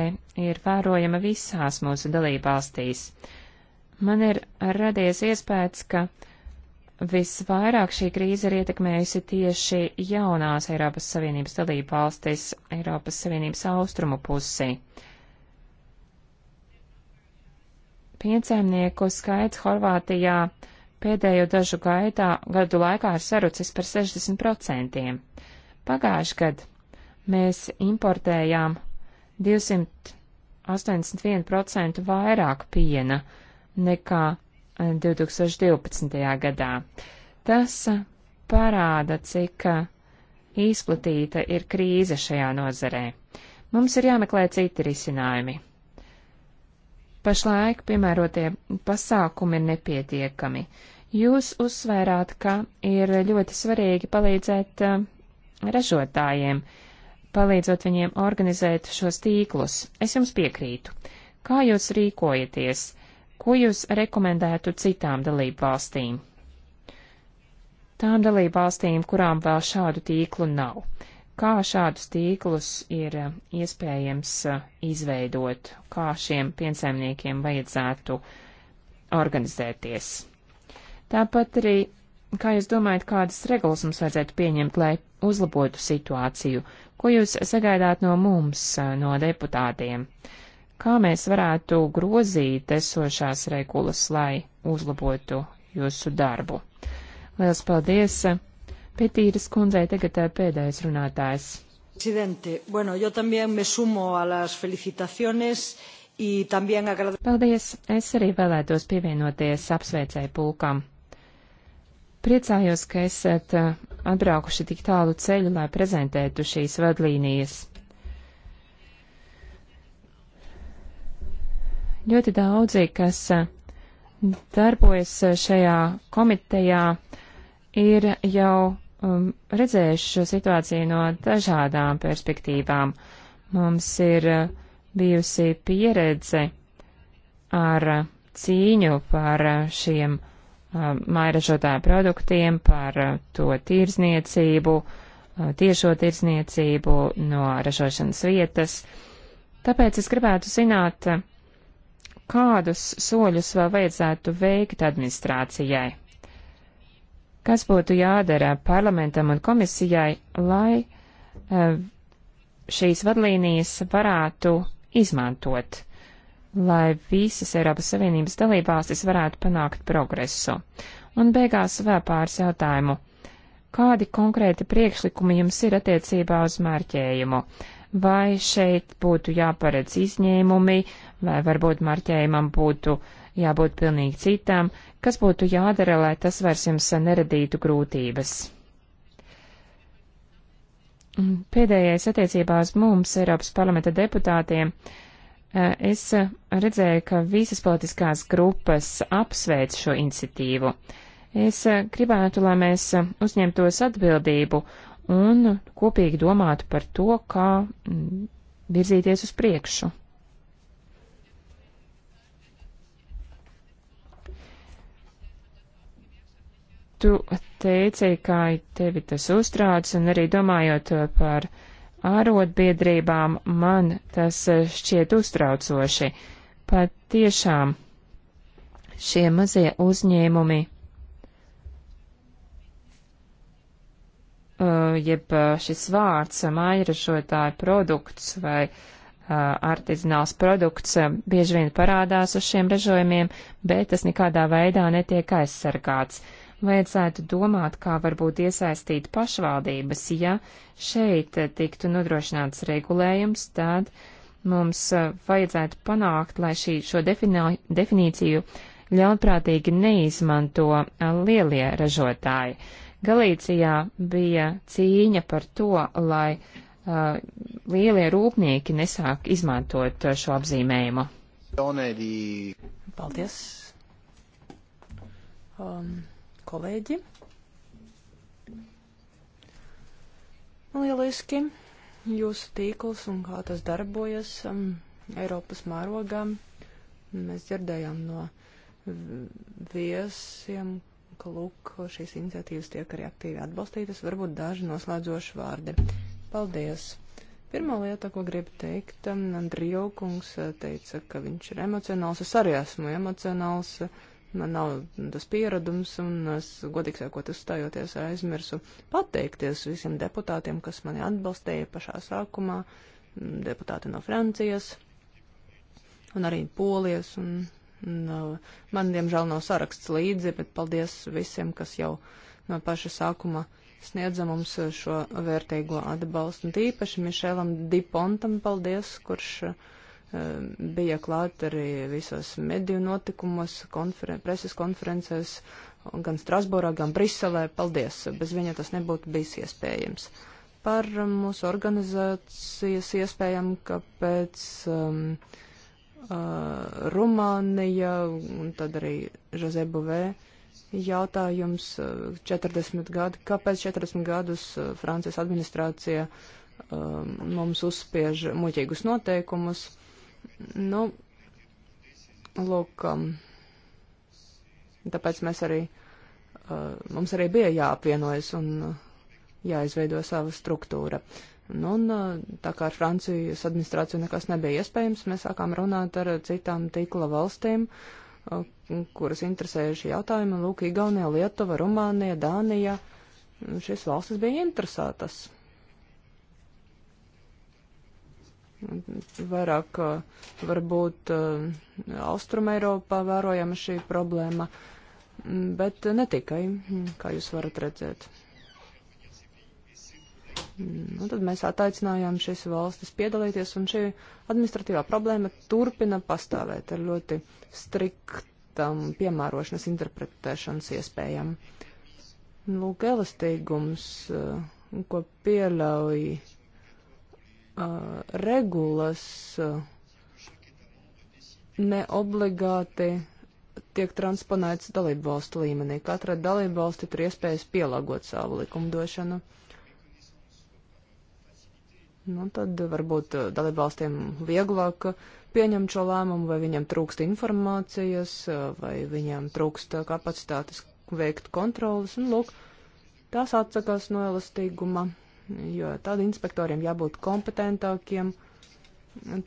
ir vērojama visās mūsu dalībvalstīs. Man ir radies iespējas, ka visvairāk šī krīze ir ietekmējusi tieši jaunās Eiropas Savienības dalībvalstis Eiropas Savienības austrumu pusi. Uh, Piensaimnieku skaits Horvātijā pēdējo dažu gaidā, gadu laikā ir sarucis par 60%. Pagājuši gadu mēs importējām 281% vairāk piena nekā 2012. Eh, gadā. Tas eh, parāda, cik eh, izplatīta ir krīze šajā nozarē. Mums ir jāmeklē citi risinājumi. Pašlaik piemērotie pasākumi ir nepietiekami. Jūs uzsvērāt, ka ir ļoti svarīgi palīdzēt uh, ražotājiem, palīdzot viņiem organizēt šos tīklus. Es jums piekrītu. Kā jūs rīkojaties? Ko jūs rekomendētu citām dalību valstīm? Tām dalību valstīm, kurām vēl šādu tīklu nav kā šādus tīklus ir eh, iespējams eh, izveidot, kā šiem piensaimniekiem vajadzētu organizēties. Tāpat arī, kā jūs domājat, kādas regulas mums vajadzētu pieņemt, lai uzlabotu situāciju, ko jūs sagaidāt no mums, eh, no deputātiem? Kā mēs varētu grozīt esošās regulas, lai uzlabotu jūsu darbu? Liels paldies! Petīras kundzei tagad eh, pēdējais runātājs. Presidente, bueno, yo también me sumo a las felicitaciones y también agradezco. Paldies, es arī vēlētos pievienoties apsveicēju pulkam. Priecājos, ka esat eh, atbraukuši tik tālu ceļu, lai prezentētu šīs vadlīnijas. Ļoti daudzi, kas eh, darbojas šajā komitejā, ir jau um, redzējuši šo situāciju no dažādām perspektīvām. Mums ir uh, bijusi pieredze ar uh, cīņu par uh, šiem um, mairažotāju produktiem, par uh, to tirzniecību, uh, tiešo tirzniecību no ražošanas vietas. Tāpēc es gribētu zināt, uh, kādus soļus vēl vajadzētu veikt administrācijai. Kas būtu jādara parlamentam un komisijai, lai eh, šīs vadlīnijas varētu izmantot, lai visas Eiropas Savienības dalībvalstis varētu panākt progresu? Un beigās vēl pāris jautājumu. Kādi konkrēti priekšlikumi jums ir attiecībā uz mārķējumu? vai šeit būtu jāparedz izņēmumi, vai varbūt marķējumam būtu jābūt pilnīgi citām, kas būtu jādara, lai tas vairs jums neradītu grūtības. Pēdējais attiecībā uz mums, Eiropas parlamenta deputātiem, eh, es redzēju, ka visas politiskās grupas apsveic šo iniciatīvu. Es eh, gribētu, lai mēs uzņemtos atbildību un kopīgi domātu par to, kā mm, virzīties uz priekšu. Tu teici, kā tevi tas uztrauc, un arī domājot par ārotbiedrībām, man tas šķiet uztraucoši. Pat tiešām šie mazie uzņēmumi, jeb šis vārds mājražotāja produkts vai artizināls produkts bieži vien parādās uz šiem ražojumiem, bet tas nekādā veidā netiek aizsargāts vajadzētu domāt, kā varbūt iesaistīt pašvaldības. Ja šeit tiktu nodrošināts regulējums, tad mums uh, vajadzētu panākt, lai šī, šo definā, definīciju ļaunprātīgi neizmanto uh, lielie ražotāji. Galīcijā bija cīņa par to, lai uh, lielie rūpnieki nesāk izmantot uh, šo apzīmējumu. Paldies! Um, kolēģi. Lieliski jūsu tīkls un kā tas darbojas um, Eiropas mērogā. Mēs dzirdējām no viesiem, ka lūk, šīs iniciatīvas tiek arī aktīvi atbalstītas. Varbūt daži noslēdzoši vārdi. Paldies! Pirmā lieta, ko gribu teikt, um, Andrija Kungs uh, teica, ka viņš ir emocionāls. Es arī esmu emocionāls. Uh, Man nav tas pieradums, un es, godīgi sakot, uzstājoties, aizmirsu pateikties visiem deputātiem, kas mani atbalstīja pašā sākumā, deputāti no Francijas, un arī Polijas, un, un uh, man, diemžēl, nav saraksts līdzi, bet paldies visiem, kas jau no paša sākuma sniedza mums šo vērtīgo atbalstu, un tīpaši Mišēlam Dipontam paldies, kurš uh, Eh, bija klāt arī visos mediju notikumos, konferen preses konferencēs, gan Strasbūrā, gan Briselē. Paldies! Bez viņa tas nebūtu bijis iespējams. Par mūsu organizācijas iespējām, kāpēc um, uh, Rumānija un tad arī Žazebuvē jautājums uh, eh, 40 gadi, kāpēc 40 gadus uh, Francijas administrācija um, mums uzspiež muļķīgus noteikumus Nu, lūk, um, tāpēc mēs arī, uh, mums arī bija jāapvienojas un uh, jāizveido sava struktūra. Nu, un uh, tā kā ar Francijas administrāciju nekas nebija iespējams, mēs sākām runāt ar citām tīkla valstīm, kuras interesēja šī jautājuma. Lūk, Igaunija, Lietuva, Rumānija, Dānija. Šīs valstis bija interesētas. Vairāk varbūt eh, Austrum Eiropā vērojama šī problēma, bet ne tikai, kā jūs varat redzēt. Nu, tad mēs attaicinājām šīs valstis piedalīties, un šī administratīvā problēma turpina pastāvēt ar ļoti striktam piemērošanas interpretēšanas iespējām. Lūk, elastīgums, eh, ko pieļauj regulas neobligāti tiek transponēts dalību valstu līmenī. Katra dalību valsti ir iespējas pielāgot savu likumdošanu. Nu, tad varbūt dalību valstiem vieglāk pieņemt šo lēmumu, vai viņam trūkst informācijas, vai viņam trūkst kapacitātes veikt kontrolas. Un, nu, lūk, tās atsakās no elastīguma jo tad inspektoriem jābūt kompetentākiem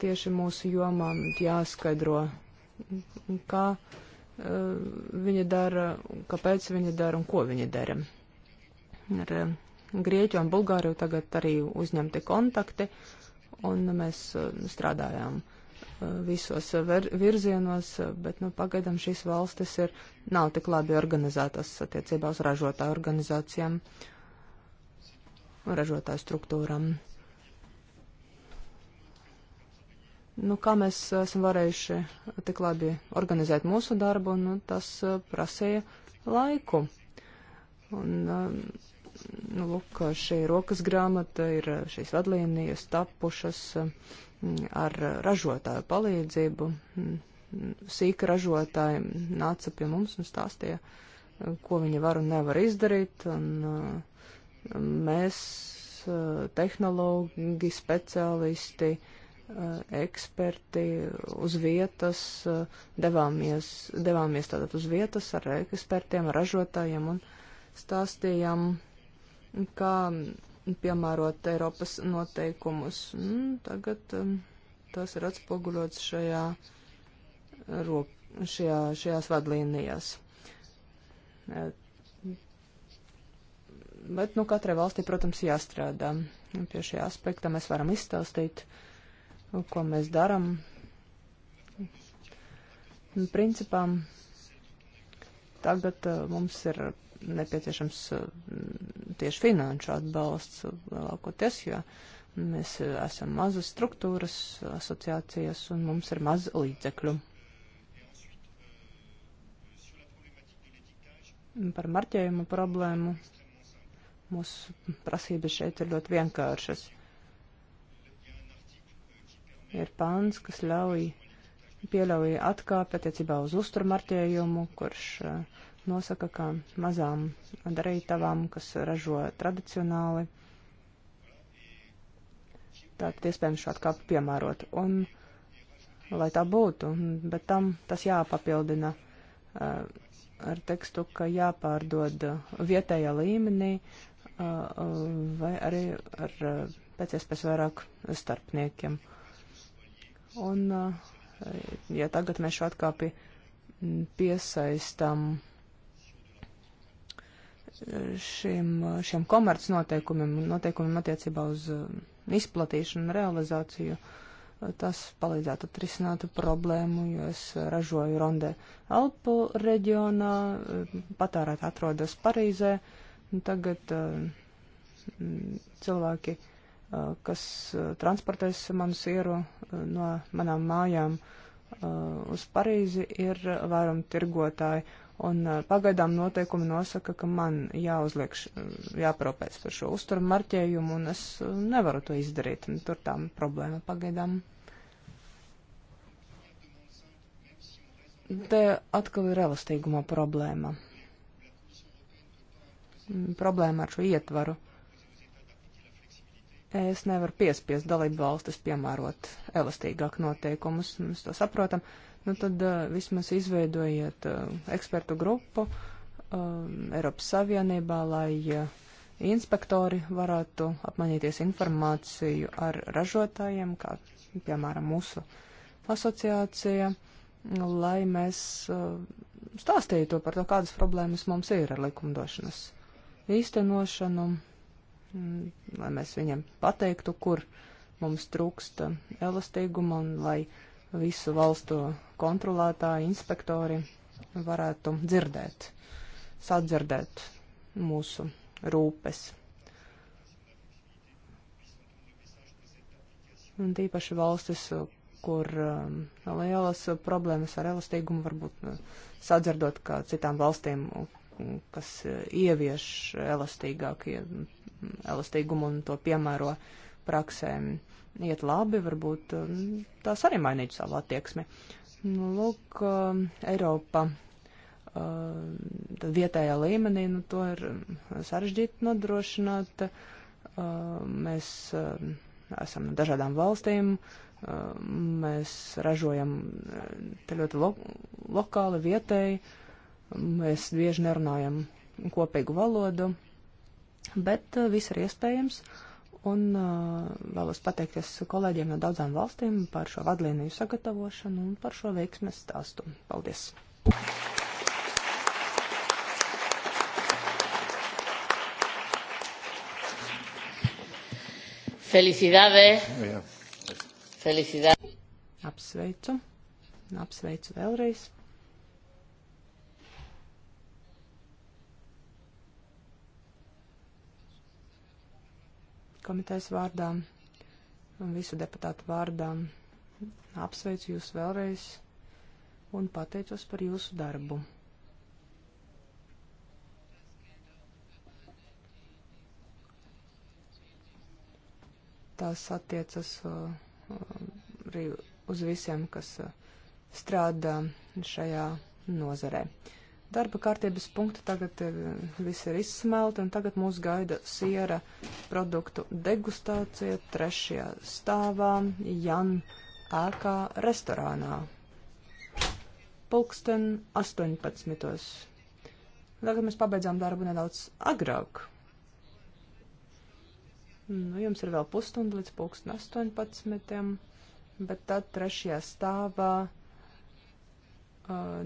tieši mūsu jomā, jāskaidro, kā uh, viņi dara, kāpēc viņi dara un ko viņi dara. Ar uh, Grieķu un Bulgāriju tagad arī uzņemti kontakti, un mēs uh, strādājām uh, visos virzienos, bet nu, pagaidām šīs valstis ir, nav tik labi organizētas attiecībā uz ražotāju organizācijām. Uh, ražotāju struktūram. Nu, kā mēs esam varējuši tik labi organizēt mūsu darbu, nu, tas uh, prasīja laiku. Un, um, nu, lūk, šī rokas grāmata ir uh, šīs vadlīnijas tapušas uh, ar ražotāju palīdzību. Mm, sīka ražotāji nāca pie mums un stāstīja, ko viņi var un nevar izdarīt. Un, uh, Mēs, eh, tehnoloģi, speciālisti, eh, eksperti uz vietas, eh, devāmies, devāmies tātad uz vietas ar ekspertiem, ražotājiem un stāstījām, kā piemērot Eiropas noteikumus. Nu, tagad tas ir atspoguļots šajā, rop, šajā, šajās vadlīnijās. Bet, nu, katrai valstī, protams, jāstrādā un pie šī aspekta. Mēs varam izstāstīt, ko mēs darām. Principā tagad eh, mums ir nepieciešams eh, tieši finanšu atbalsts lielākoties, jo mēs eh, esam mazas struktūras, asociācijas un mums ir maz līdzekļu. Par marķējumu problēmu Mūsu prasības šeit ir ļoti vienkāršas. Ir pāns, kas ļauj, pieļauj atkāpi attiecībā uz uzturmarķējumu, kurš uh, nosaka, ka mazām darītavām, kas ražo tradicionāli, tātad iespējams šo atkāpi piemērot. Un, lai tā būtu, bet tam tas jāpapildina uh, ar tekstu, ka jāpārdod vietējā līmenī, vai arī ar pēc iespējas vairāk starpniekiem. Un, ja tagad mēs šo atkāpi piesaistam šiem, šiem komerc noteikumiem, noteikumiem attiecībā uz izplatīšanu un realizāciju, tas palīdzētu atrisināt problēmu, jo es ražoju Rondē Alpu reģionā, patērēt atrodas Parīzē, uh, Nu, tagad eh, cilvēki, eh, kas eh, transportēs manu sieru no manām mājām uz Parīzi, ir vairuma tirgotāji. Un pagaidām noteikumi nosaka, ka man jāuzliek, jāpropēc par šo uzturu marķējumu, un es nevaru to izdarīt. Tur tā problēma pagaidām. Te atkal ir elastīguma problēma problēma ar šo ietvaru. Es nevaru piespiest dalību valstis piemērot elastīgāk noteikumus, mēs to saprotam. Nu tad uh, vismaz izveidojiet uh, ekspertu grupu uh, Eiropas Savienībā, lai uh, inspektori varētu apmainīties informāciju ar ražotājiem, kā piemēram mūsu asociācija, lai mēs uh, stāstītu par to, kādas problēmas mums ir ar likumdošanas īstenošanu, mm, lai mēs viņiem pateiktu, kur mums trūkst elastīguma un lai visu valstu kontrolētāji, inspektori varētu dzirdēt, sadzirdēt mūsu rūpes. Un tīpaši valstis, kur um, lielas problēmas ar elastīgumu varbūt uh, sadzirdot, ka citām valstīm kas eh, ievieš elastīgākie, mm, elastīgumu un to piemēro praksēm, mm, iet labi, varbūt mm, tās arī mainītu savu attieksmi. Nu, lūk, eh, Eiropa eh, vietējā līmenī, nu, to ir sarežģīti nodrošināt. Mēs esam no dažādām valstīm, mēs ražojam te ļoti lo lokāli, vietēji, Mēs bieži nerunājam kopīgu valodu, bet eh, viss ir iespējams. Un eh, vēlos pateikties kolēģiem no daudzām valstīm par šo vadlīniju sagatavošanu un par šo veiksmes stāstu. Paldies! Felicidades! Oh, Felicidades! Apsveicu! Apsveicu vēlreiz! komitejas vārdā un visu deputātu vārdā apsveicu jūs vēlreiz un pateicos par jūsu darbu. Tās attiecas uh, uh, arī uz visiem, kas uh, strādā šajā nozarē. Darba kārtības punkti tagad eh, viss ir izsmelti, un tagad mūs gaida siera produktu degustācija trešajā stāvā Jan ēkā restorānā. Pulksten 18. Tagad mēs pabeidzām darbu nedaudz agrāk. Nu, jums ir vēl pusstunda līdz pulksten 18. Bet tad trešajā stāvā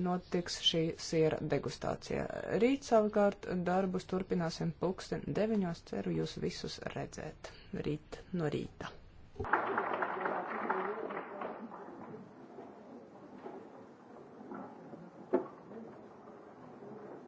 notiks šī siera degustācija. Rīt savukārt darbus turpināsim pulksten deviņos. Ceru jūs visus redzēt rīt no rīta. Thank you.